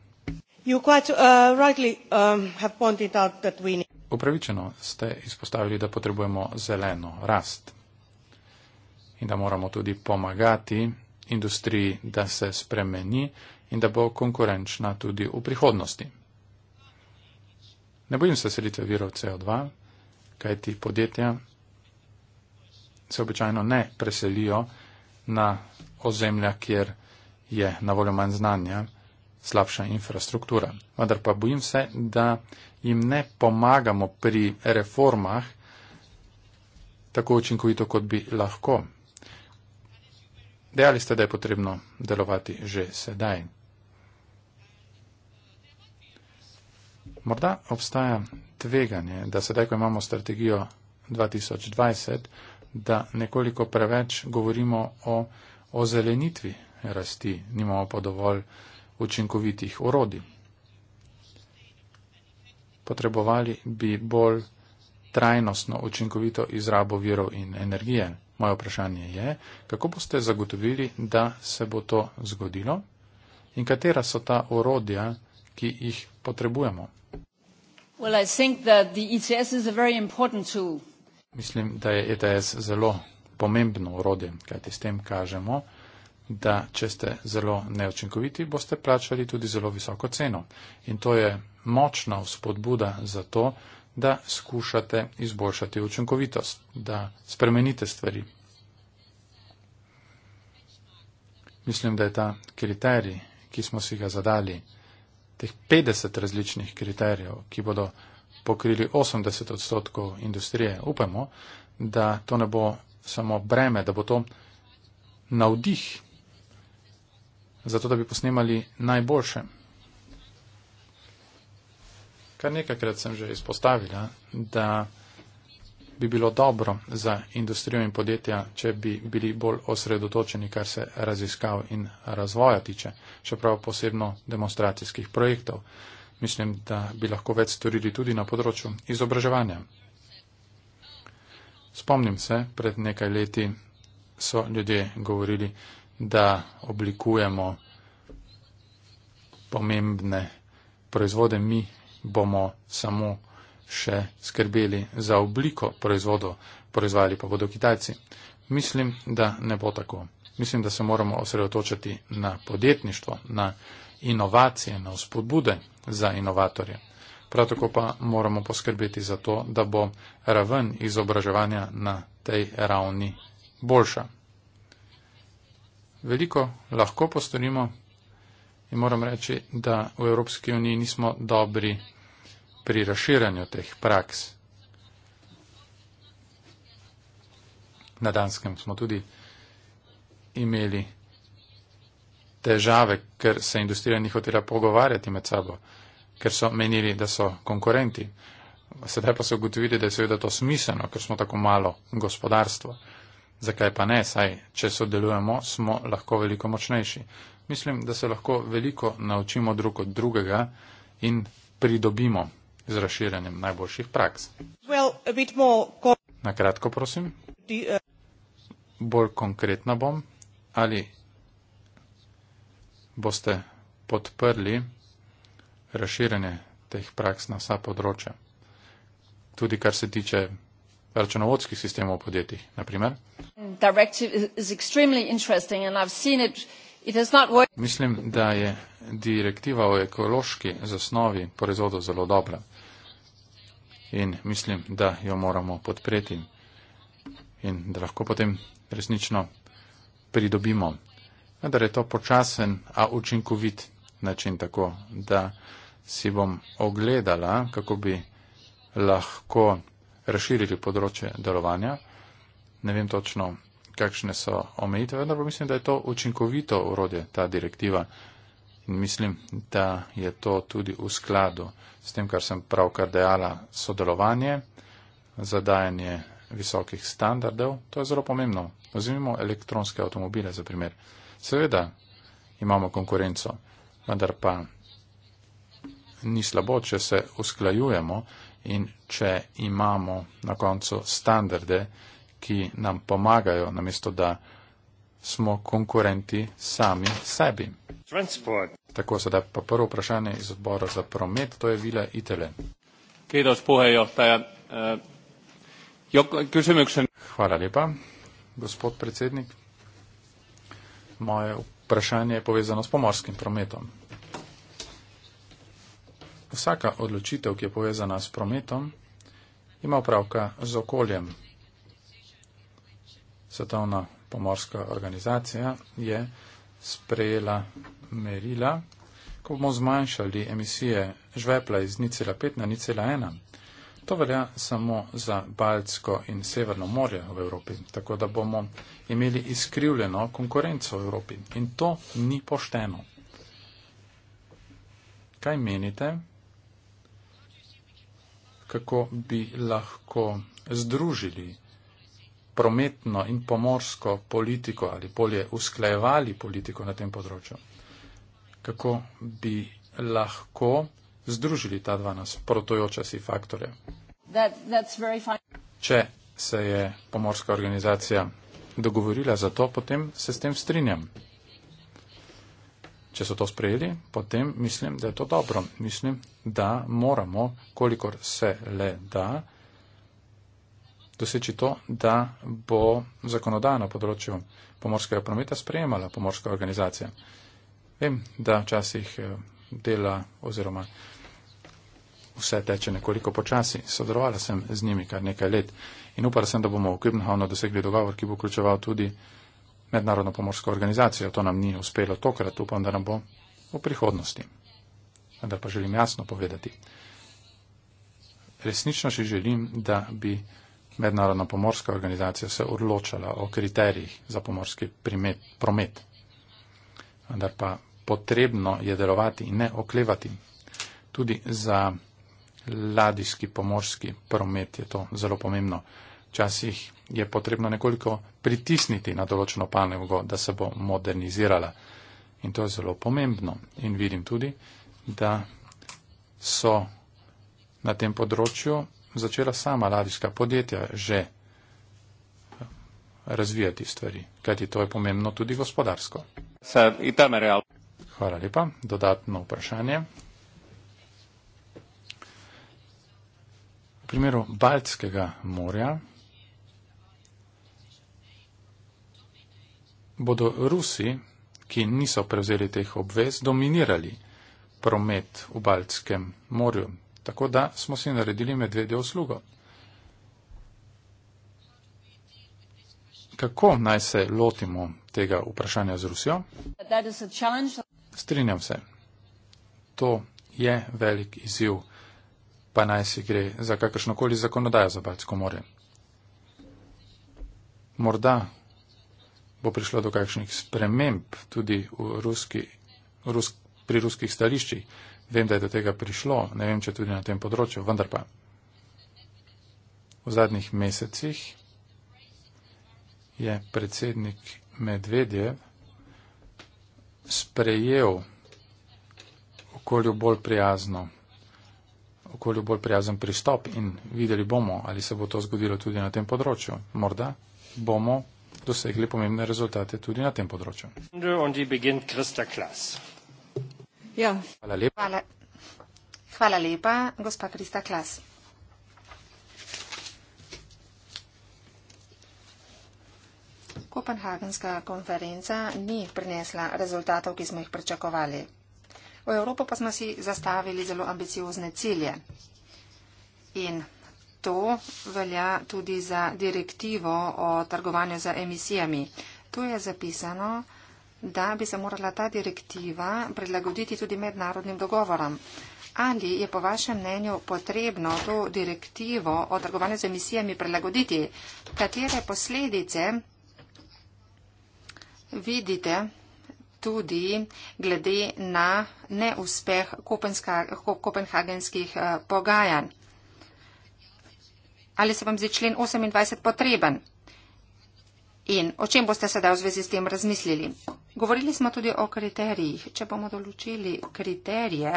Upravičeno ste izpostavili, da potrebujemo zeleno rast in da moramo tudi pomagati industriji, da se spremeni in da bo konkurenčna tudi v prihodnosti. Ne bojim se selitve virov CO2, kaj ti podjetja se običajno ne preselijo na ozemlja, kjer je na voljo manj znanja, slabša infrastruktura. Vendar pa bojim se, da jim ne pomagamo pri reformah tako učinkovito, kot bi lahko. Dejali ste, da je potrebno delovati že sedaj. Morda obstaja tveganje, da sedaj, ko imamo strategijo 2020, da nekoliko preveč govorimo o, o zelenitvi rasti, nimamo pa dovolj učinkovitih urodi. Potrebovali bi bolj trajnostno učinkovito izrabo virov in energije. Moje vprašanje je, kako boste zagotovili, da se bo to zgodilo in katera so ta orodja, ki jih potrebujemo. E Mislim, da je ETS zelo pomembno urodje, kajti s tem kažemo, da če ste zelo neočinkoviti, boste plačali tudi zelo visoko ceno. In to je močna vzpodbuda za to, da skušate izboljšati učinkovitost, da spremenite stvari. Mislim, da je ta kriterij, ki smo si ga zadali, teh 50 različnih kriterijev, ki bodo pokrili 80 odstotkov industrije. Upamo, da to ne bo samo breme, da bo to navdih, zato da bi posnemali najboljše. Kar nekakrat sem že izpostavila, da bi bilo dobro za industrijo in podjetja, če bi bili bolj osredotočeni, kar se raziskav in razvoja tiče, še prav posebno demonstracijskih projektov. Mislim, da bi lahko več storili tudi na področju izobraževanja. Spomnim se, pred nekaj leti so ljudje govorili, da oblikujemo pomembne proizvode, mi bomo samo še skrbeli za obliko proizvodov, proizvajali pa bodo Kitajci. Mislim, da ne bo tako. Mislim, da se moramo osredotočiti na podjetništvo, na inovacije, na spodbude za inovatorje. Prav tako pa moramo poskrbeti za to, da bo raven izobraževanja na tej ravni boljša. Veliko lahko postorimo in moram reči, da v Evropski uniji nismo dobri pri raširanju teh praks. Na Danskem smo tudi imeli težave, ker se industrija ni hotela pogovarjati med sabo, ker so menili, da so konkurenti. Sedaj pa so ugotovili, da je seveda to smiselno, ker smo tako malo gospodarstvo. Zakaj pa ne, saj če sodelujemo, smo lahko veliko močnejši. Mislim, da se lahko veliko naučimo drug od drugega in pridobimo z razširjanjem najboljših praks. Well, Na kratko, prosim. The, uh... Bolj konkretna bom. Ali boste podprli razširjanje teh praks na vsa področja. Tudi kar se tiče računovodskih sistemov v podjetjih, na primer. Mislim, da je direktiva o ekološki zasnovi proizvodov zelo dobra in mislim, da jo moramo podpreti in da lahko potem resnično pridobimo. Vendar je to počasen, a učinkovit način tako, da si bom ogledala, kako bi lahko razširili področje delovanja. Ne vem točno, kakšne so omejitve, vendar pa mislim, da je to učinkovito urodje, ta direktiva. In mislim, da je to tudi v skladu s tem, kar sem pravkar dejala, sodelovanje, zadajanje visokih standardov. To je zelo pomembno. Vzemimo elektronske avtomobile za primer. Seveda imamo konkurenco, vendar pa ni slabo, če se usklajujemo in če imamo na koncu standarde, ki nam pomagajo, namesto da smo konkurenti sami sebi. Transport. Tako sedaj pa prvo vprašanje iz odbora za promet, to je Vila Itele. Eh, Hvala lepa, gospod predsednik. Moje vprašanje je povezano s pomorskim prometom. Vsaka odločitev, ki je povezana s prometom, ima upravka z okoljem. Svetovna pomorska organizacija je sprejela merila, ko bomo zmanjšali emisije žvepla iz 0,5 na 0,1. To velja samo za Baltsko in Severno morje v Evropi, tako da bomo imeli izkrivljeno konkurenco v Evropi in to ni pošteno. Kaj menite, kako bi lahko združili prometno in pomorsko politiko ali bolje usklajevali politiko na tem področju. Kako bi lahko združili ta dva nasprotujoča si faktore? That, Če se je pomorska organizacija dogovorila za to, potem se s tem strinjam. Če so to sprejeli, potem mislim, da je to dobro. Mislim, da moramo, kolikor se le da, doseči to, da bo zakonodaja na področju pomorskega prometa sprejemala pomorska organizacija. Vem, da včasih eh, dela oziroma vse teče nekoliko počasi. Sodelovala sem z njimi kar nekaj let in upala sem, da bomo v Kibnhavno dosegli dogovor, ki bo vključeval tudi mednarodno pomorsko organizacijo. To nam ni uspelo tokrat, upam, da nam bo v prihodnosti. Vendar pa želim jasno povedati. Resnično še želim, da bi mednarodna pomorska organizacija se odločala o kriterijih za pomorski primet, promet. Vendar pa potrebno je delovati in ne oklevati. Tudi za ladijski pomorski promet je to zelo pomembno. Včasih je potrebno nekoliko pritisniti na določeno panevgo, da se bo modernizirala. In to je zelo pomembno. In vidim tudi, da so na tem področju začela sama ladijska podjetja že razvijati stvari, kajti to je pomembno tudi gospodarsko. Hvala lepa. Dodatno vprašanje. V primeru Baltskega morja bodo Rusi, ki niso prevzeli teh obvez, dominirali promet v Baltskem morju. Tako da smo si naredili medvedje uslugo. Kako naj se lotimo tega vprašanja z Rusijo? Strinjam se. To je velik izziv, pa naj si gre za kakršnokoli zakonodajo za Baltsko more. Morda bo prišlo do kakšnih sprememb tudi v ruski, rus, pri ruskih stališčih. Vem, da je do tega prišlo, ne vem, če tudi na tem področju, vendar pa v zadnjih mesecih je predsednik Medvedjev sprejel okolju bolj prijazno, okolju bolj prijazen pristop in videli bomo, ali se bo to zgodilo tudi na tem področju. Morda bomo dosegli pomembne rezultate tudi na tem področju. Ja. Hvala lepa. Hvala. Hvala lepa, gospa Krista Klas. Kopenhagenska konferenca ni prinesla rezultatov, ki smo jih pričakovali. V Evropo pa smo si zastavili zelo ambiciozne cilje. In to velja tudi za direktivo o trgovanju za emisijami. To je zapisano da bi se morala ta direktiva prilagoditi tudi mednarodnim dogovorom. Ali je po vašem mnenju potrebno to direktivo o trgovanju z emisijami prilagoditi? Katere posledice vidite tudi glede na neuspeh kopenhagenskih eh, pogajanj? Ali se vam zdi člen 28 potreben? In o čem boste sedaj v zvezi s tem razmislili? Govorili smo tudi o kriterijih. Če bomo določili kriterije,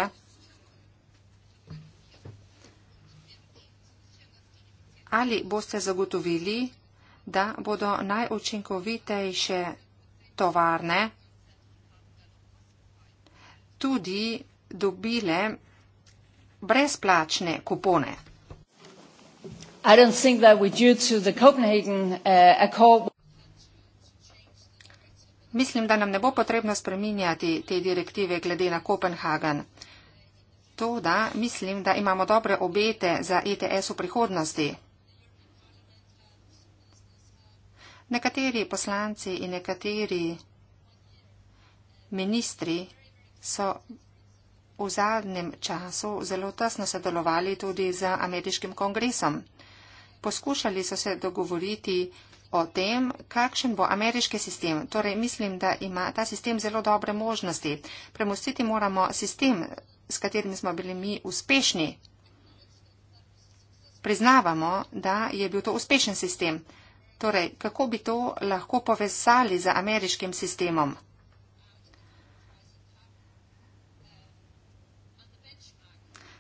ali boste zagotovili, da bodo najučinkovitejše tovarne tudi dobile brezplačne kupone. I don't think that we due to the Copenhagen uh, Accord Mislim, da nam ne bo potrebno spreminjati te direktive glede na Kopenhagen. To, da mislim, da imamo dobre obete za ETS v prihodnosti. Nekateri poslanci in nekateri ministri so v zadnjem času zelo tasno sodelovali tudi z ameriškim kongresom. Poskušali so se dogovoriti o tem, kakšen bo ameriški sistem. Torej, mislim, da ima ta sistem zelo dobre možnosti. Premustiti moramo sistem, s katerim smo bili mi uspešni. Priznavamo, da je bil to uspešen sistem. Torej, kako bi to lahko povezali z ameriškim sistemom?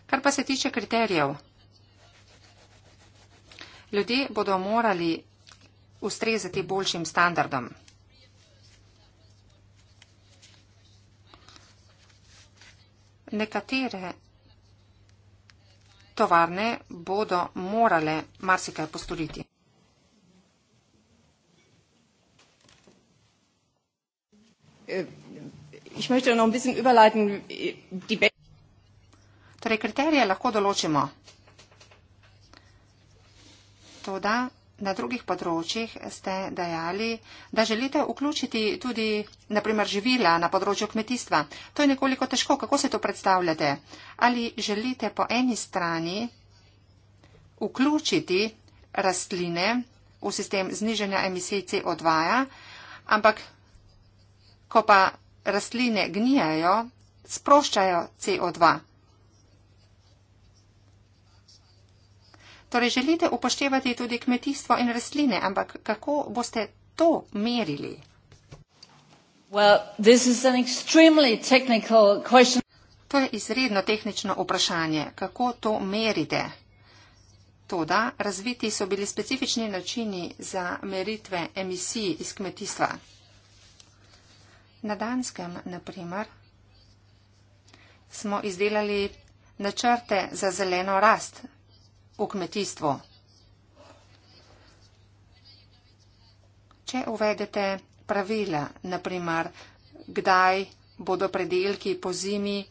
Kar pa se tiče kriterijev, ljudje bodo morali ustrezati boljšim standardom. Nekatere tovarne bodo morale marsikaj postoriti. Äh, torej, kriterije lahko določimo. Toda na drugih področjih ste dejali, da želite vključiti tudi, naprimer, živila na področju kmetijstva. To je nekoliko težko, kako se to predstavljate. Ali želite po eni strani vključiti rastline v sistem zniženja emisij CO2, ampak ko pa rastline gnijajo, sproščajo CO2. Torej želite upoštevati tudi kmetijstvo in rastline, ampak kako boste to merili? Well, to je izredno tehnično vprašanje, kako to merite. Toda razviti so bili specifični načini za meritve emisij iz kmetijstva. Na Danskem, naprimer, smo izdelali načrte za zeleno rast, v kmetijstvo. Če uvedete pravila, naprimer, kdaj bodo predelki po zimi,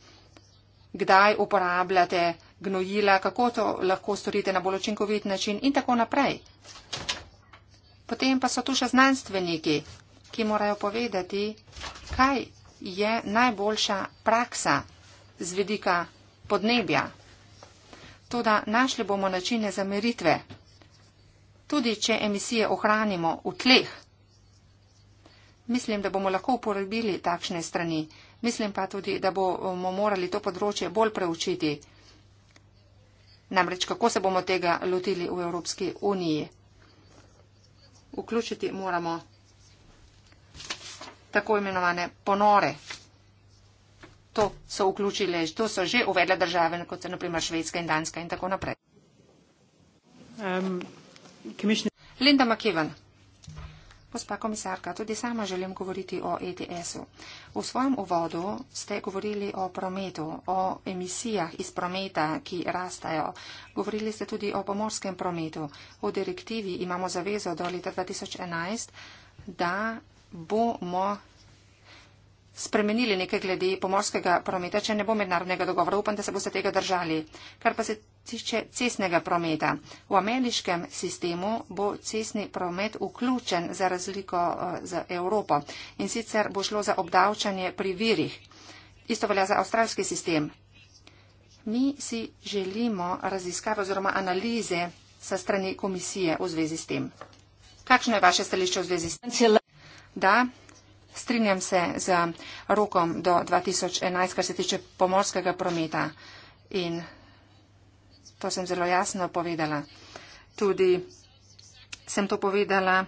kdaj uporabljate gnojila, kako to lahko storite na bolj učinkovit način in tako naprej. Potem pa so tu še znanstveniki, ki morajo povedati, kaj je najboljša praksa z vidika podnebja. Toda našli bomo načine za meritve, tudi če emisije ohranimo v tleh. Mislim, da bomo lahko uporabili takšne strani. Mislim pa tudi, da bomo morali to področje bolj preučiti. Namreč, kako se bomo tega lotili v Evropski uniji? Vključiti moramo tako imenovane ponore, to so vključile, to so že uvedle države, kot so naprimer Švedska in Danska in tako naprej. Um, Linda McKeven. Gospa komisarka, tudi sama želim govoriti o ETS-u. V svojem uvodu ste govorili o prometu, o emisijah iz prometa, ki rastajo. Govorili ste tudi o pomorskem prometu. V direktivi imamo zavezo do leta 2011, da bomo spremenili nekaj glede pomorskega prometa, če ne bo mednarodnega dogovora. Upam, da se boste tega držali. Kar pa se tiče cestnega prometa. V ameriškem sistemu bo cestni promet vključen za razliko eh, z Evropo in sicer bo šlo za obdavčanje pri virih. Isto velja za avstralski sistem. Mi si želimo raziskave oziroma analize sa strani komisije v zvezi s tem. Kakšno je vaše stališče v zvezi s tem? Da. Strinjam se z rokom do 2011, kar se tiče pomorskega prometa. In to sem zelo jasno povedala. Tudi sem to povedala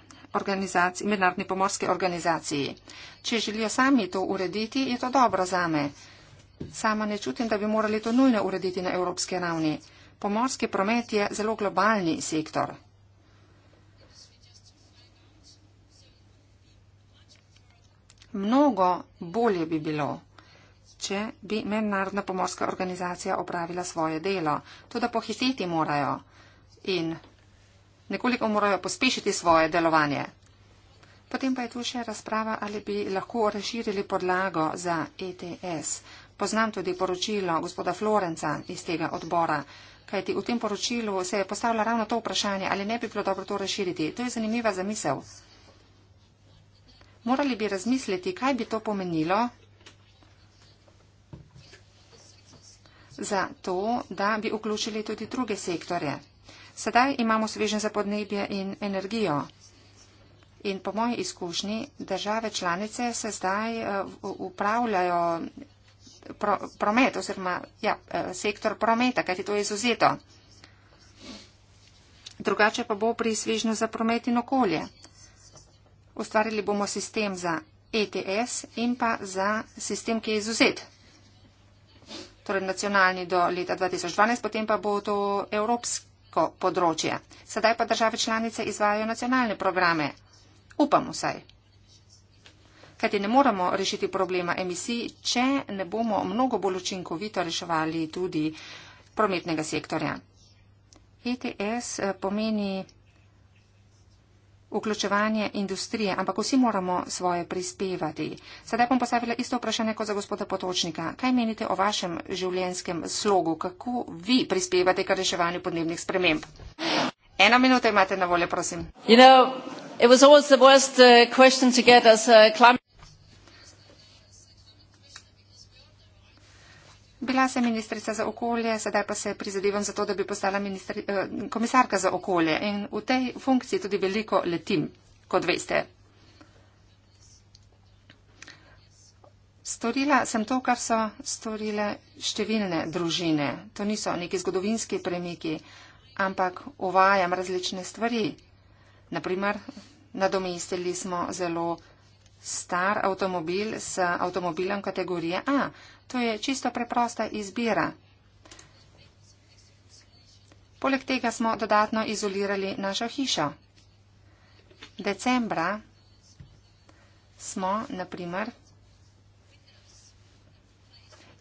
mednarodni pomorski organizaciji. Če želijo sami to urediti, je to dobro zame. Sama ne čutim, da bi morali to nujno urediti na evropske ravni. Pomorski promet je zelo globalni sektor. mnogo bolje bi bilo, če bi mednarodna pomorska organizacija opravila svoje delo. To, da pohiteti morajo in nekoliko morajo pospešiti svoje delovanje. Potem pa je tu še razprava, ali bi lahko razširili podlago za ETS. Poznam tudi poročilo gospoda Florenca iz tega odbora, kajti v tem poročilu se je postavilo ravno to vprašanje, ali ne bi bilo dobro to razširiti. To je zanimiva zamisel. Morali bi razmisliti, kaj bi to pomenilo za to, da bi vključili tudi druge sektore. Sedaj imamo svežen za podnebje in energijo. In po moji izkušnji, države članice se zdaj eh, upravljajo promet oziroma ja, eh, sektor prometa, kajti to je izuzeto. Drugače pa bo pri svežnju za promet in okolje ustvarili bomo sistem za ETS in pa za sistem, ki je izuzet. Torej nacionalni do leta 2012, potem pa bo to evropsko področje. Sedaj pa države članice izvajajo nacionalne programe. Upam vsaj. Kajti ne moramo rešiti problema emisij, če ne bomo mnogo bolj učinkovito reševali tudi prometnega sektorja. ETS eh, pomeni vključevanje industrije, ampak vsi moramo svoje prispevati. Sedaj bom postavila isto vprašanje kot za gospoda Potočnika. Kaj menite o vašem življenjskem slogu, kako vi prispevate k reševanju podnebnih sprememb? Eno minuto imate na voljo, prosim. You know, Bila sem ministrica za okolje, sedaj pa se prizadevam za to, da bi postala ministri, eh, komisarka za okolje in v tej funkciji tudi veliko letim, kot veste. Storila sem to, kar so storile številne družine. To niso neki zgodovinski premiki, ampak uvajam različne stvari. Naprimer, nadomestili smo zelo star avtomobil s avtomobilom kategorije A. To je čisto preprosta izbira. Poleg tega smo dodatno izolirali našo hišo. Decembra smo, na primer,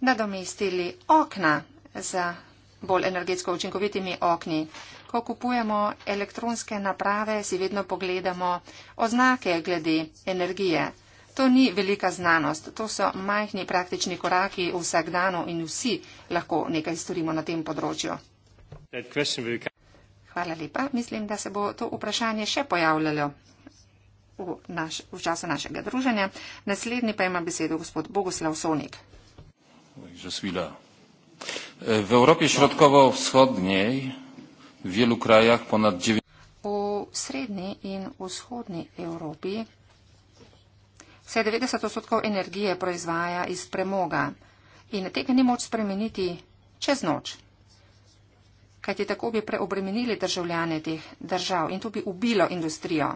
nadomestili okna z bolj energetsko učinkovitimi okni. Ko kupujemo elektronske naprave, si vedno pogledamo oznake glede energije. To ni velika znanost, to so majhni praktični koraki v vsakdanu in vsi lahko nekaj storimo na tem področju. Hvala lepa. Mislim, da se bo to vprašanje še pojavljalo v, naš, v času našega druženja. Naslednji pa ima besedo gospod Bogoslav Sonik. E, v Evropi Šrotkovo-vzhodnjej v krajah ponad 9. V srednji in vzhodni Evropi se 90 odstotkov energije proizvaja iz premoga in tega ni moč spremeniti čez noč. Kajti tako bi preobremenili državljane teh držav in to bi ubilo industrijo.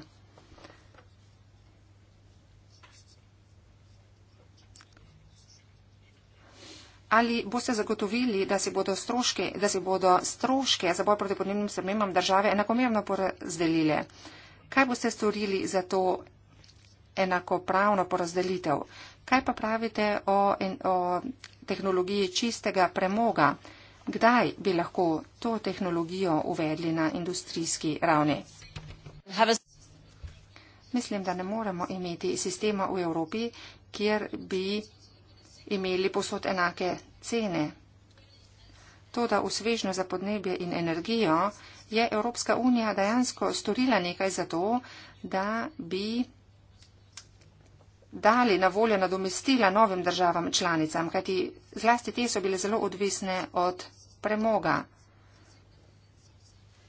Ali boste zagotovili, da se bodo stroške, da se bodo stroške za boj proti podnebnim spremembam države enakomerno porazdelile? Kaj boste storili za to enakopravno porazdelitev. Kaj pa pravite o, en, o tehnologiji čistega premoga? Kdaj bi lahko to tehnologijo uvedli na industrijski ravni? Mislim, da ne moremo imeti sistema v Evropi, kjer bi imeli posod enake cene. To, da v svežnju za podnebje in energijo je Evropska unija dejansko storila nekaj za to, da bi dali na voljo nadomestila novim državam članicam, kajti zlasti te so bile zelo odvisne od premoga.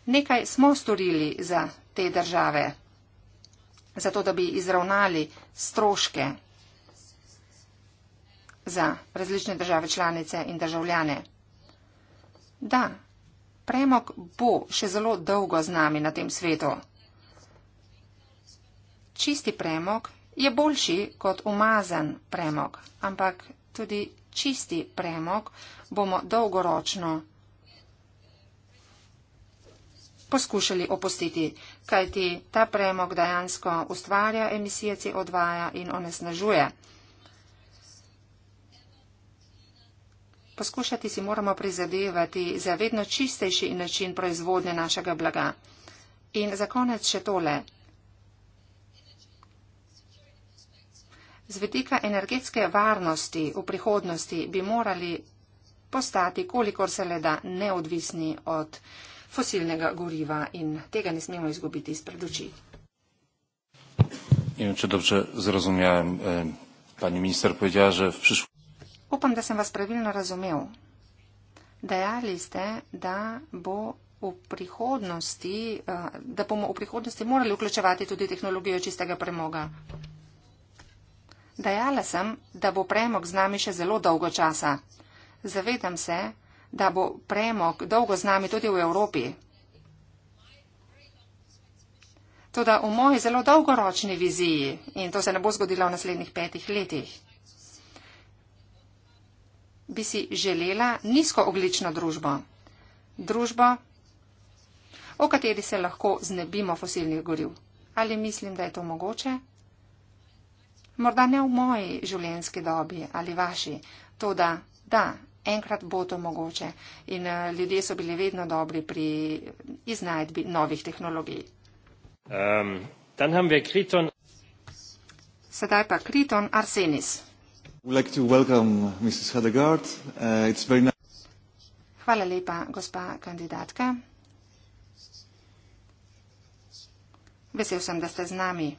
Nekaj smo storili za te države, zato da bi izravnali stroške za različne države članice in državljane. Da, premog bo še zelo dolgo z nami na tem svetu. Čisti premog je boljši kot umazan premog, ampak tudi čisti premog bomo dolgoročno poskušali opustiti, kajti ta premog dejansko ustvarja emisije CO2 in onesnažuje. Poskušati si moramo prizadevati za vedno čistejši način proizvodnje našega blaga. In za konec še tole. z vedika energetske varnosti v prihodnosti bi morali postati, kolikor se le da, neodvisni od fosilnega goriva in tega ne smemo izgubiti izpred oči. Če dobro razumem, pani minister, povedal, že prišlo. Upam, da sem vas pravilno razumel. Dejali ste, da bo. V prihodnosti, e, da bomo v prihodnosti morali vključevati tudi tehnologijo čistega premoga. Dajala sem, da bo premog z nami še zelo dolgo časa. Zavedam se, da bo premog dolgo z nami tudi v Evropi. Toda v moji zelo dolgoročni viziji, in to se ne bo zgodilo v naslednjih petih letih, bi si želela nizkooglično družbo. Družbo, o kateri se lahko znebimo fosilnih goriv. Ali mislim, da je to mogoče? Morda ne v moji življenjski dobi ali vaši, to da, da, enkrat bo to mogoče in eh, ljudje so bili vedno dobri pri iznajdbi novih tehnologij. Um, Kriton... Sedaj pa Kriton Arsenis. Eh, Hvala lepa, gospa kandidatka. Vesel sem, da ste z nami.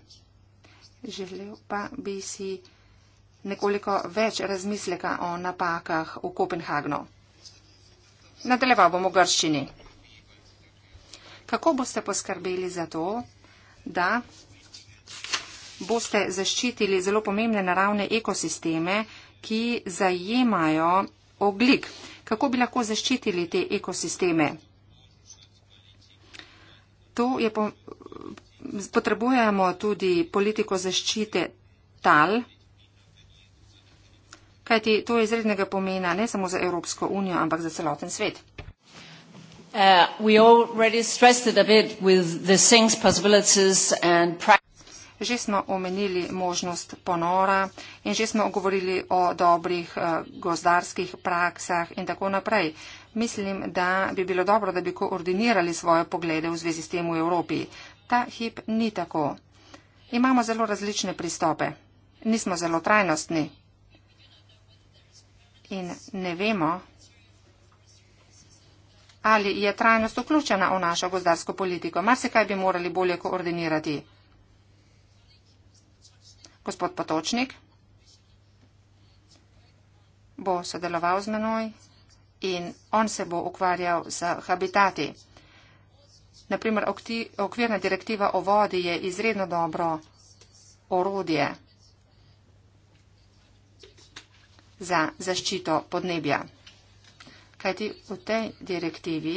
Želel pa bi si nekoliko več razmisleka o napakah v Kopenhagnu. Nadaljeval bom v grščini. Kako boste poskrbeli za to, da boste zaščitili zelo pomembne naravne ekosisteme, ki zajemajo oglik? Kako bi lahko zaščitili te ekosisteme? To je Potrebujemo tudi politiko zaščite tal, kajti to je izrednega pomena ne samo za Evropsko unijo, ampak za celoten svet. Uh, že smo omenili možnost ponora in že smo govorili o dobrih uh, gozdarskih praksah in tako naprej. Mislim, da bi bilo dobro, da bi koordinirali svoje poglede v zvezi s tem v Evropi ta hip ni tako. Imamo zelo različne pristope. Nismo zelo trajnostni. In ne vemo, ali je trajnost vključena v našo gozdarsko politiko. Mar se kaj bi morali bolje koordinirati? Gospod Potočnik bo sodeloval z menoj in on se bo ukvarjal z habitati. Naprimer, okvirna direktiva o vodi je izredno dobro orodje za zaščito podnebja. Kajti v tej direktivi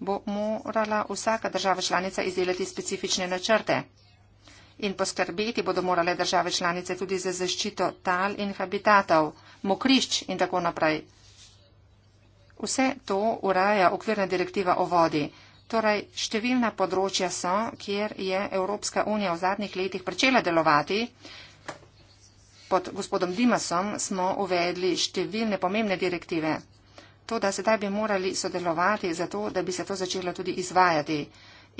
bo morala vsaka država članica izdelati specifične načrte in poskrbeti bodo morale države članice tudi za zaščito tal in habitatov, mokrišč in tako naprej. Vse to uraja okvirna direktiva o vodi. Torej, številna področja so, kjer je Evropska unija v zadnjih letih pričela delovati. Pod gospodom Dimasom smo uvedli številne pomembne direktive. To, da sedaj bi morali sodelovati za to, da bi se to začelo tudi izvajati.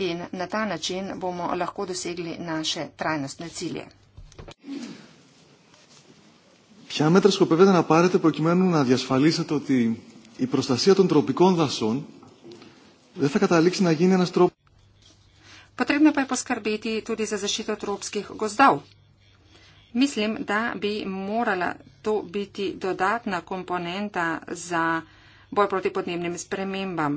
In na ta način bomo lahko dosegli naše trajnostne cilje. Ποια μέτρα σκοπεύετε να πάρετε προκειμένου να διασφαλίσετε ότι η προστασία των τροπικών δασών Δεν θα καταλήξει να γίνει ένας τρόπος. Potrebno pa je poskrbeti tudi za zaščito tropskih gozdov. Mislim, da bi morala to biti dodatna komponenta za boj proti podnebnim spremembam.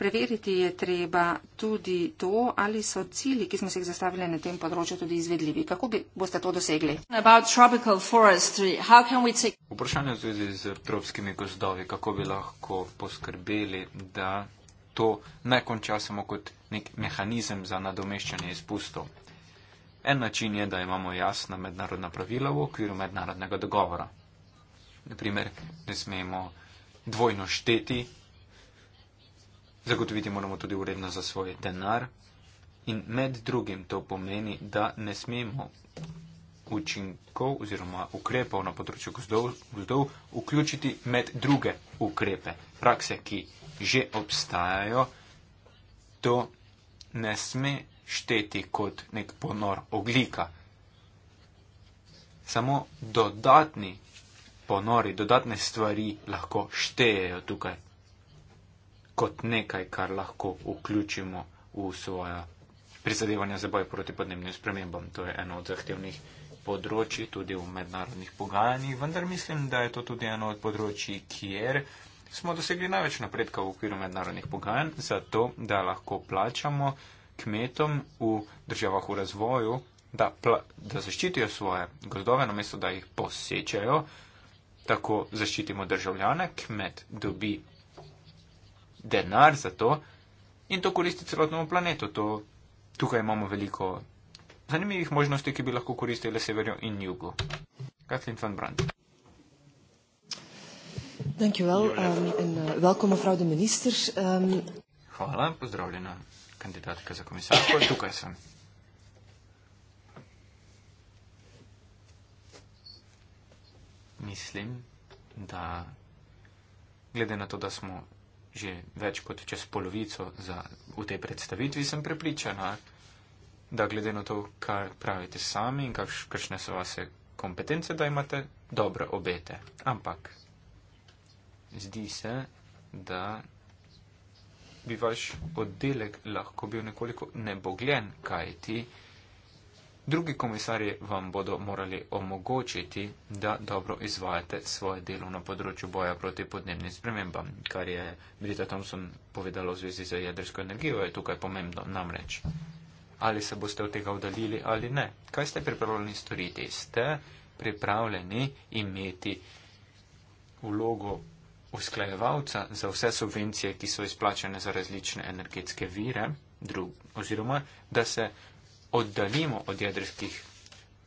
Preveriti je treba tudi to, ali so cilji, ki smo se jih zastavili na tem področju, tudi izvedljivi. Kako bi boste to dosegli? Vprašanje v zvezi z tropskimi gozdovi, kako bi lahko poskrbeli, da to ne konča samo kot nek mehanizem za nadomeščanje izpustov. En način je, da imamo jasna mednarodna pravila v okviru mednarodnega dogovora. Naprimer, ne smemo dvojno šteti Zagotoviti moramo tudi uredno za svoj denar in med drugim to pomeni, da ne smemo učinkov oziroma ukrepov na področju gozdov, gozdov vključiti med druge ukrepe. Prakse, ki že obstajajo, to ne sme šteti kot nek ponor oglika. Samo dodatni ponori, dodatne stvari lahko štejejo tukaj kot nekaj, kar lahko vključimo v svoje prizadevanja za boj proti podnebnim spremembam. To je eno od zahtevnih področji tudi v mednarodnih pogajanjih, vendar mislim, da je to tudi eno od področji, kjer smo dosegli največ napredka v okviru mednarodnih pogajanj, zato da lahko plačamo kmetom v državah v razvoju, da, da zaščitijo svoje gozdove, namesto da jih posečajo. Tako zaščitimo državljane, kmet dobi denar za to in to koristi celotnemu planetu. To, tukaj imamo veliko zanimivih možnosti, ki bi lahko koristile severju in jugu. Kathleen van Brandt. Well, um, uh, um... Hvala, pozdravljena kandidatka za komisarko. Tukaj sem. Mislim, da glede na to, da smo že več kot čez polovico za, v tej predstavitvi, sem prepričana, da glede na to, kar pravite sami in kakš, kakšne so vaše kompetence, da imate dobre obete. Ampak zdi se, da bi vaš oddelek lahko bil nekoliko nebogljen, kaj ti. Drugi komisarji vam bodo morali omogočiti, da dobro izvajate svoje delo na področju boja proti podnebnim spremembam, kar je Brita Thompson povedala v zvezi z jedrsko energijo, je tukaj pomembno namreč. Ali se boste od tega oddalili ali ne? Kaj ste pripravljeni storiti? Ste pripravljeni imeti vlogo usklajevalca za vse subvencije, ki so izplačene za različne energetske vire, drug, oziroma da se oddaljimo od jedrskih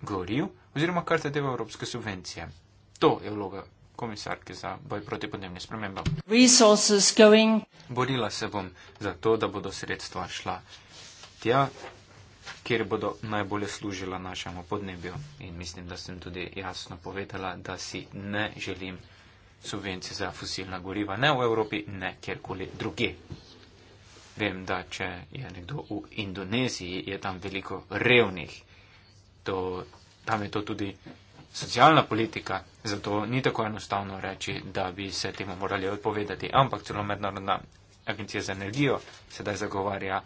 goriv, oziroma kar zadeva evropske subvencije. To je vloga komisarke za boj proti podnebnim spremembam. Borila se bom za to, da bodo sredstva šla tja, kjer bodo najbolje služila našemu podnebju. In mislim, da sem tudi jasno povedala, da si ne želim subvencije za fosilna goriva, ne v Evropi, ne kjerkoli druge vem, da če je nekdo v Indoneziji, je tam veliko revnih. To, tam je to tudi socialna politika, zato ni tako enostavno reči, da bi se temu morali odpovedati. Ampak celo mednarodna agencija za energijo sedaj zagovarja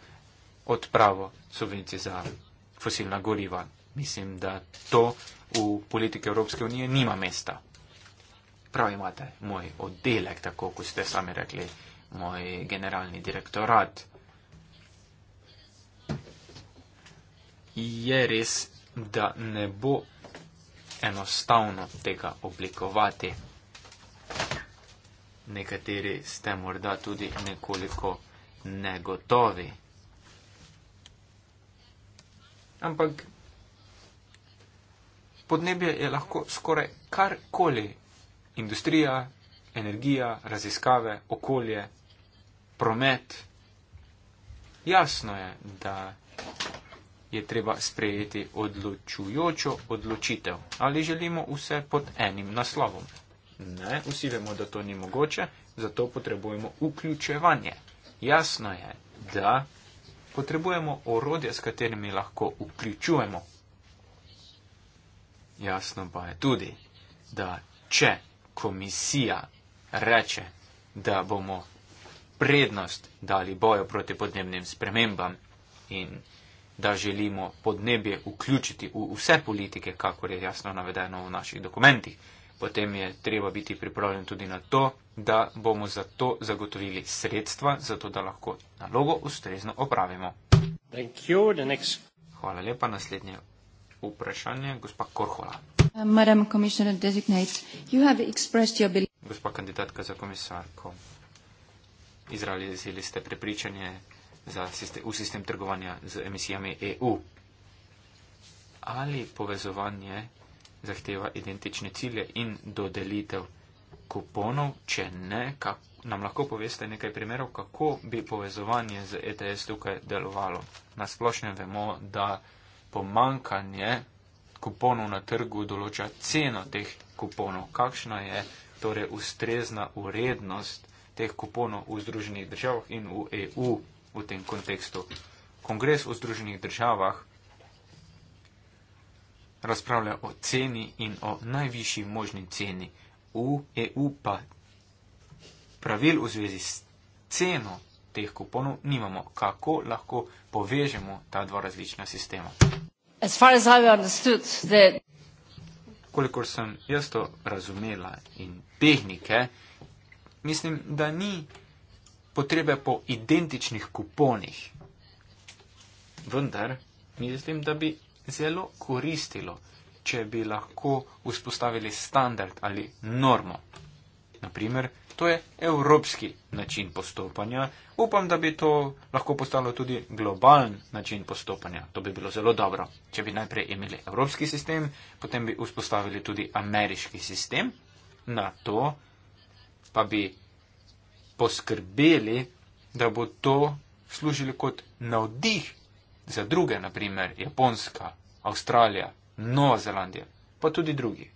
odpravo subvencij za fosilna goriva. Mislim, da to v politiki Evropske unije nima mesta. Prav imate moj oddelek, tako kot ste sami rekli, moj generalni direktorat. Je res, da ne bo enostavno tega oblikovati. Nekateri ste morda tudi nekoliko negotovi. Ampak podnebje je lahko skoraj karkoli. Industrija, energija, raziskave, okolje, promet. Jasno je, da je treba sprejeti odločujočo odločitev. Ali želimo vse pod enim naslovom? Ne, vsi vemo, da to ni mogoče, zato potrebujemo vključevanje. Jasno je, da potrebujemo orodje, s katerimi lahko vključujemo. Jasno pa je tudi, da če komisija reče, da bomo prednost dali boju proti podnebnim spremembam in da želimo podnebje vključiti v vse politike, kakor je jasno navedeno v naših dokumentih, potem je treba biti pripravljen tudi na to, da bomo za to zagotovili sredstva, zato da lahko nalogo ustrezno opravimo. Hvala lepa, naslednje vprašanje, gospa Korhola. Uh, Gospa kandidatka za komisarko, izrazili ste prepričanje sistem, v sistem trgovanja z emisijami EU. Ali povezovanje zahteva identične cilje in dodelitev kuponov, če ne, kak, nam lahko poveste nekaj primerov, kako bi povezovanje z ETS tukaj delovalo. Na splošnem vemo, da pomankanje kuponov na trgu določa ceno teh kuponov, kakšna je torej ustrezna urednost teh kuponov v Združenih državah in v EU v tem kontekstu. Kongres v Združenih državah razpravlja o ceni in o najvišji možni ceni. V EU pa pravil v zvezi s ceno teh kuponov nimamo. Kako lahko povežemo ta dva različna sistema? Kolikor sem jaz to razumela in tehnike, mislim, da ni potrebe po identičnih kuponih. Vendar mislim, da bi zelo koristilo, če bi lahko vzpostavili standard ali normo. Naprimer, to je evropski način postopanja. Upam, da bi to lahko postalo tudi globalen način postopanja. To bi bilo zelo dobro, če bi najprej imeli evropski sistem, potem bi vzpostavili tudi ameriški sistem, na to pa bi poskrbeli, da bo to služilo kot navdih za druge, naprimer Japonska, Avstralija, Nova Zelandija, pa tudi drugi.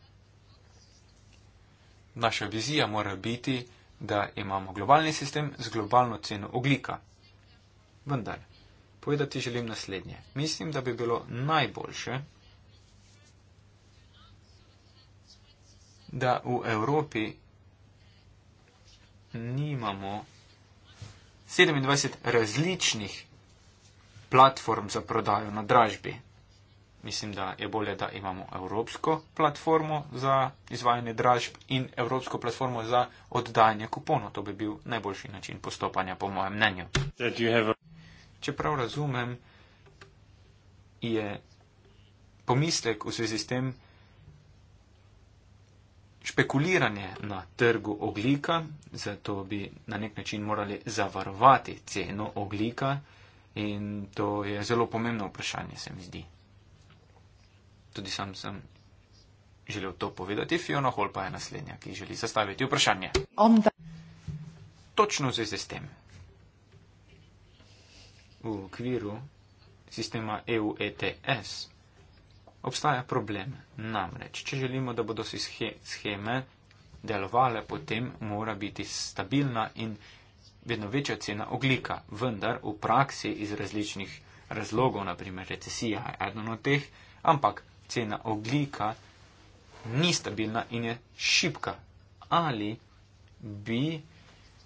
Naša vizija mora biti, da imamo globalni sistem z globalno ceno oglika. Vendar, povedati želim naslednje. Mislim, da bi bilo najboljše, da v Evropi nimamo 27 različnih platform za prodajo na dražbi mislim, da je bolje, da imamo evropsko platformo za izvajanje dražb in evropsko platformo za oddajanje kuponov. To bi bil najboljši način postopanja, po mojem mnenju. Če prav razumem, je pomislek v zvezi s tem špekuliranje na trgu oglika, zato bi na nek način morali zavarovati ceno oglika. In to je zelo pomembno vprašanje, se mi zdi. Tudi sam sem želel to povedati. Fiona Hall pa je naslednja, ki želi zastaviti vprašanje. Točno v zvezi s tem. V okviru sistema EU ETS obstaja problem. Namreč, če želimo, da bodo si scheme delovale, potem mora biti stabilna in vedno večja cena oglika. Vendar v praksi iz različnih razlogov, naprimer recesija je eden od teh, ampak cena oglika ni stabilna in je šipka. Ali bi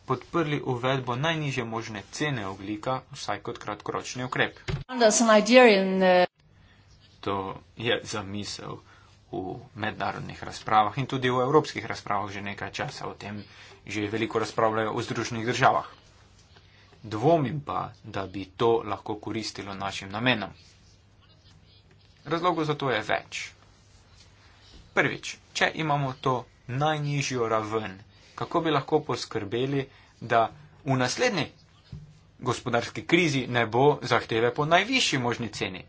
podprli uvedbo najnižje možne cene oglika, vsaj kot kratkoročni ukrep? Uh, to je zamisel v mednarodnih razpravah in tudi v evropskih razpravah že nekaj časa o tem že veliko razpravljajo v združenih državah. Dvomim pa, da bi to lahko koristilo našim namenom. Razlogov za to je več. Prvič, če imamo to najnižjo raven, kako bi lahko poskrbeli, da v naslednji gospodarski krizi ne bo zahteve po najvišji možni ceni?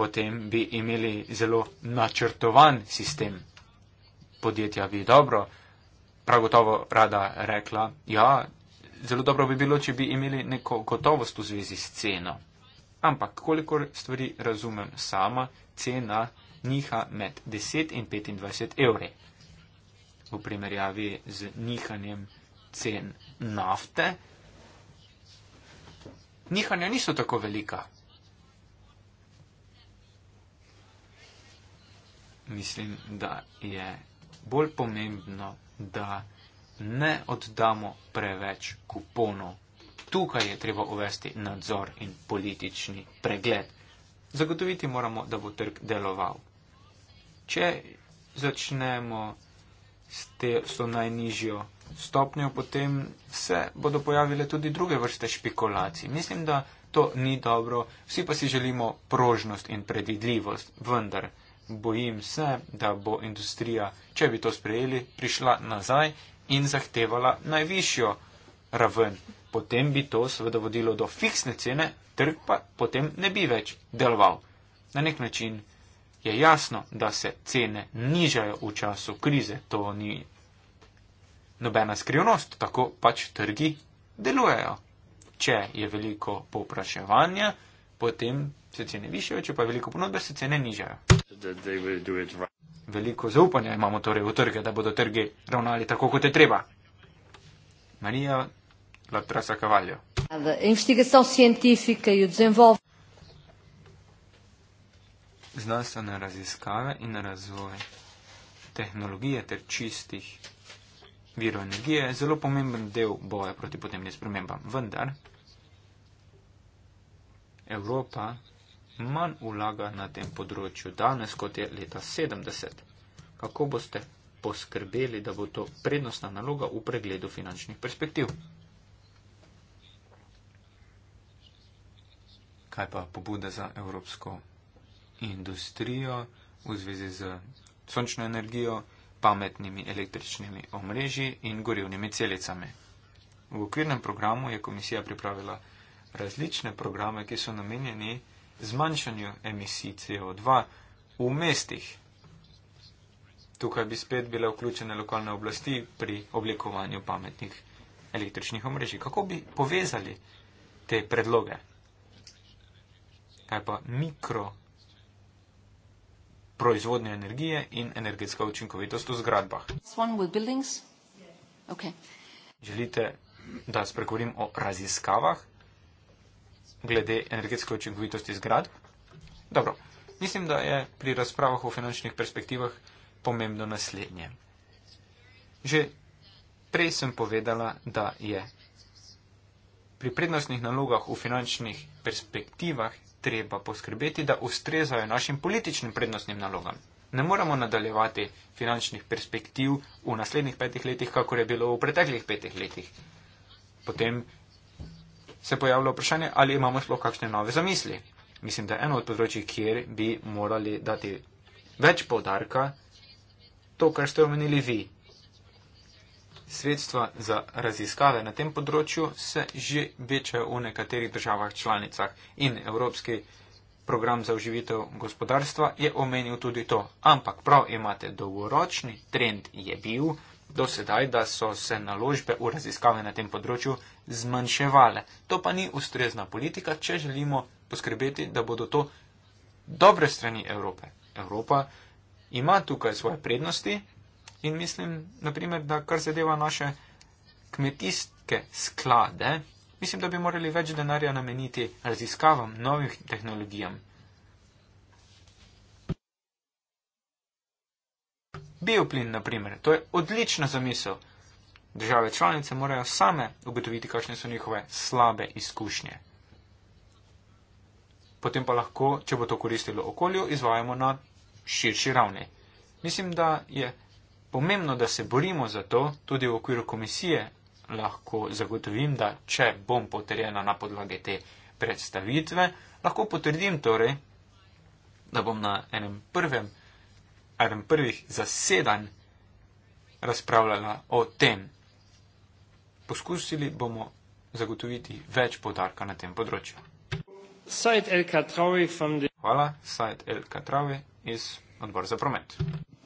Potem bi imeli zelo načrtovan sistem. Podjetja bi dobro, prav gotovo rada rekla, ja, zelo dobro bi bilo, če bi imeli neko gotovost v zvezi s ceno ampak kolikor stvari razumem sama, cena niha med 10 in 25 evri. V primerjavi z nihanjem cen nafte, nihanja niso tako velika. Mislim, da je bolj pomembno, da ne oddamo preveč kuponov tukaj je treba uvesti nadzor in politični pregled. Zagotoviti moramo, da bo trg deloval. Če začnemo s, te, s to najnižjo stopnjo, potem se bodo pojavile tudi druge vrste špekulacij. Mislim, da to ni dobro. Vsi pa si želimo prožnost in predvidljivost, vendar bojim se, da bo industrija, če bi to sprejeli, prišla nazaj in zahtevala najvišjo raven potem bi to seveda vodilo do fiksne cene, trg pa potem ne bi več deloval. Na nek način je jasno, da se cene nižajo v času krize, to ni nobena skrivnost, tako pač trgi delujejo. Če je veliko povpraševanja, potem se cene višajo, če pa je veliko ponudbe, se cene nižajo. Veliko zaupanja imamo torej v trge, da bodo trge ravnali tako, kot je treba. Marija La Teresa Cavallo. A investigação científica e o desenvolvimento. Znanstvene raziskave in razvoj tehnologije ter čistih virov energije je zelo pomemben del boja proti podnebnim spremembam. Vendar Evropa manj vlaga na tem področju danes, kot je leta 70. Kako boste poskrbeli, da bo to prednostna naloga v pregledu finančnih perspektiv? kaj pa pobuda za evropsko industrijo v zvezi z sončno energijo, pametnimi električnimi omrežji in gorivnimi celicami. V okvirnem programu je komisija pripravila različne programe, ki so namenjeni zmanjšanju emisij CO2 v mestih. Tukaj bi spet bile vključene lokalne oblasti pri oblikovanju pametnih električnih omrežij. Kako bi povezali te predloge? kaj pa mikro proizvodnjo energije in energetska učinkovitost v zgradbah. Okay. Želite, da spregovorim o raziskavah glede energetske učinkovitosti zgradb? Dobro, mislim, da je pri razpravah o finančnih perspektivah pomembno naslednje. Že prej sem povedala, da je pri prednostnih nalogah v finančnih perspektivah treba poskrbeti, da ustrezajo našim političnim prednostnim nalogam. Ne moremo nadaljevati finančnih perspektiv v naslednjih petih letih, kakor je bilo v preteklih petih letih. Potem se pojavlja vprašanje, ali imamo sploh kakšne nove zamisli. Mislim, da je eno od področji, kjer bi morali dati več povdarka, to, kar ste omenili vi, Sredstva za raziskave na tem področju se že večajo v nekaterih državah članicah in Evropski program za oživitev gospodarstva je omenil tudi to. Ampak prav imate, dolgoročni trend je bil do sedaj, da so se naložbe v raziskave na tem področju zmanjševale. To pa ni ustrezna politika, če želimo poskrbeti, da bodo to dobre strani Evrope. Evropa ima tukaj svoje prednosti, In mislim, naprimer, da kar zadeva naše kmetijske sklade, mislim, da bi morali več denarja nameniti raziskavam, novim tehnologijam. Bioplin, naprimer, to je odlična zamisel. Države članice morajo same ugotoviti, kakšne so njihove slabe izkušnje. Potem pa lahko, če bo to koristilo okolju, izvajamo na širši ravni. Mislim, da je Pomembno, da se borimo za to, tudi v okviru komisije lahko zagotovim, da če bom potrjena na podlagi te predstavitve, lahko potrdim torej, da bom na enem, prvem, enem prvih zasedanj razpravljala o tem. Poskusili bomo zagotoviti več podarka na tem področju. Hvala, Said El Katravi iz odbora za promet.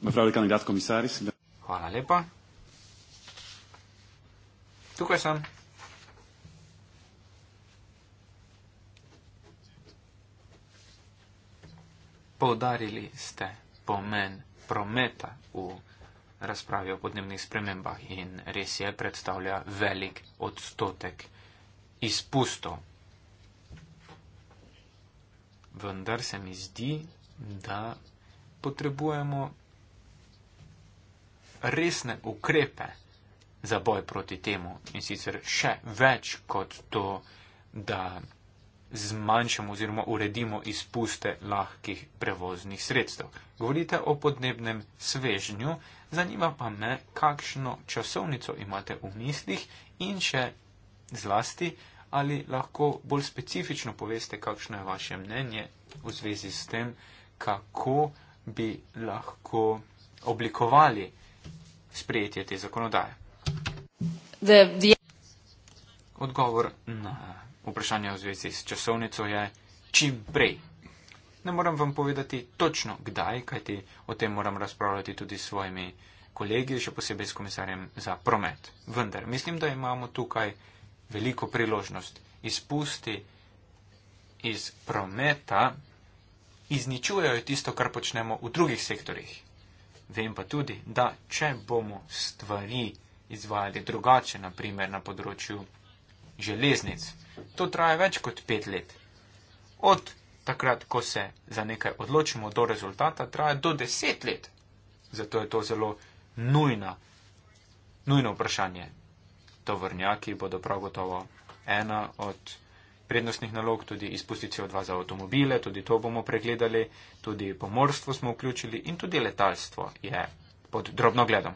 Mevrouw de kandidaat commissaris. Hvala lepa. Tukaj sem. Poudarili ste pomen prometa v razpravi o podnebnih spremembah in res je, predstavlja velik odstotek izpustov. Vendar se mi zdi, da potrebujemo resne ukrepe za boj proti temu in sicer še več kot to, da zmanjšamo oziroma uredimo izpuste lahkih prevoznih sredstev. Govorite o podnebnem svežnju, zanima pa me, kakšno časovnico imate v mislih in še zlasti, ali lahko bolj specifično poveste, kakšno je vaše mnenje v zvezi s tem, kako bi lahko oblikovali sprejetje te zakonodaje. The, the... Odgovor na vprašanje v zvezi s časovnico je čim prej. Ne moram vam povedati točno kdaj, kajti o tem moram razpravljati tudi s svojimi kolegi, še posebej s komisarjem za promet. Vendar mislim, da imamo tukaj veliko priložnost izpusti iz prometa, izničujejo tisto, kar počnemo v drugih sektorjih. Vem pa tudi, da če bomo stvari izvajali drugače, naprimer na področju železnic, to traja več kot pet let. Od takrat, ko se za nekaj odločimo do rezultata, traja do deset let. Zato je to zelo nujna, nujno vprašanje. To vrnjaki bodo prav gotovo ena od prednostnih nalog, tudi izpusti CO2 za avtomobile, tudi to bomo pregledali, tudi pomorstvo smo vključili in tudi letalstvo je pod drobno gledom.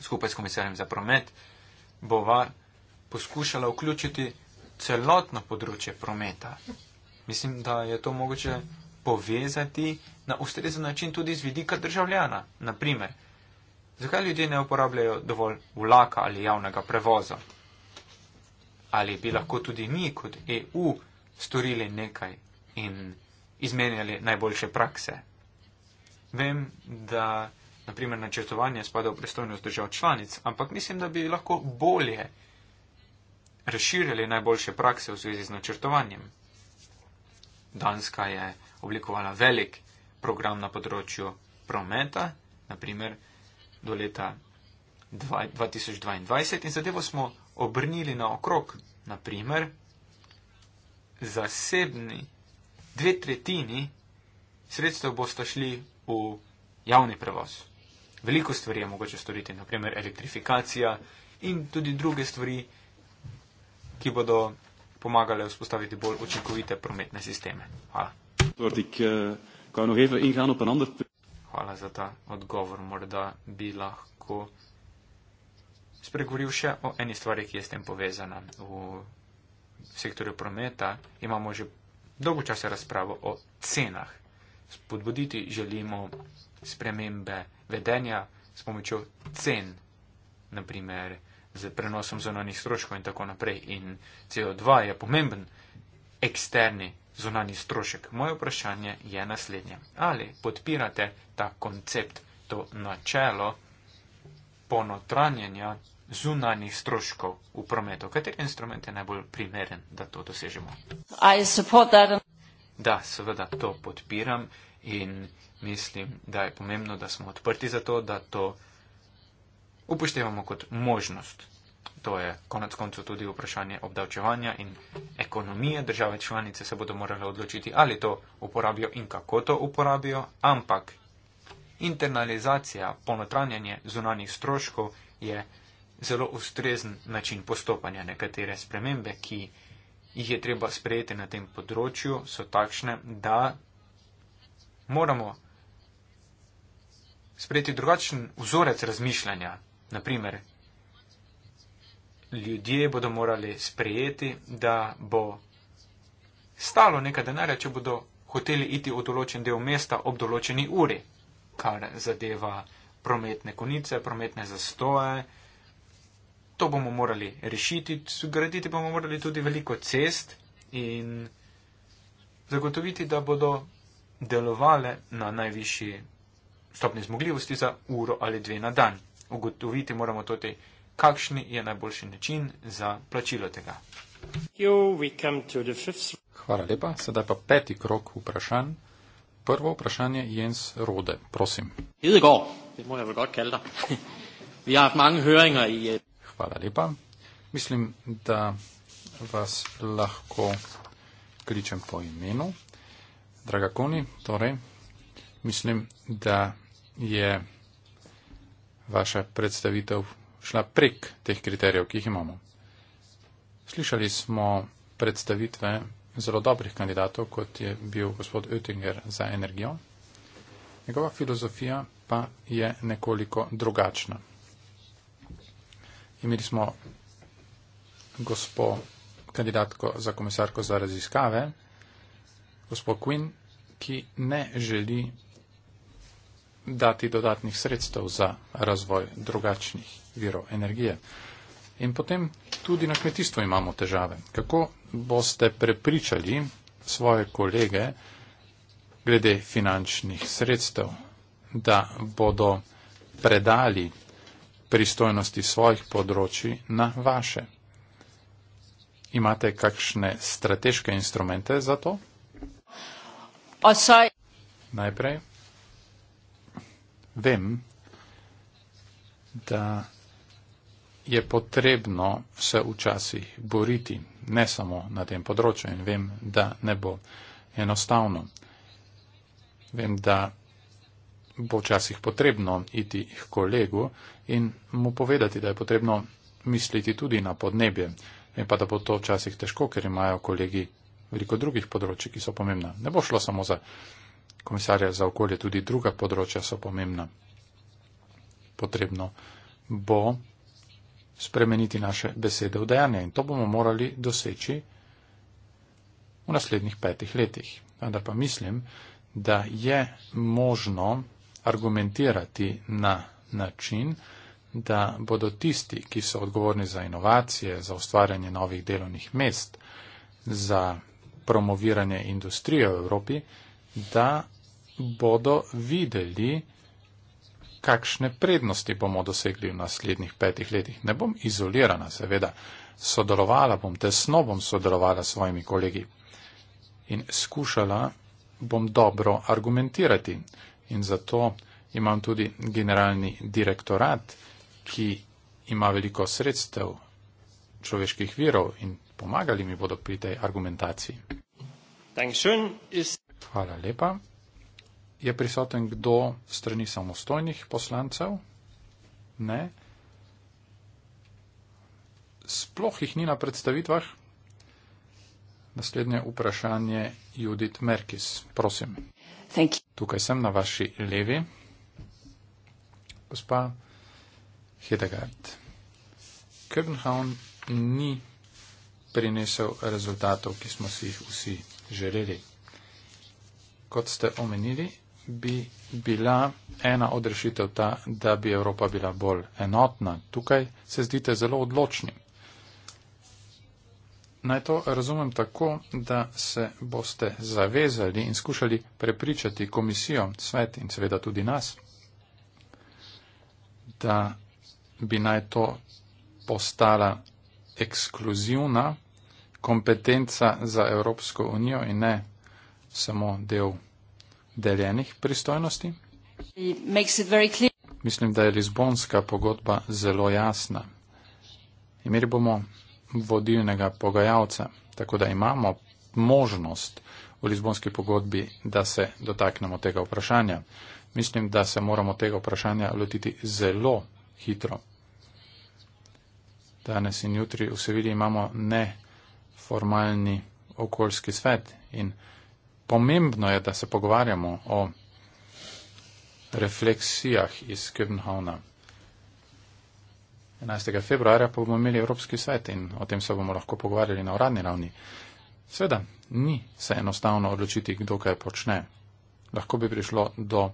Skupaj s komisarjem za promet bova poskušala vključiti celotno področje prometa. Mislim, da je to mogoče povezati na ustrezen način tudi z vidika državljana. Naprimer, zakaj ljudje ne uporabljajo dovolj vlaka ali javnega prevoza? ali bi lahko tudi mi kot EU storili nekaj in izmenjali najboljše prakse. Vem, da naprimer načrtovanje spada v prestojnost držav članic, ampak mislim, da bi lahko bolje razširili najboljše prakse v zvezi z načrtovanjem. Danska je oblikovala velik program na področju prometa, naprimer do leta 2022 in zadevo smo obrnili na okrog. Naprimer, zasebni dve tretjini sredstev boste šli v javni prevoz. Veliko stvari je mogoče storiti, naprimer elektrifikacija in tudi druge stvari, ki bodo pomagale vzpostaviti bolj učinkovite prometne sisteme. Hvala. Eh, Hvala za ta odgovor. Morda bi lahko spregovoril še o eni stvari, ki je s tem povezana. V sektorju prometa imamo že dolgo časa razpravo o cenah. Spodbuditi želimo spremembe vedenja s pomočjo cen, naprimer z prenosom zonanih stroškov in tako naprej. In CO2 je pomemben eksterni zonani strošek. Moje vprašanje je naslednje. Ali podpirate ta koncept, to načelo? ponotranjenja zunanjih stroškov v prometu. Kateri instrument je najbolj primeren, da to dosežemo? Da, seveda to podpiram in mislim, da je pomembno, da smo odprti za to, da to upoštevamo kot možnost. To je konec koncu tudi vprašanje obdavčevanja in ekonomije. Države članice se bodo morale odločiti, ali to uporabijo in kako to uporabijo, ampak internalizacija, ponotranjanje zunanih stroškov je zelo ustrezen način postopanja. Nekatere spremembe, ki jih je treba sprejeti na tem področju, so takšne, da moramo sprejeti drugačen vzorec razmišljanja. Naprimer, ljudje bodo morali sprejeti, da bo stalo nekaj denarja, če bodo hoteli iti v določen del mesta ob določeni uri kar zadeva prometne konice, prometne zastoje. To bomo morali rešiti, graditi bomo morali tudi veliko cest in zagotoviti, da bodo delovale na najvišji stopni zmogljivosti za uro ali dve na dan. Ugotoviti moramo tudi, kakšen je najboljši način za plačilo tega. Hvala lepa, sedaj pa peti krok vprašanj. Prvo vprašanje Jens Rode, prosim. Hedegaard, det må jeg vel godt kalde dig. Vi har haft mange høringer i... Øh, Hvala lepa. Mislim, da vas lahko kličem po imenu. Draga Koni, torej, mislim, da je vaša predstavitev šla prek teh kriterijev, ki jih imamo. Slišali smo predstavitve zelo dobrih kandidatov, kot je bil gospod Oettinger za energijo. Njegova filozofija pa je nekoliko drugačna. Imeli smo gospod kandidatko za komisarko za raziskave, gospod Quinn, ki ne želi dati dodatnih sredstev za razvoj drugačnih virov energije. In potem tudi na kmetijstvu imamo težave. Kako boste prepričali svoje kolege glede finančnih sredstev, da bodo predali pristojnosti svojih področji na vaše? Imate kakšne strateške instrumente za to? Osaj. Najprej vem, da je potrebno se včasih boriti, ne samo na tem področju in vem, da ne bo enostavno. Vem, da bo včasih potrebno iti k kolegu in mu povedati, da je potrebno misliti tudi na podnebje. Vem pa, da bo to včasih težko, ker imajo kolegi veliko drugih področji, ki so pomembna. Ne bo šlo samo za komisarja za okolje, tudi druga področja so pomembna. Potrebno bo spremeniti naše besede v dejanja in to bomo morali doseči v naslednjih petih letih. Vendar pa mislim, da je možno argumentirati na način, da bodo tisti, ki so odgovorni za inovacije, za ustvarjanje novih delovnih mest, za promoviranje industrije v Evropi, da bodo videli, kakšne prednosti bomo dosegli v naslednjih petih letih. Ne bom izolirana, seveda. Sodelovala bom, tesno bom sodelovala s svojimi kolegi. In skušala bom dobro argumentirati. In zato imam tudi generalni direktorat, ki ima veliko sredstev človeških virov in pomagali mi bodo pri tej argumentaciji. Hvala lepa je prisoten kdo strani samostojnih poslancev? Ne. Sploh jih ni na predstavitvah. Naslednje vprašanje, Judith Merkis, prosim. Tukaj sem na vaši levi. Gospa Hedegard, Kernhaun ni prinesel rezultatov, ki smo si jih vsi želeli. Kot ste omenili, bi bila ena od rešitev ta, da bi Evropa bila bolj enotna. Tukaj se zdite zelo odločni. Naj to razumem tako, da se boste zavezali in skušali prepričati komisijo, svet in seveda tudi nas, da bi naj to postala ekskluzivna kompetenca za Evropsko unijo in ne samo del deljenih pristojnosti. Mislim, da je Lizbonska pogodba zelo jasna. Imeli bomo vodilnega pogajalca, tako da imamo možnost v Lizbonski pogodbi, da se dotaknemo tega vprašanja. Mislim, da se moramo tega vprašanja lotiti zelo hitro. Danes in jutri v Sevilji imamo neformalni okoljski svet in pomembno je, da se pogovarjamo o refleksijah iz Kibnhauna. 11. februarja pa bomo imeli Evropski svet in o tem se bomo lahko pogovarjali na uradni ravni. Sveda, ni se enostavno odločiti, kdo kaj počne. Lahko bi prišlo do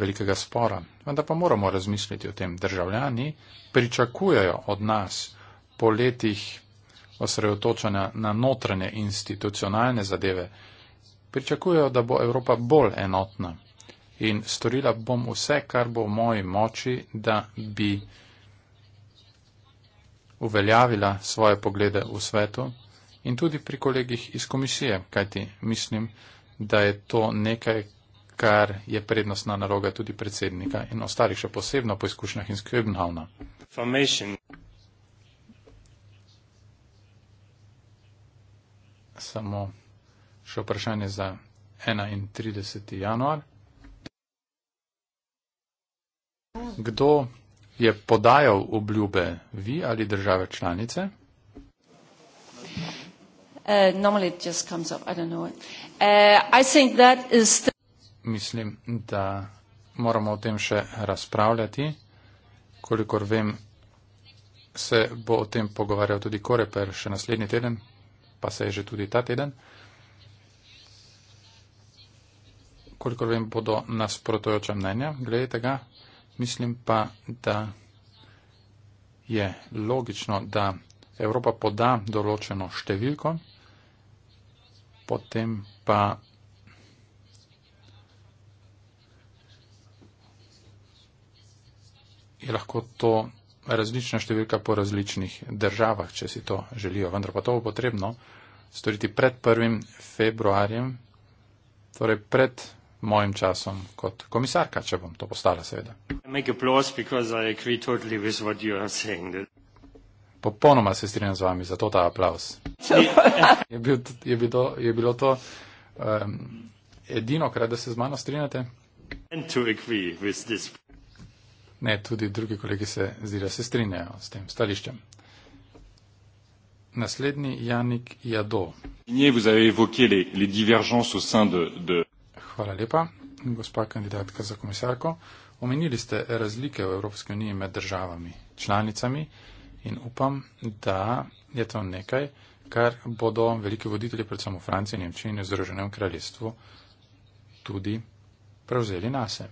velikega spora, vendar pa moramo razmisliti o tem. Državljani pričakujejo od nas po letih osredotočanja na notranje institucionalne zadeve, pričakujejo, da bo Evropa bolj enotna in storila bom vse, kar bo v moji moči, da bi uveljavila svoje poglede v svetu in tudi pri kolegih iz komisije, kajti mislim, da je to nekaj, kar je prednostna naloga tudi predsednika in ostalih še posebno po izkušnjah in skrbnavna. Samo še vprašanje za 31. januar. Kdo je podajal obljube, vi ali države članice? Uh, uh Mislim, da moramo o tem še razpravljati. Kolikor vem, se bo o tem pogovarjal tudi Koreper še naslednji teden, pa se je že tudi ta teden. Uh, kolikor vem, bodo nasprotujoča mnenja glede tega. Mislim pa, da je logično, da Evropa poda določeno številko, potem pa je lahko to različna številka po različnih državah, če si to želijo. Vendar pa to bo potrebno storiti pred 1. februarjem, torej pred mojim časom kot komisarka, če bom to postala, seveda. Totally Popolnoma se strinjam z vami, zato ta aplaus. je, bil, je, bil to, je bilo to um, edino, kar da se z mano strinjate? Ne, tudi drugi kolegi se zdira se strinjajo s tem stališčem. Naslednji Janik Jado. Vous avez évoqué les, les divergences au sein de, de... Hvala lepa, gospa kandidatka za komisarko. Omenili ste razlike v Evropski uniji med državami, članicami in upam, da je to nekaj, kar bodo veliki voditelji, predvsem v Franciji, Nemčiji in Združenem kraljestvu, tudi prevzeli nase.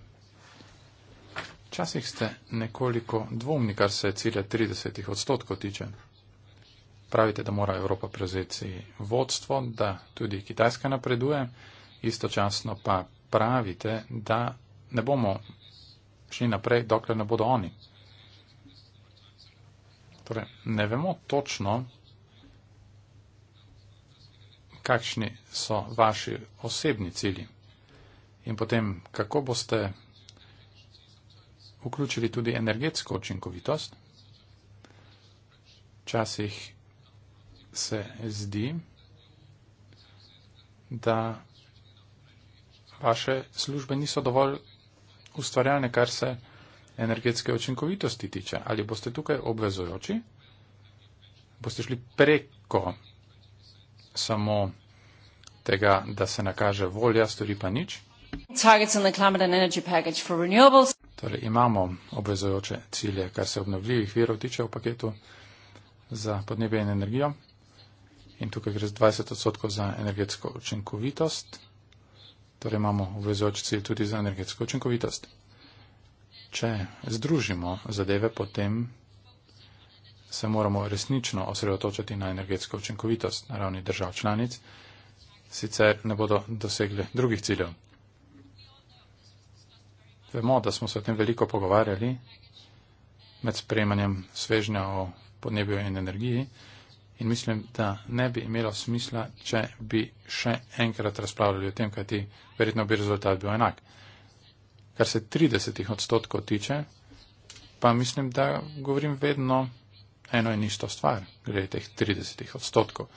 Včasih ste nekoliko dvomni, kar se cilja 30 odstotkov tiče. Pravite, da mora Evropa prevzeti vodstvo, da tudi Kitajska napreduje istočasno pa pravite, da ne bomo šli naprej, dokler ne bodo oni. Torej, ne vemo točno, kakšni so vaši osebni cilji in potem, kako boste vključili tudi energetsko učinkovitost. Včasih se zdi, da vaše službe niso dovolj ustvarjalne, kar se energetske očinkovitosti tiče. Ali boste tukaj obvezojoči? Boste šli preko samo tega, da se nakaže volja, stori pa nič? Torej imamo obvezojoče cilje, kar se obnovljivih virov tiče v paketu za podnebje in energijo. In tukaj gre z 20 odstotkov za energetsko učinkovitost. Torej imamo obvezoč cilj tudi za energetsko učinkovitost. Če združimo zadeve, potem se moramo resnično osredotočiti na energetsko učinkovitost na ravni držav članic, sicer ne bodo dosegli drugih ciljev. Vemo, da smo se o tem veliko pogovarjali med sprejemanjem svežnja o podnebju in energiji in mislim, da ne bi imelo smisla, če bi še enkrat razpravljali o tem, kajti verjetno bi rezultat bil enak. Kar se 30 odstotkov tiče, pa mislim, da govorim vedno eno in isto stvar, glede teh 30 odstotkov.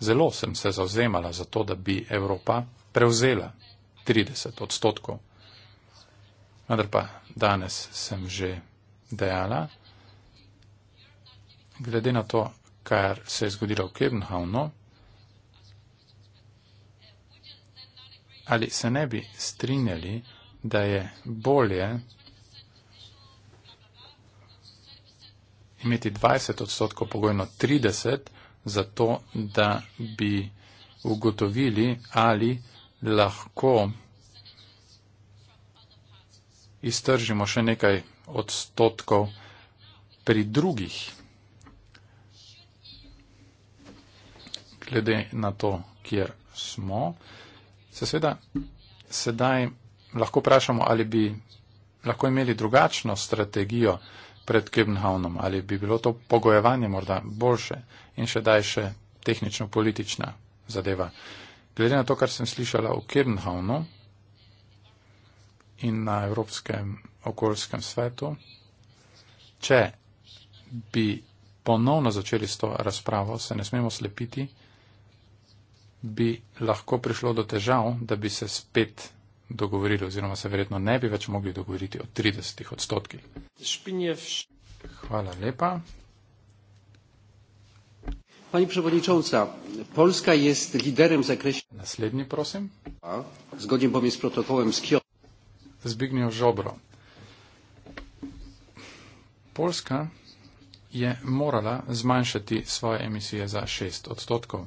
Zelo sem se zauzemala za to, da bi Evropa prevzela 30 odstotkov. Vendar pa danes sem že dejala, glede na to, kar se je zgodilo v Kebnhavnu, ali se ne bi strinjali, da je bolje imeti 20 odstotkov pogojno 30, zato da bi ugotovili, ali lahko iztržimo še nekaj odstotkov pri drugih glede na to, kjer smo. Se seveda sedaj lahko vprašamo, ali bi lahko imeli drugačno strategijo pred Kebnhavnom, ali bi bilo to pogojevanje morda boljše in še daljše tehnično-politična zadeva. Glede na to, kar sem slišala o Kebnhavnu in na Evropskem okoljskem svetu, če bi ponovno začeli s to razpravo, se ne smemo slepiti, bi lahko prišlo do težav, da bi se spet dogovorili oziroma se verjetno ne bi več mogli dogovoriti o 30 odstotkih. Hvala lepa. Pani predsednica, Poljska je liderem za krešnje. Naslednji, prosim. Zgodim bom s protokolom s Kyoto. Zbignijo žobro. Poljska je morala zmanjšati svoje emisije za 6 odstotkov.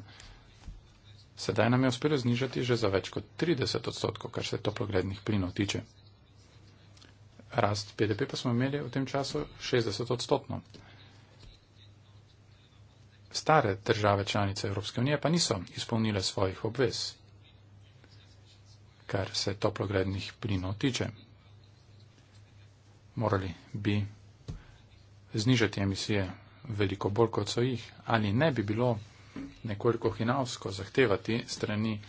Sedaj nam je uspelo znižati že za več kot 30 odstotkov, kar se toplogrednih plinov tiče. Rast BDP pa smo imeli v tem času 60 odstotno. Stare države članice Evropske unije pa niso izpolnile svojih obvez, kar se toplogrednih plinov tiče. Morali bi znižati emisije veliko bolj, kot so jih, ali ne bi bilo nekoliko hinavsko zahtevati strani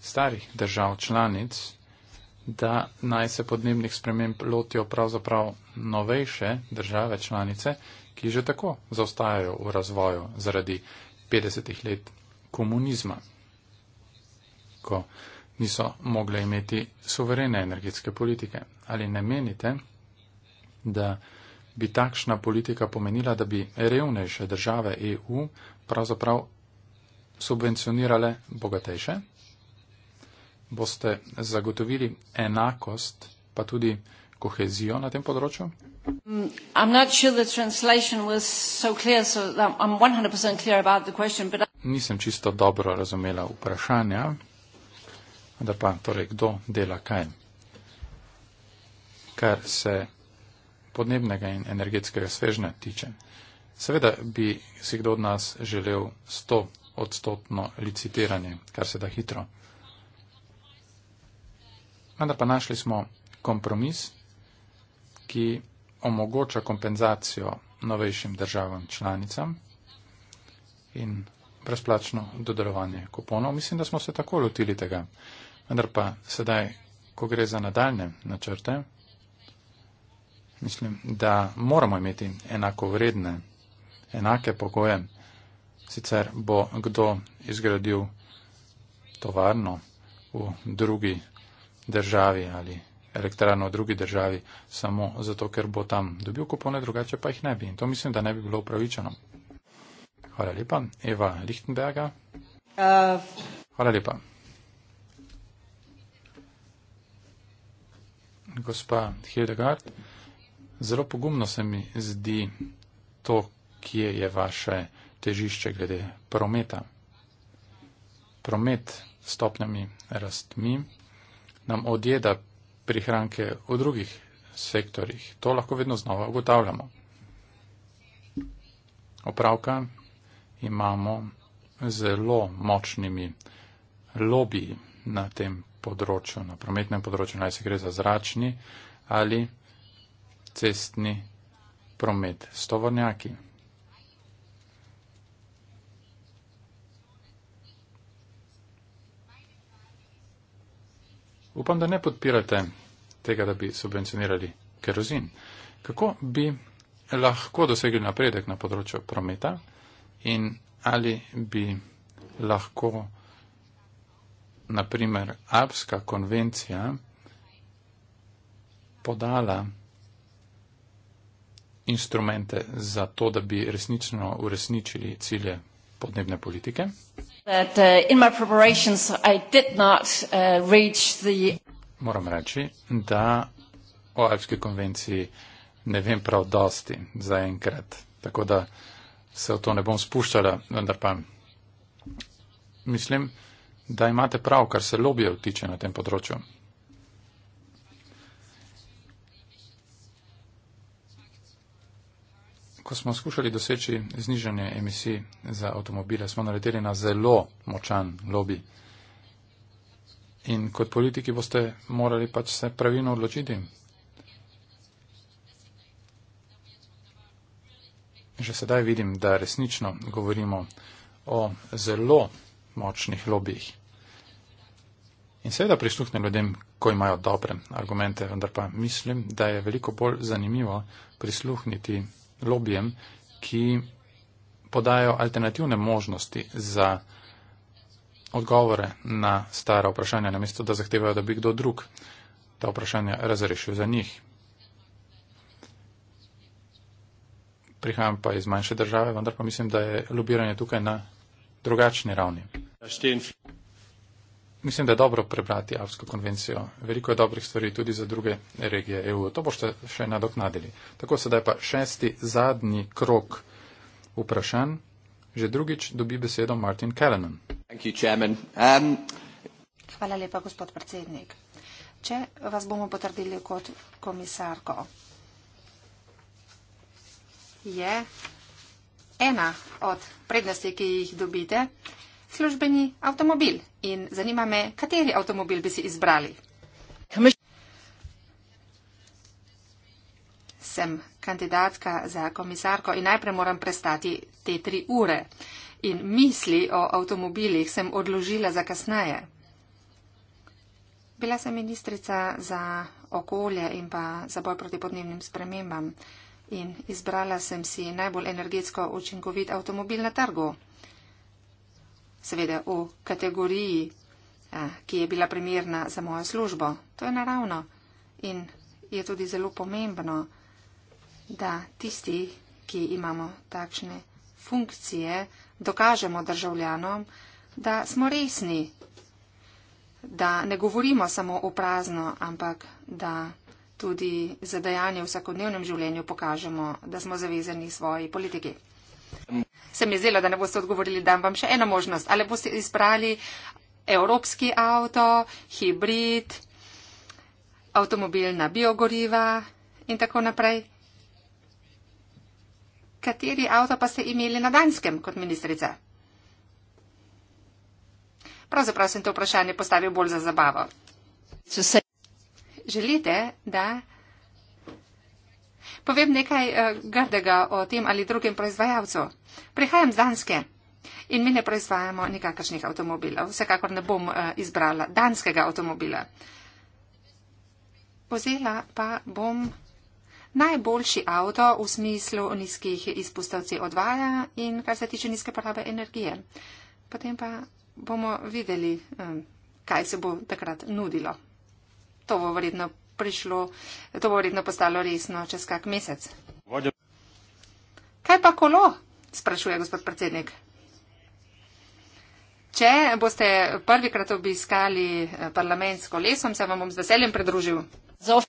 starih držav članic, da naj se podnebnih sprememb lotijo pravzaprav novejše države članice, ki že tako zaostajajo v razvoju zaradi 50 let komunizma, ko niso mogle imeti suverene energetske politike. Ali ne menite, da bi takšna politika pomenila, da bi revnejše države EU pravzaprav subvencionirale bogatejše, boste zagotovili enakost, pa tudi kohezijo na tem področju? Mm, Nisem čisto dobro razumela vprašanja, da pa torej kdo dela kaj, kar se podnebnega in energetskega svežnja tiče. Seveda bi si kdo od nas želel 100 odstotno licitiranje, kar se da hitro. Vendar pa našli smo kompromis, ki omogoča kompenzacijo novejšim državam članicam in brezplačno dodelovanje kuponov. Mislim, da smo se tako lotili tega. Vendar pa sedaj, ko gre za nadaljne načrte, mislim, da moramo imeti enako vredne, enake pogoje sicer bo kdo izgradil tovarno v drugi državi ali elektrarno v drugi državi, samo zato, ker bo tam dobil kupone, drugače pa jih ne bi. In to mislim, da ne bi bilo upravičeno. Hvala lepa. Eva Lichtenberga. Uh. Hvala lepa. Gospa Hildegard, zelo pogumno se mi zdi to, kje je vaše težišče glede prometa. Promet s stopnjami rastmi nam odjeda prihranke v drugih sektorjih. To lahko vedno znova ugotavljamo. Opravka imamo zelo močnimi lobiji na tem področju, na prometnem področju, naj se gre za zračni ali cestni promet s tovornjaki. Upam, da ne podpirate tega, da bi subvencionirali kerozin. Kako bi lahko dosegli napredek na področju prometa in ali bi lahko naprimer Apska konvencija podala instrumente za to, da bi resnično uresničili cilje podnebne politike. Uh, uh, Moram reči, da o Alpski konvenciji ne vem prav dosti zaenkrat, tako da se v to ne bom spuščala, vendar pa mislim, da imate prav, kar se lobijev tiče na tem področju. ko smo skušali doseči znižanje emisij za avtomobile, smo naleteli na zelo močan lobby. In kot politiki boste morali pač se pravilno odločiti. Že sedaj vidim, da resnično govorimo o zelo močnih lobijih. In seveda prisluhnem ljudem, ko imajo dobre argumente, vendar pa mislim, da je veliko bolj zanimivo prisluhniti lobijem, ki podajo alternativne možnosti za odgovore na stara vprašanja, namesto da zahtevajo, da bi kdo drug ta vprašanja razrešil za njih. Prihajam pa iz manjše države, vendar pa mislim, da je lobiranje tukaj na drugačni ravni. Mislim, da je dobro prebrati Avsko konvencijo. Veliko je dobrih stvari tudi za druge regije EU. To boste še nadoknadili. Tako sedaj pa šesti, zadnji krok vprašanj. Že drugič dobi besedo Martin Callanan. Um... Hvala lepa, gospod predsednik. Če vas bomo potrdili kot komisarko, je ena od prednosti, ki jih dobite, službeni avtomobil in zanima me, kateri avtomobil bi si izbrali. Sem kandidatka za komisarko in najprej moram prestati te tri ure. In misli o avtomobilih sem odložila za kasneje. Bila sem ministrica za okolje in pa za boj proti podnebnim spremembam in izbrala sem si najbolj energetsko učinkovit avtomobil na trgu seveda v kategoriji, eh, ki je bila primerna za mojo službo. To je naravno in je tudi zelo pomembno, da tisti, ki imamo takšne funkcije, dokažemo državljanom, da smo resni, da ne govorimo samo o prazno, ampak da tudi za dejanje v vsakodnevnem življenju pokažemo, da smo zavezani svoji politiki se mi zdelo, da ne boste odgovorili, dam vam še eno možnost. Ali boste izbrali evropski avto, hibrid, avtomobil na biogoriva in tako naprej. Kateri avto pa ste imeli na Danskem kot ministrica? Pravzaprav sem to vprašanje postavil bolj za zabavo. Želite, da Povem nekaj uh, grdega o tem ali drugem proizvajalcu. Prihajam z Danske in mi ne proizvajamo nikakršnih avtomobilov. Vsekakor ne bom uh, izbrala danskega avtomobila. Vzela pa bom najboljši avto v smislu nizkih izpustov CO2 in kar se tiče nizke porabe energije. Potem pa bomo videli, eh, kaj se bo takrat nudilo. To bo verjetno prišlo, to bo verjetno postalo resno čez kak mesec. Vodim. Kaj pa kolo? sprašuje gospod predsednik. Če boste prvikrat obiskali eh, parlament s kolesom, se vam bom z veseljem pridružil. Zof.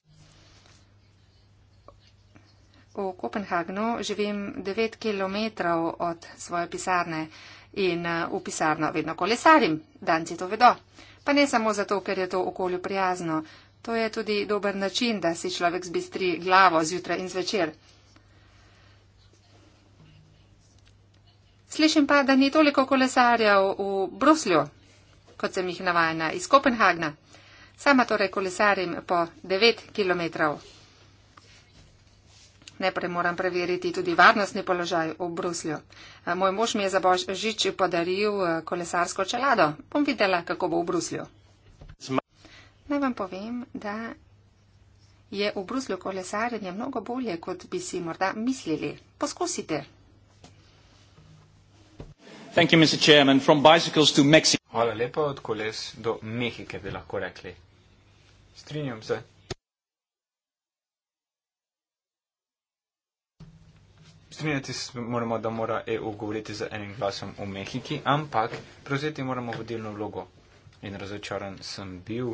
V Kopenhagnu živim 9 km od svoje pisarne in eh, v pisarno vedno kolesarim. Danci to vedo. Pa ne samo zato, ker je to okolju prijazno, To je tudi dober način, da si človek zbistri glavo zjutraj in zvečer. Slišim pa, da ni toliko kolesarjev v Bruslju, kot sem jih navajena iz Kopenhagna. Sama torej kolesarim po 9 km. Najprej moram preveriti tudi varnostni položaj v Bruslju. Moj mož mi je za božič podaril eh, kolesarsko čelado. Bom videla, kako bo v Bruslju. Naj vam povem, da je v Bruslju kolesarjenje mnogo bolje, kot bi si morda mislili. Poskusite. Thank you, Mr. Chairman. From bicycles to Mexico. Hvala lepa od koles do Mehike, bi lahko rekli. Strinjam se. Strinjati moramo, da mora EU govoriti z enim glasom v Mehiki, ampak prevzeti moramo vodilno vlogo. In razočaran sem bil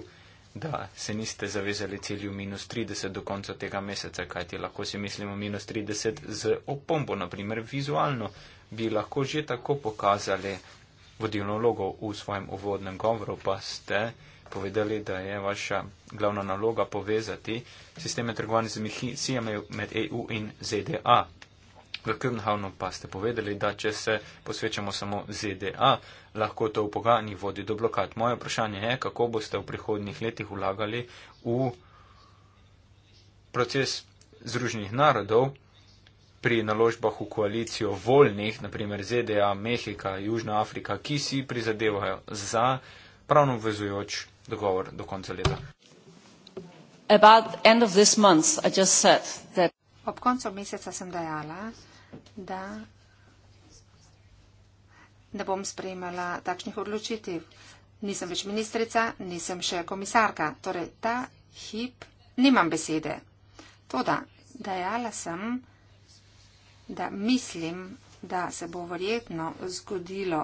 da se niste zavezali cilju minus 30 do konca tega meseca, kajti lahko si mislimo minus 30 z opombo, naprimer vizualno, bi lahko že tako pokazali vodilno logo v svojem uvodnem govoru, pa ste povedali, da je vaša glavna naloga povezati sisteme trgovanja z emisijami med EU in ZDA. V Krnhavnu pa ste povedali, da če se posvečamo samo ZDA, lahko to v pogajanjih vodi do blokad. Moje vprašanje je, kako boste v prihodnih letih vlagali v proces Združenih narodov pri naložbah v koalicijo voljnih, naprimer ZDA, Mehika, Južna Afrika, ki si prizadevajo za pravno vezujoč dogovor do konca leta. Ob koncu meseca sem dejala, da, da bom sprejemala takšnih odločitev. Nisem več ministrica, nisem še komisarka. Torej, ta hip nimam besede. Toda, dejala sem, da mislim, da se bo verjetno zgodilo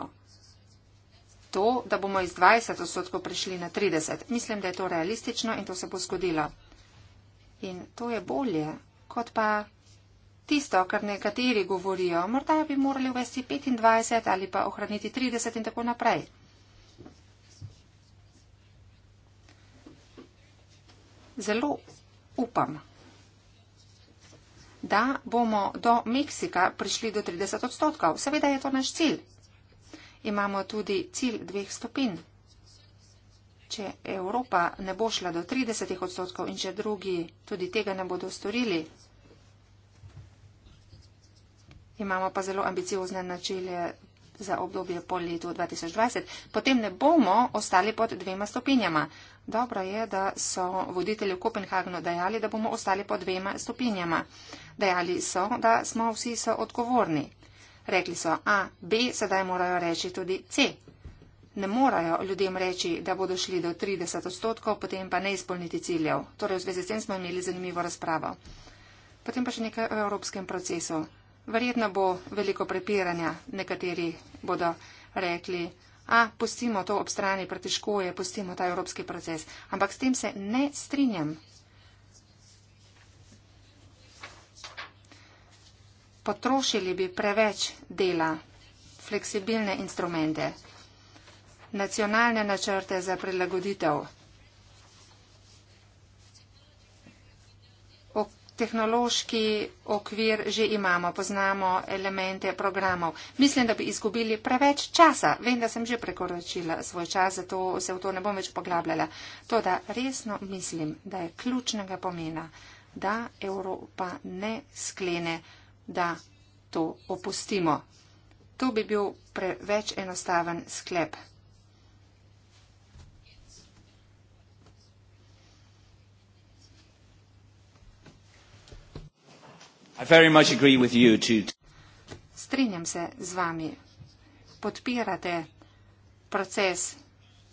to, da bomo iz 20 odstotkov prišli na 30. Mislim, da je to realistično in to se bo zgodilo. In to je bolje, kot pa tisto, kar nekateri govorijo, morda bi morali uvesti 25 ali pa ohraniti 30 in tako naprej. Zelo upam, da bomo do Meksika prišli do 30 odstotkov. Seveda je to naš cilj. Imamo tudi cilj dveh stopin. Če Evropa ne bo šla do 30 odstotkov in če drugi tudi tega ne bodo storili, imamo pa zelo ambiciozne načelje za obdobje po letu 2020. Potem ne bomo ostali pod dvema stopinjama. Dobro je, da so voditelji v Kopenhagnu dejali, da bomo ostali pod dvema stopinjama. Dejali so, da smo vsi so odgovorni. Rekli so A, B, sedaj morajo reči tudi C. Ne morajo ljudem reči, da bodo šli do 30 odstotkov, potem pa ne izpolniti ciljev. Torej v zvezi s tem smo imeli zanimivo razpravo. Potem pa še nekaj o evropskem procesu. Verjetno bo veliko prepiranja, nekateri bodo rekli, a pustimo to ob strani, pretežko je, pustimo ta evropski proces. Ampak s tem se ne strinjam. Potrošili bi preveč dela, fleksibilne instrumente, nacionalne načrte za prilagoditev. tehnološki okvir že imamo, poznamo elemente programov. Mislim, da bi izgubili preveč časa. Vem, da sem že prekoračila svoj čas, zato se v to ne bom več poglabljala. To, da resno mislim, da je ključnega pomena, da Evropa ne sklene, da to opustimo. To bi bil preveč enostaven sklep. I very much agree with you to... Strinjam se z vami. Podpirate proces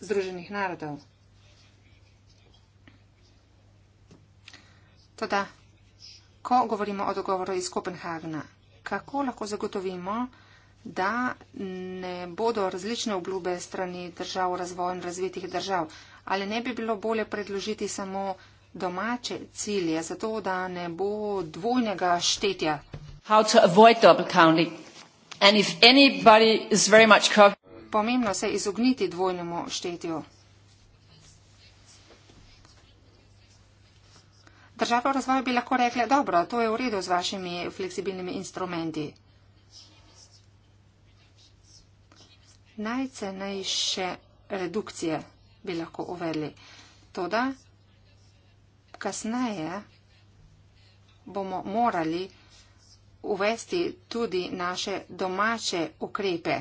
Združenih narodov. Toda, ko govorimo o dogovoru iz Kopenhagna, kako lahko zagotovimo, da ne bodo različne obljube strani držav, razvoj in razvitih držav? Ali ne bi bilo bolje predložiti samo domače cilje, zato da ne bo dvojnega štetja. Pomembno se je izogniti dvojnemu štetju. Država v razvoju bi lahko rekla, dobro, to je v redu z vašimi fleksibilnimi instrumenti. Najcenejše redukcije bi lahko uvedli. Toda Kasneje bomo morali uvesti tudi naše domače ukrepe.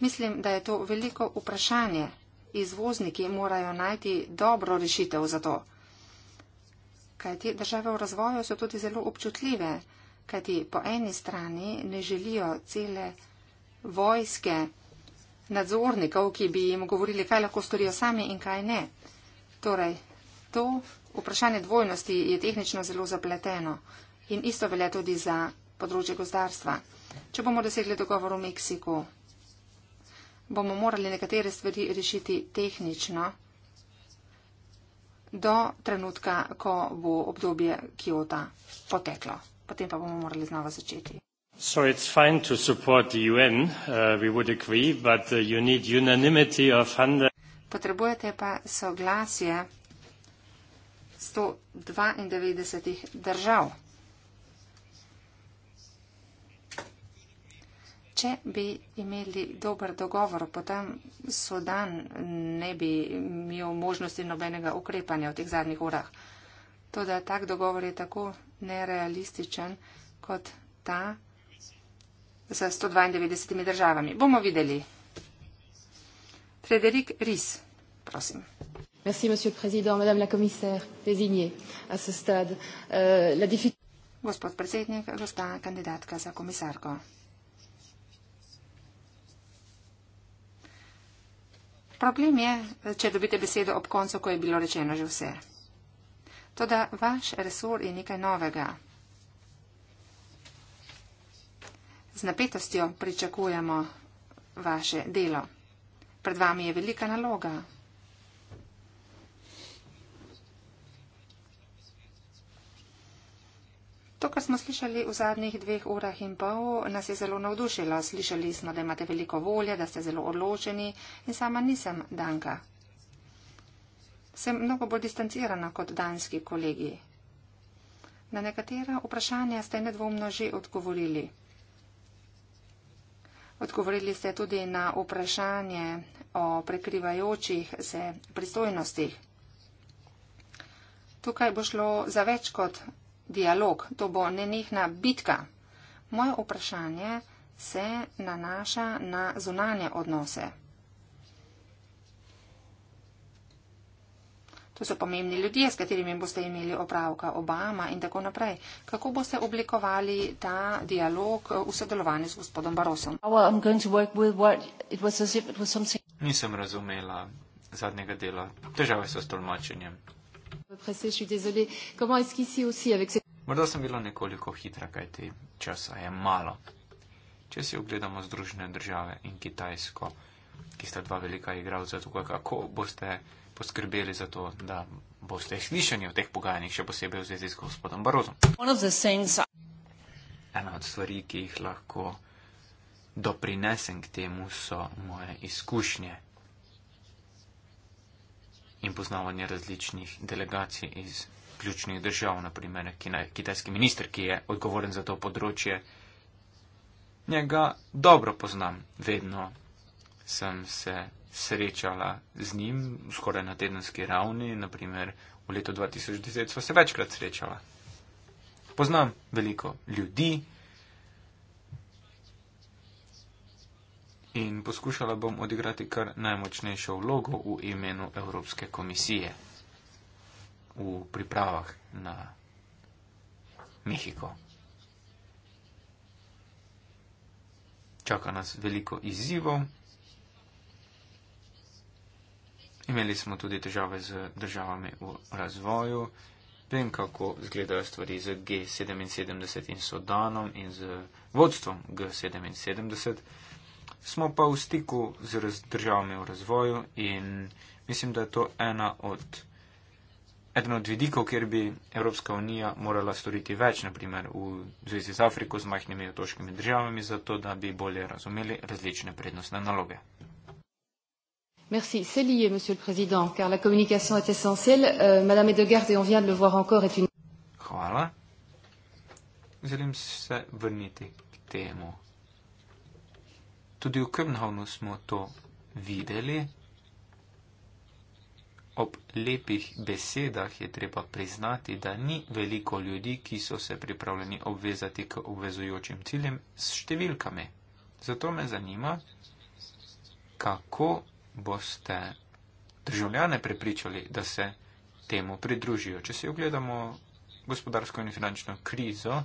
Mislim, da je to veliko vprašanje. Izvozniki morajo najti dobro rešitev za to. Kajti države v razvoju so tudi zelo občutljive, kajti po eni strani ne želijo cele vojske nadzornikov, ki bi jim govorili, kaj lahko storijo sami in kaj ne. Torej, To vprašanje dvojnosti je tehnično zelo zapleteno in isto velja tudi za področje gozdarstva. Če bomo dosegli dogovor v Meksiku, bomo morali nekatere stvari rešiti tehnično do trenutka, ko bo obdobje Kyoto poteklo. Potem pa bomo morali znova začeti. So it's fine to support the UN, uh, we would agree, but uh, you need unanimity of 100. Potrebujete pa soglasje 192 držav. Če bi imeli dober dogovor, potem Sudan ne bi imel možnosti nobenega ukrepanja v teh zadnjih urah. To, da tak dogovor je tako nerealističen kot ta za 192 državami. Bomo videli. Frederik Ries, prosim. Merci, Monsieur le Président, Madame la Commissaire désignée à ce stade. Euh, la difficulté... Gospod predsednik, gospa kandidatka za komisarko. Problem je, če dobite besedo ob koncu, ko je bilo rečeno že vse. Toda vaš resor je nekaj novega. Z napetostjo pričakujemo vaše delo. Pred vami je velika naloga. To, kar smo slišali v zadnjih dveh urah in pol, nas je zelo navdušilo. Slišali smo, da imate veliko volje, da ste zelo odločeni in sama nisem Danka. Sem mnogo bolj distancirana kot danski kolegi. Na nekatera vprašanja ste nedvomno že odgovorili. Odgovorili ste tudi na vprašanje o prekrivajočih se pristojnostih. Tukaj bo šlo za več kot dialog, to bo nenehna bitka. Moje vprašanje se nanaša na zunanje odnose. To so pomembni ljudje, s katerimi boste imeli opravka Obama in tako naprej. Kako boste oblikovali ta dialog v sodelovanju z gospodom Barosom? Oh, Nisem razumela zadnjega dela. Težave so s tolmačenjem pressée, je suis désolée. Comment est-ce qu'ici aussi avec cette... Morda sem bila nekoliko hitra, kajti časa je malo. Če si ogledamo Združene države in Kitajsko, ki sta dva velika igralca tukaj, kako boste poskrbeli za to, da boste slišani v teh pogajanjih, še posebej v zvezi z gospodom Barozom? Ena od stvari, ki jih lahko doprinesem k temu, so moje izkušnje in poznavanje različnih delegacij iz ključnih držav, naprimer kitajski minister, ki je odgovoren za to področje. Njega dobro poznam, vedno sem se srečala z njim, skoraj na tedenski ravni, naprimer v letu 2010 smo se večkrat srečala. Poznam veliko ljudi, in poskušala bom odigrati kar najmočnejšo vlogo v imenu Evropske komisije v pripravah na Mehiko. Čaka nas veliko izzivov. Imeli smo tudi težave z državami v razvoju. Vem, kako izgledajo stvari z G77 in Sodanom in z vodstvom G77 smo pa v stiku z državami v razvoju in mislim, da je to ena od, eden od vidikov, kjer bi Evropska unija morala storiti več, naprimer v zvezi z Afriko, z majhnimi otoškimi državami, zato da bi bolje razumeli različne prednostne naloge. Merci. C'est lié, Monsieur le Président, car la communication est essentielle. Euh, Madame Edegard, et on vient de le voir encore, est une. Voilà. Je vais me revenir à Tudi v Krnhavnu smo to videli. Ob lepih besedah je treba priznati, da ni veliko ljudi, ki so se pripravljeni obvezati k obvezujočim ciljem s številkami. Zato me zanima, kako boste državljane prepričali, da se temu pridružijo. Če si ogledamo gospodarsko in finančno krizo,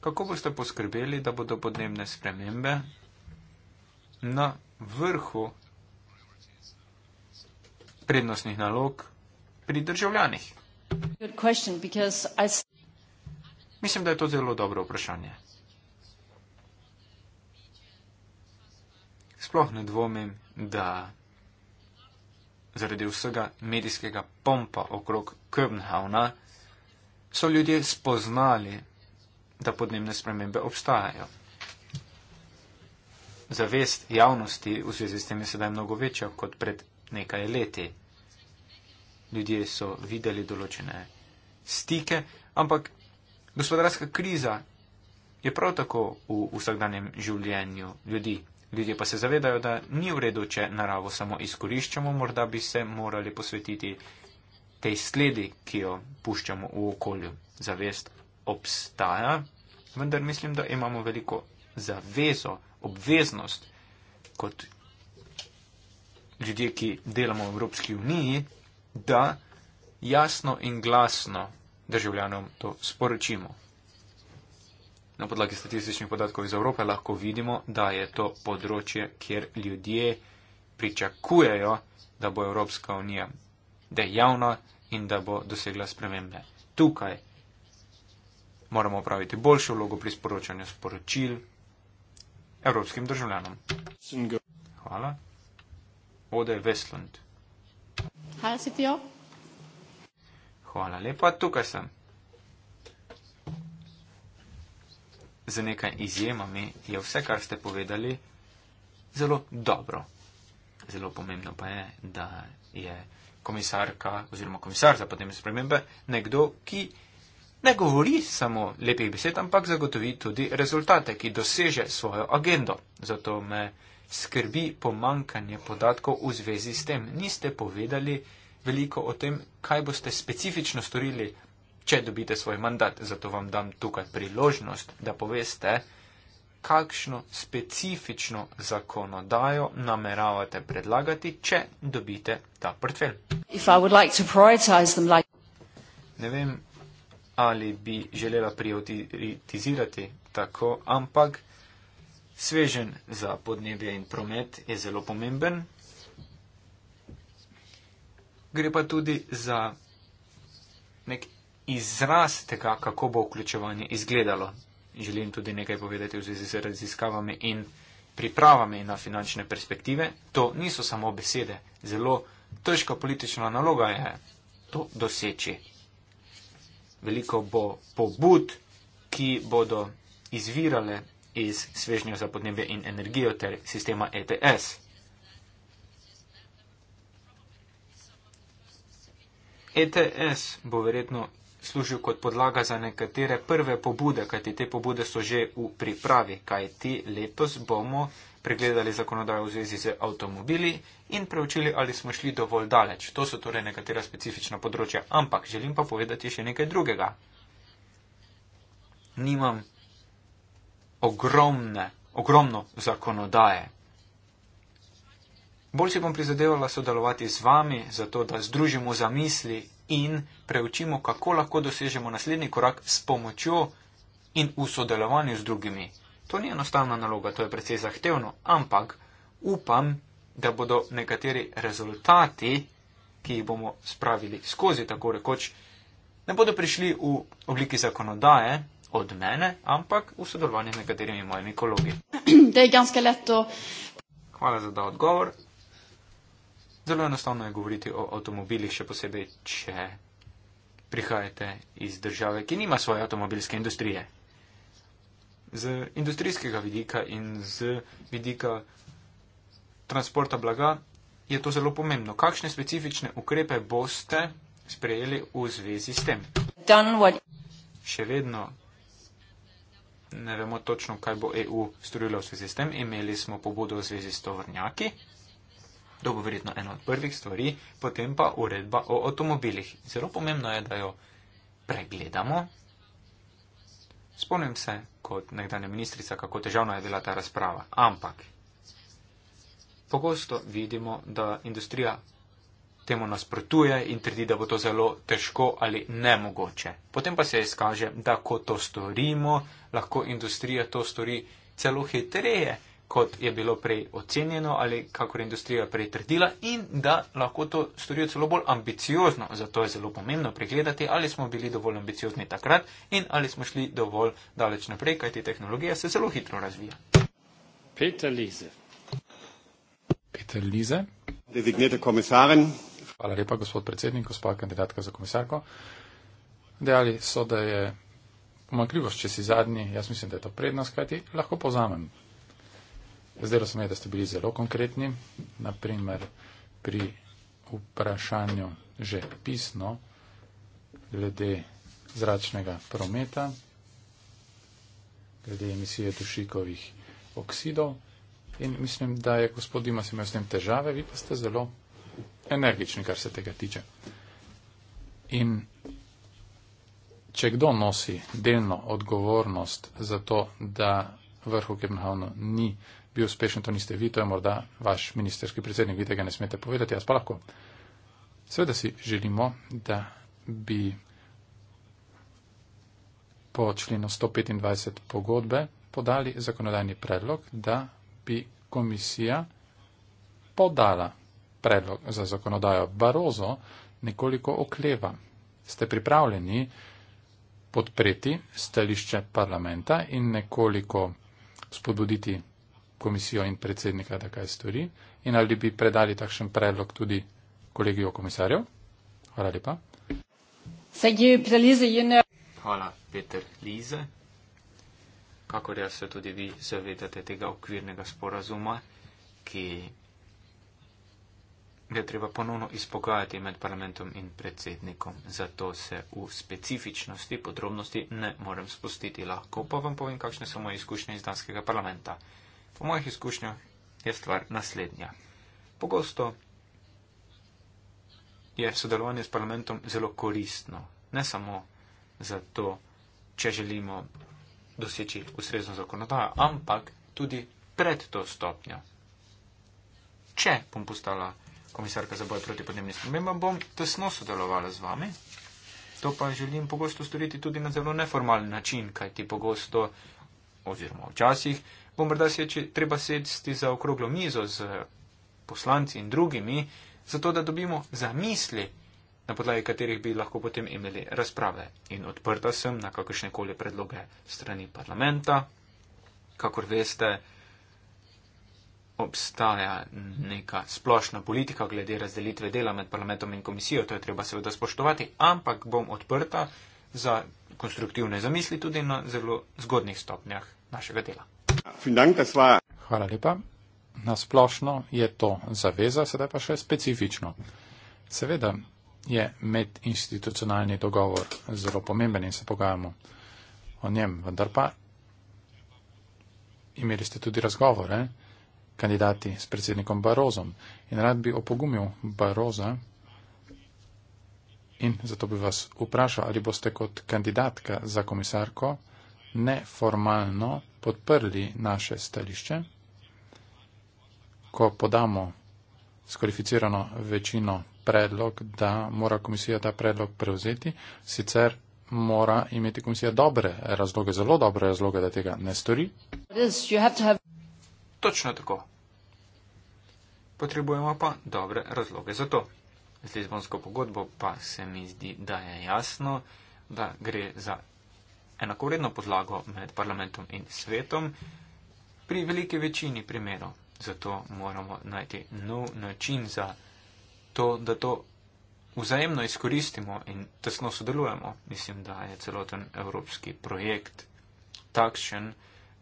kako boste poskrbeli, da bodo podnebne spremembe na vrhu prednostnih nalog pri državljanih? Mislim, da je to zelo dobro vprašanje. Sploh ne dvomim, da zaradi vsega medijskega pompa okrog Köbenhavna so ljudje spoznali, da podnebne spremembe obstajajo zavest javnosti v zvezi s tem je sedaj mnogo večja kot pred nekaj leti. Ljudje so videli določene stike, ampak gospodarska kriza je prav tako v vsakdanjem življenju ljudi. Ljudje pa se zavedajo, da ni v redu, če naravo samo izkoriščamo, morda bi se morali posvetiti tej sledi, ki jo puščamo v okolju. Zavest obstaja, vendar mislim, da imamo veliko zavezo obveznost kot ljudje, ki delamo v Evropski uniji, da jasno in glasno državljanom to sporočimo. Na podlagi statističnih podatkov iz Evrope lahko vidimo, da je to področje, kjer ljudje pričakujejo, da bo Evropska unija dejavna in da bo dosegla spremembe. Tukaj moramo praviti boljšo vlogo pri sporočanju sporočil, evropskim državljanom. Hvala. Ode Vestlund. Hvala lepa, tukaj sem. Z nekaj izjemami je vse, kar ste povedali, zelo dobro. Zelo pomembno pa je, da je komisarka oziroma komisar za podnebne spremembe nekdo, ki ne govori samo lepih besed, ampak zagotovi tudi rezultate, ki doseže svojo agendo. Zato me skrbi pomankanje podatkov v zvezi s tem. Niste povedali veliko o tem, kaj boste specifično storili, če dobite svoj mandat. Zato vam dam tukaj priložnost, da poveste, kakšno specifično zakonodajo nameravate predlagati, če dobite ta portfelj. Ne vem, ali bi želela prioritizirati tako, ampak svežen za podnebje in promet je zelo pomemben. Gre pa tudi za nek izraz tega, kako bo vključevanje izgledalo. Želim tudi nekaj povedati v zvezi z raziskavami in pripravami na finančne perspektive. To niso samo besede, zelo težka politična naloga je to doseči veliko bo pobud, ki bodo izvirale iz svežnja za podnebje in energijo ter sistema ETS. ETS bo verjetno služil kot podlaga za nekatere prve pobude, kajti te pobude so že v pripravi, kajti letos bomo pregledali zakonodajo v zvezi z avtomobili in preučili, ali smo šli dovolj daleč. To so torej nekatera specifična področja. Ampak želim pa povedati še nekaj drugega. Nimam ogromne, ogromno zakonodaje. Bolj si bom prizadevala sodelovati z vami, zato da združimo zamisli in preučimo, kako lahko dosežemo naslednji korak s pomočjo in v sodelovanju z drugimi. To ni enostavna naloga, to je precej zahtevno, ampak upam, da bodo nekateri rezultati, ki jih bomo spravili skozi tako rekoč, ne bodo prišli v obliki zakonodaje od mene, ampak v sodelovanju z nekaterimi mojimi kolegi. Hvala za ta odgovor. Zelo enostavno je govoriti o avtomobilih, še posebej, če prihajate iz države, ki nima svoje avtomobilske industrije z industrijskega vidika in z vidika transporta blaga, je to zelo pomembno. Kakšne specifične ukrepe boste sprejeli v zvezi s tem? Še vedno ne vemo točno, kaj bo EU storila v zvezi s tem. Imeli smo pobudo v zvezi s tovrnjaki. To bo verjetno ena od prvih stvari, potem pa uredba o avtomobilih. Zelo pomembno je, da jo pregledamo, Spomnim se, kot nekdanja ministrica, kako težavna je bila ta razprava. Ampak pogosto vidimo, da industrija temu nasprotuje in trdi, da bo to zelo težko ali nemogoče. Potem pa se izkaže, da ko to storimo, lahko industrija to stori celo hitreje, kot je bilo prej ocenjeno ali kakor industrija prej trdila in da lahko to storijo celo bolj ambiciozno. Zato je zelo pomembno pregledati, ali smo bili dovolj ambiciozni takrat in ali smo šli dovolj daleč naprej, kajti tehnologija se zelo hitro razvija. Peter Lize. Peter Lize. Dezignete komisaren. Hvala lepa, gospod predsednik, gospod kandidatka za komisarko. Dejali so, da je pomakljivost, če si zadnji, jaz mislim, da je to prednost, kajti lahko povzamem Zdaj razumete, da ste bili zelo konkretni, naprimer pri vprašanju že pisno glede zračnega prometa, glede emisije dušikovih oksidov. In mislim, da je gospod Dimas imel s tem težave, vi pa ste zelo energični, kar se tega tiče. In če kdo nosi delno odgovornost za to, da vrhu Kemnhavnu ni bil uspešen, to niste vi, to je morda vaš ministerski predsednik, vi tega ne smete povedati, jaz pa lahko. Sveda si želimo, da bi po členu 125 pogodbe podali zakonodajni predlog, da bi komisija podala predlog za zakonodajo. Barozo nekoliko okleva. Ste pripravljeni podpreti stališče parlamenta in nekoliko spodbuditi komisijo in predsednika, da kaj stori in ali bi predali takšen predlog tudi kolegijo komisarjev. Hvala lepa. Hvala, Peter Lize. Kakor jaz se tudi vi zavedate tega okvirnega sporazuma, ki ga treba ponovno izpogajati med parlamentom in predsednikom. Zato se v specifičnosti, podrobnosti ne morem spustiti. Lahko pa vam povem, kakšne so moje izkušnje iz danskega parlamenta. Po mojih izkušnjah je stvar naslednja. Pogosto je sodelovanje s parlamentom zelo koristno. Ne samo zato, če želimo doseči ustrezno zakonodajo, ampak tudi pred to stopnjo. Če bom postala komisarka za boj proti podnebnim spremembam, bom tesno sodelovala z vami. To pa želim pogosto storiti tudi na zelo neformalni način, kajti pogosto oziroma včasih bo morda seči, treba sedeti za okroglo mizo z poslanci in drugimi, zato da dobimo zamisli, na podlagi katerih bi lahko potem imeli razprave. In odprta sem na kakršne koli predloge strani parlamenta. Kakor veste, obstaja neka splošna politika glede razdelitve dela med parlamentom in komisijo, to je treba seveda spoštovati, ampak bom odprta za konstruktivne zamisli tudi na zelo zgodnih stopnjah našega dela. Hvala lepa. Na splošno je to zaveza, sedaj pa še specifično. Seveda je medinstitucionalni dogovor zelo pomemben in se pogajamo o njem, vendar pa imeli ste tudi razgovore kandidati s predsednikom Barozom in rad bi opogumil Baroza in zato bi vas vprašal, ali boste kot kandidatka za komisarko neformalno podprli naše stališče, ko podamo skvalificirano večino predlog, da mora komisija ta predlog prevzeti, sicer mora imeti komisija dobre razloge, zelo dobre razloge, da tega ne stori. Točno tako. Potrebujemo pa dobre razloge za to. Z Lizbonsko pogodbo pa se mi zdi, da je jasno, da gre za enakovredno podlago med parlamentom in svetom pri veliki večini primerov. Zato moramo najti nov način za to, da to vzajemno izkoristimo in tesno sodelujemo. Mislim, da je celoten evropski projekt takšen,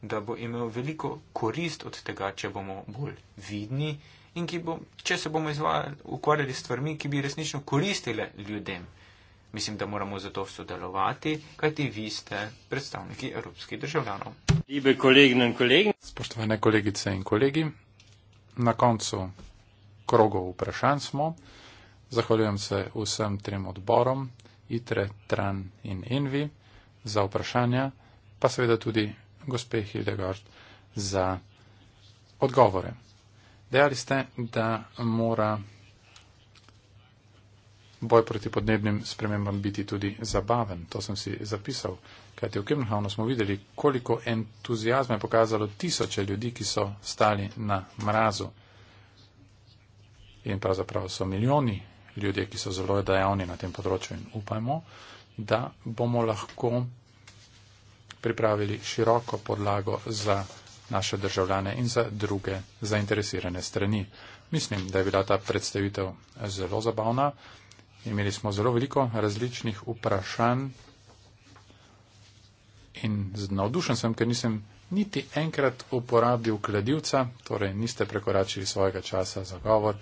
da bo imel veliko korist od tega, če bomo bolj vidni in bo, če se bomo izvajali, ukvarjali s stvarmi, ki bi resnično koristile ljudem. Mislim, da moramo zato sodelovati, kajti vi ste predstavniki evropskih državljanov. Ljube kolegne in kolegi. Spoštovane kolegice in kolegi, na koncu krogov vprašanj smo. Zahvaljujem se vsem trem odborom, ITRE, TRAN in ENVI za vprašanja, pa seveda tudi gospe Hildegard za odgovore. Dejali ste, da mora boj proti podnebnim spremembam biti tudi zabaven. To sem si zapisal, kajte v Kimnhavnu smo videli, koliko entuzijazma je pokazalo tisoče ljudi, ki so stali na mrazu. In pravzaprav so milijoni ljudje, ki so zelo dejavni na tem področju in upajmo, da bomo lahko pripravili široko podlago za naše državljane in za druge zainteresirane strani. Mislim, da je bila ta predstavitev zelo zabavna. Imeli smo zelo veliko različnih vprašanj in navdušen sem, ker nisem niti enkrat uporabil kladivca, torej niste prekoračili svojega časa za govor.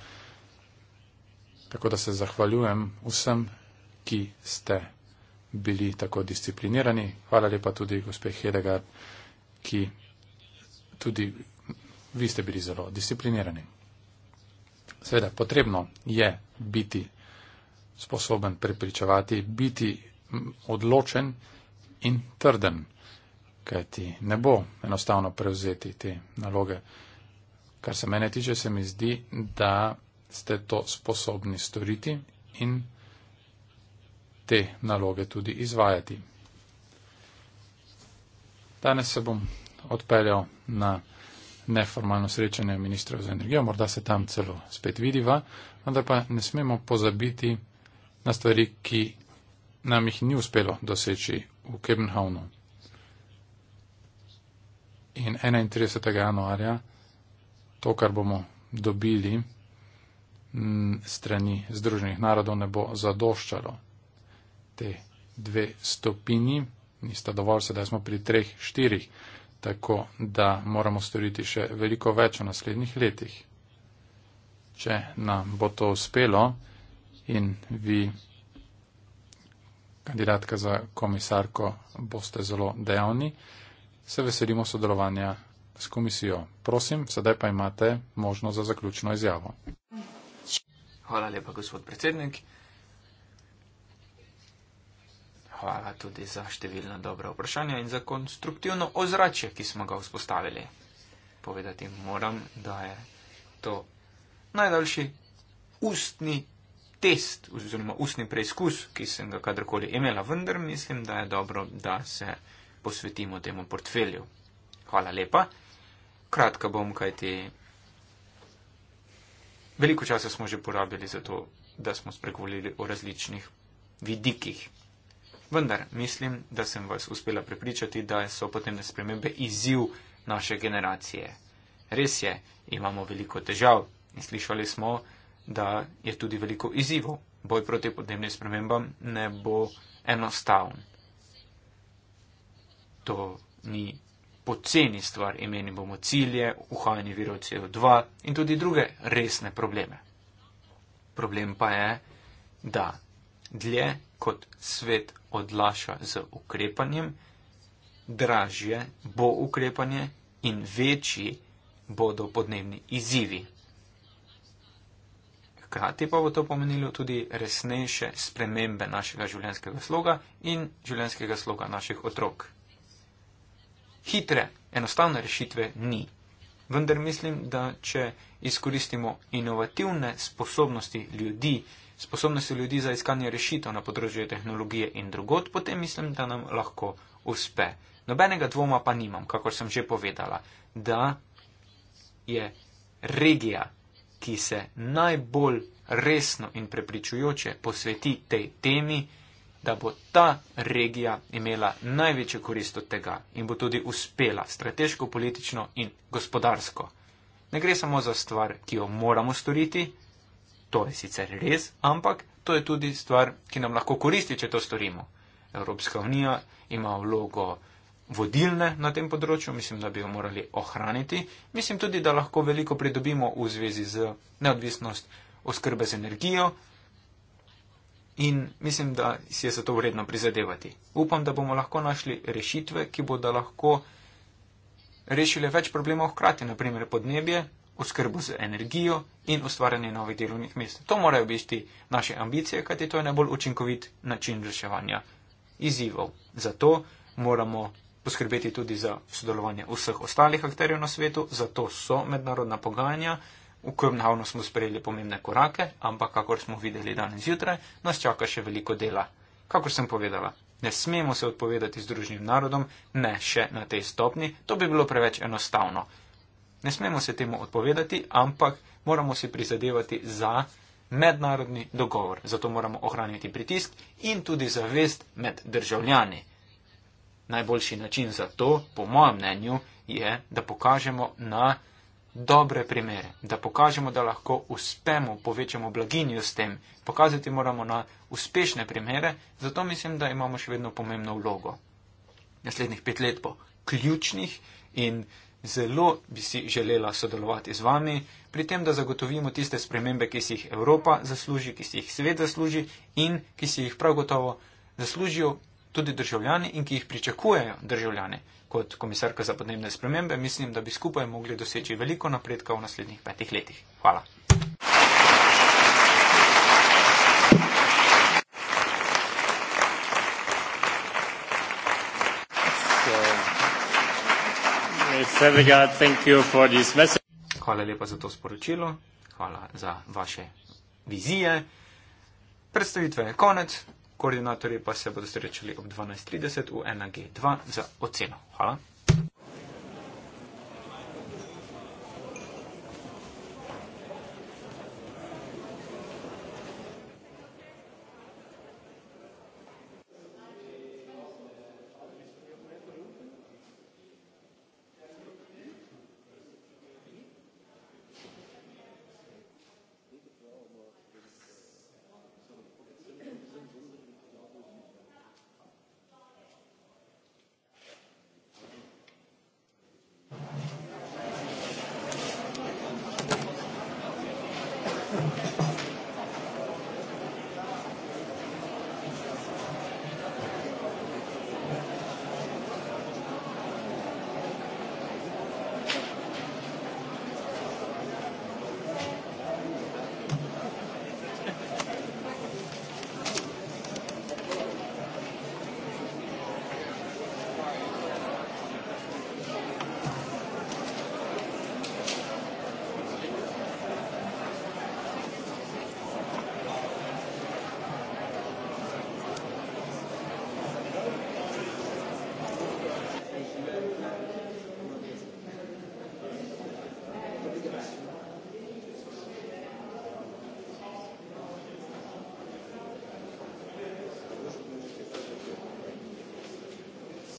Tako da se zahvaljujem vsem, ki ste bili tako disciplinirani. Hvala lepa tudi gospe Hedegar, ki tudi vi ste bili zelo disciplinirani. Seveda, potrebno je biti sposoben prepričevati, biti odločen in trden, kajti ne bo enostavno prevzeti te naloge. Kar se mene tiče, se mi zdi, da ste to sposobni storiti in te naloge tudi izvajati. Danes se bom odpeljal na neformalno srečanje ministrov za energijo, morda se tam celo spet vidiva, vendar pa ne smemo pozabiti, na stvari, ki nam jih ni uspelo doseči v Kebenhavnu. In 31. januarja to, kar bomo dobili strani Združenih narodov, ne bo zadoščalo. Te dve stopini nista dovolj, sedaj smo pri treh, štirih, tako da moramo storiti še veliko več v naslednjih letih. Če nam bo to uspelo, in vi, kandidatka za komisarko, boste zelo dejavni. Se veselimo sodelovanja s komisijo. Prosim, sedaj pa imate možnost za zaključno izjavo. Hvala lepa, gospod predsednik. Hvala tudi za številna dobra vprašanja in za konstruktivno ozračje, ki smo ga vzpostavili. Povedati moram, da je to najdaljši ustni test oziroma ustni preizkus, ki sem ga kadarkoli imela, vendar mislim, da je dobro, da se posvetimo temu portfelju. Hvala lepa. Kratka bom, kajti veliko časa smo že porabili za to, da smo spregovorili o različnih vidikih. Vendar mislim, da sem vas uspela prepričati, da so potem spremembe izziv naše generacije. Res je, imamo veliko težav in slišali smo, da je tudi veliko izzivov. Boj proti podnebnim spremembam ne bo enostavn. To ni poceni stvar, imeni bomo cilje, uhajanje virov CO2 in tudi druge resne probleme. Problem pa je, da dlje kot svet odlaša z ukrepanjem, dražje bo ukrepanje in večji bodo podnebni izzivi hkrati pa bo to pomenilo tudi resnejše spremembe našega življenjskega sloga in življenjskega sloga naših otrok. Hitre, enostavne rešitve ni. Vendar mislim, da če izkoristimo inovativne sposobnosti ljudi, sposobnosti ljudi za iskanje rešitev na področju tehnologije in drugot, potem mislim, da nam lahko uspe. Nobenega dvoma pa nimam, kakor sem že povedala, da je regija ki se najbolj resno in prepričujoče posveti tej temi, da bo ta regija imela največjo korist od tega in bo tudi uspela strateško, politično in gospodarsko. Ne gre samo za stvar, ki jo moramo storiti, to je sicer res, ampak to je tudi stvar, ki nam lahko koristi, če to storimo. Evropska unija ima vlogo vodilne na tem področju, mislim, da bi jo morali ohraniti. Mislim tudi, da lahko veliko pridobimo v zvezi z neodvisnost oskrbe z energijo in mislim, da si je za to vredno prizadevati. Upam, da bomo lahko našli rešitve, ki bodo lahko rešile več problemov hkrati, naprimer podnebje, oskrbo z energijo in ustvarjanje novih delovnih mest. To morajo biti naše ambicije, kajti to je najbolj učinkovit način reševanja izzivov. Zato moramo poskrbeti tudi za sodelovanje vseh ostalih akterjev na svetu, zato so mednarodna pogajanja. V Krmnavnu smo sprejeli pomembne korake, ampak kakor smo videli danes zjutraj, nas čaka še veliko dela. Kakor sem povedala, ne smemo se odpovedati združnim narodom, ne še na tej stopni, to bi bilo preveč enostavno. Ne smemo se temu odpovedati, ampak moramo si prizadevati za mednarodni dogovor. Zato moramo ohranjati pritisk in tudi zavest med državljani. Najboljši način za to, po mojem mnenju, je, da pokažemo na dobre primere, da pokažemo, da lahko uspemo, povečamo blaginjo s tem. Pokazati moramo na uspešne primere, zato mislim, da imamo še vedno pomembno vlogo. Naslednjih pet let bo ključnih in zelo bi si želela sodelovati z vami pri tem, da zagotovimo tiste spremembe, ki si jih Evropa zasluži, ki si jih svet zasluži in ki si jih prav gotovo zaslužijo tudi državljani in ki jih pričakujejo državljani. Kot komisarka za podnebne spremembe mislim, da bi skupaj mogli doseči veliko napredka v naslednjih petih letih. Hvala. Hvala lepa za to sporočilo, hvala za vaše vizije. Predstavitve je konec koordinatorji pa se bodo srečali ob 12.30 v 1G2 za oceno. Hvala.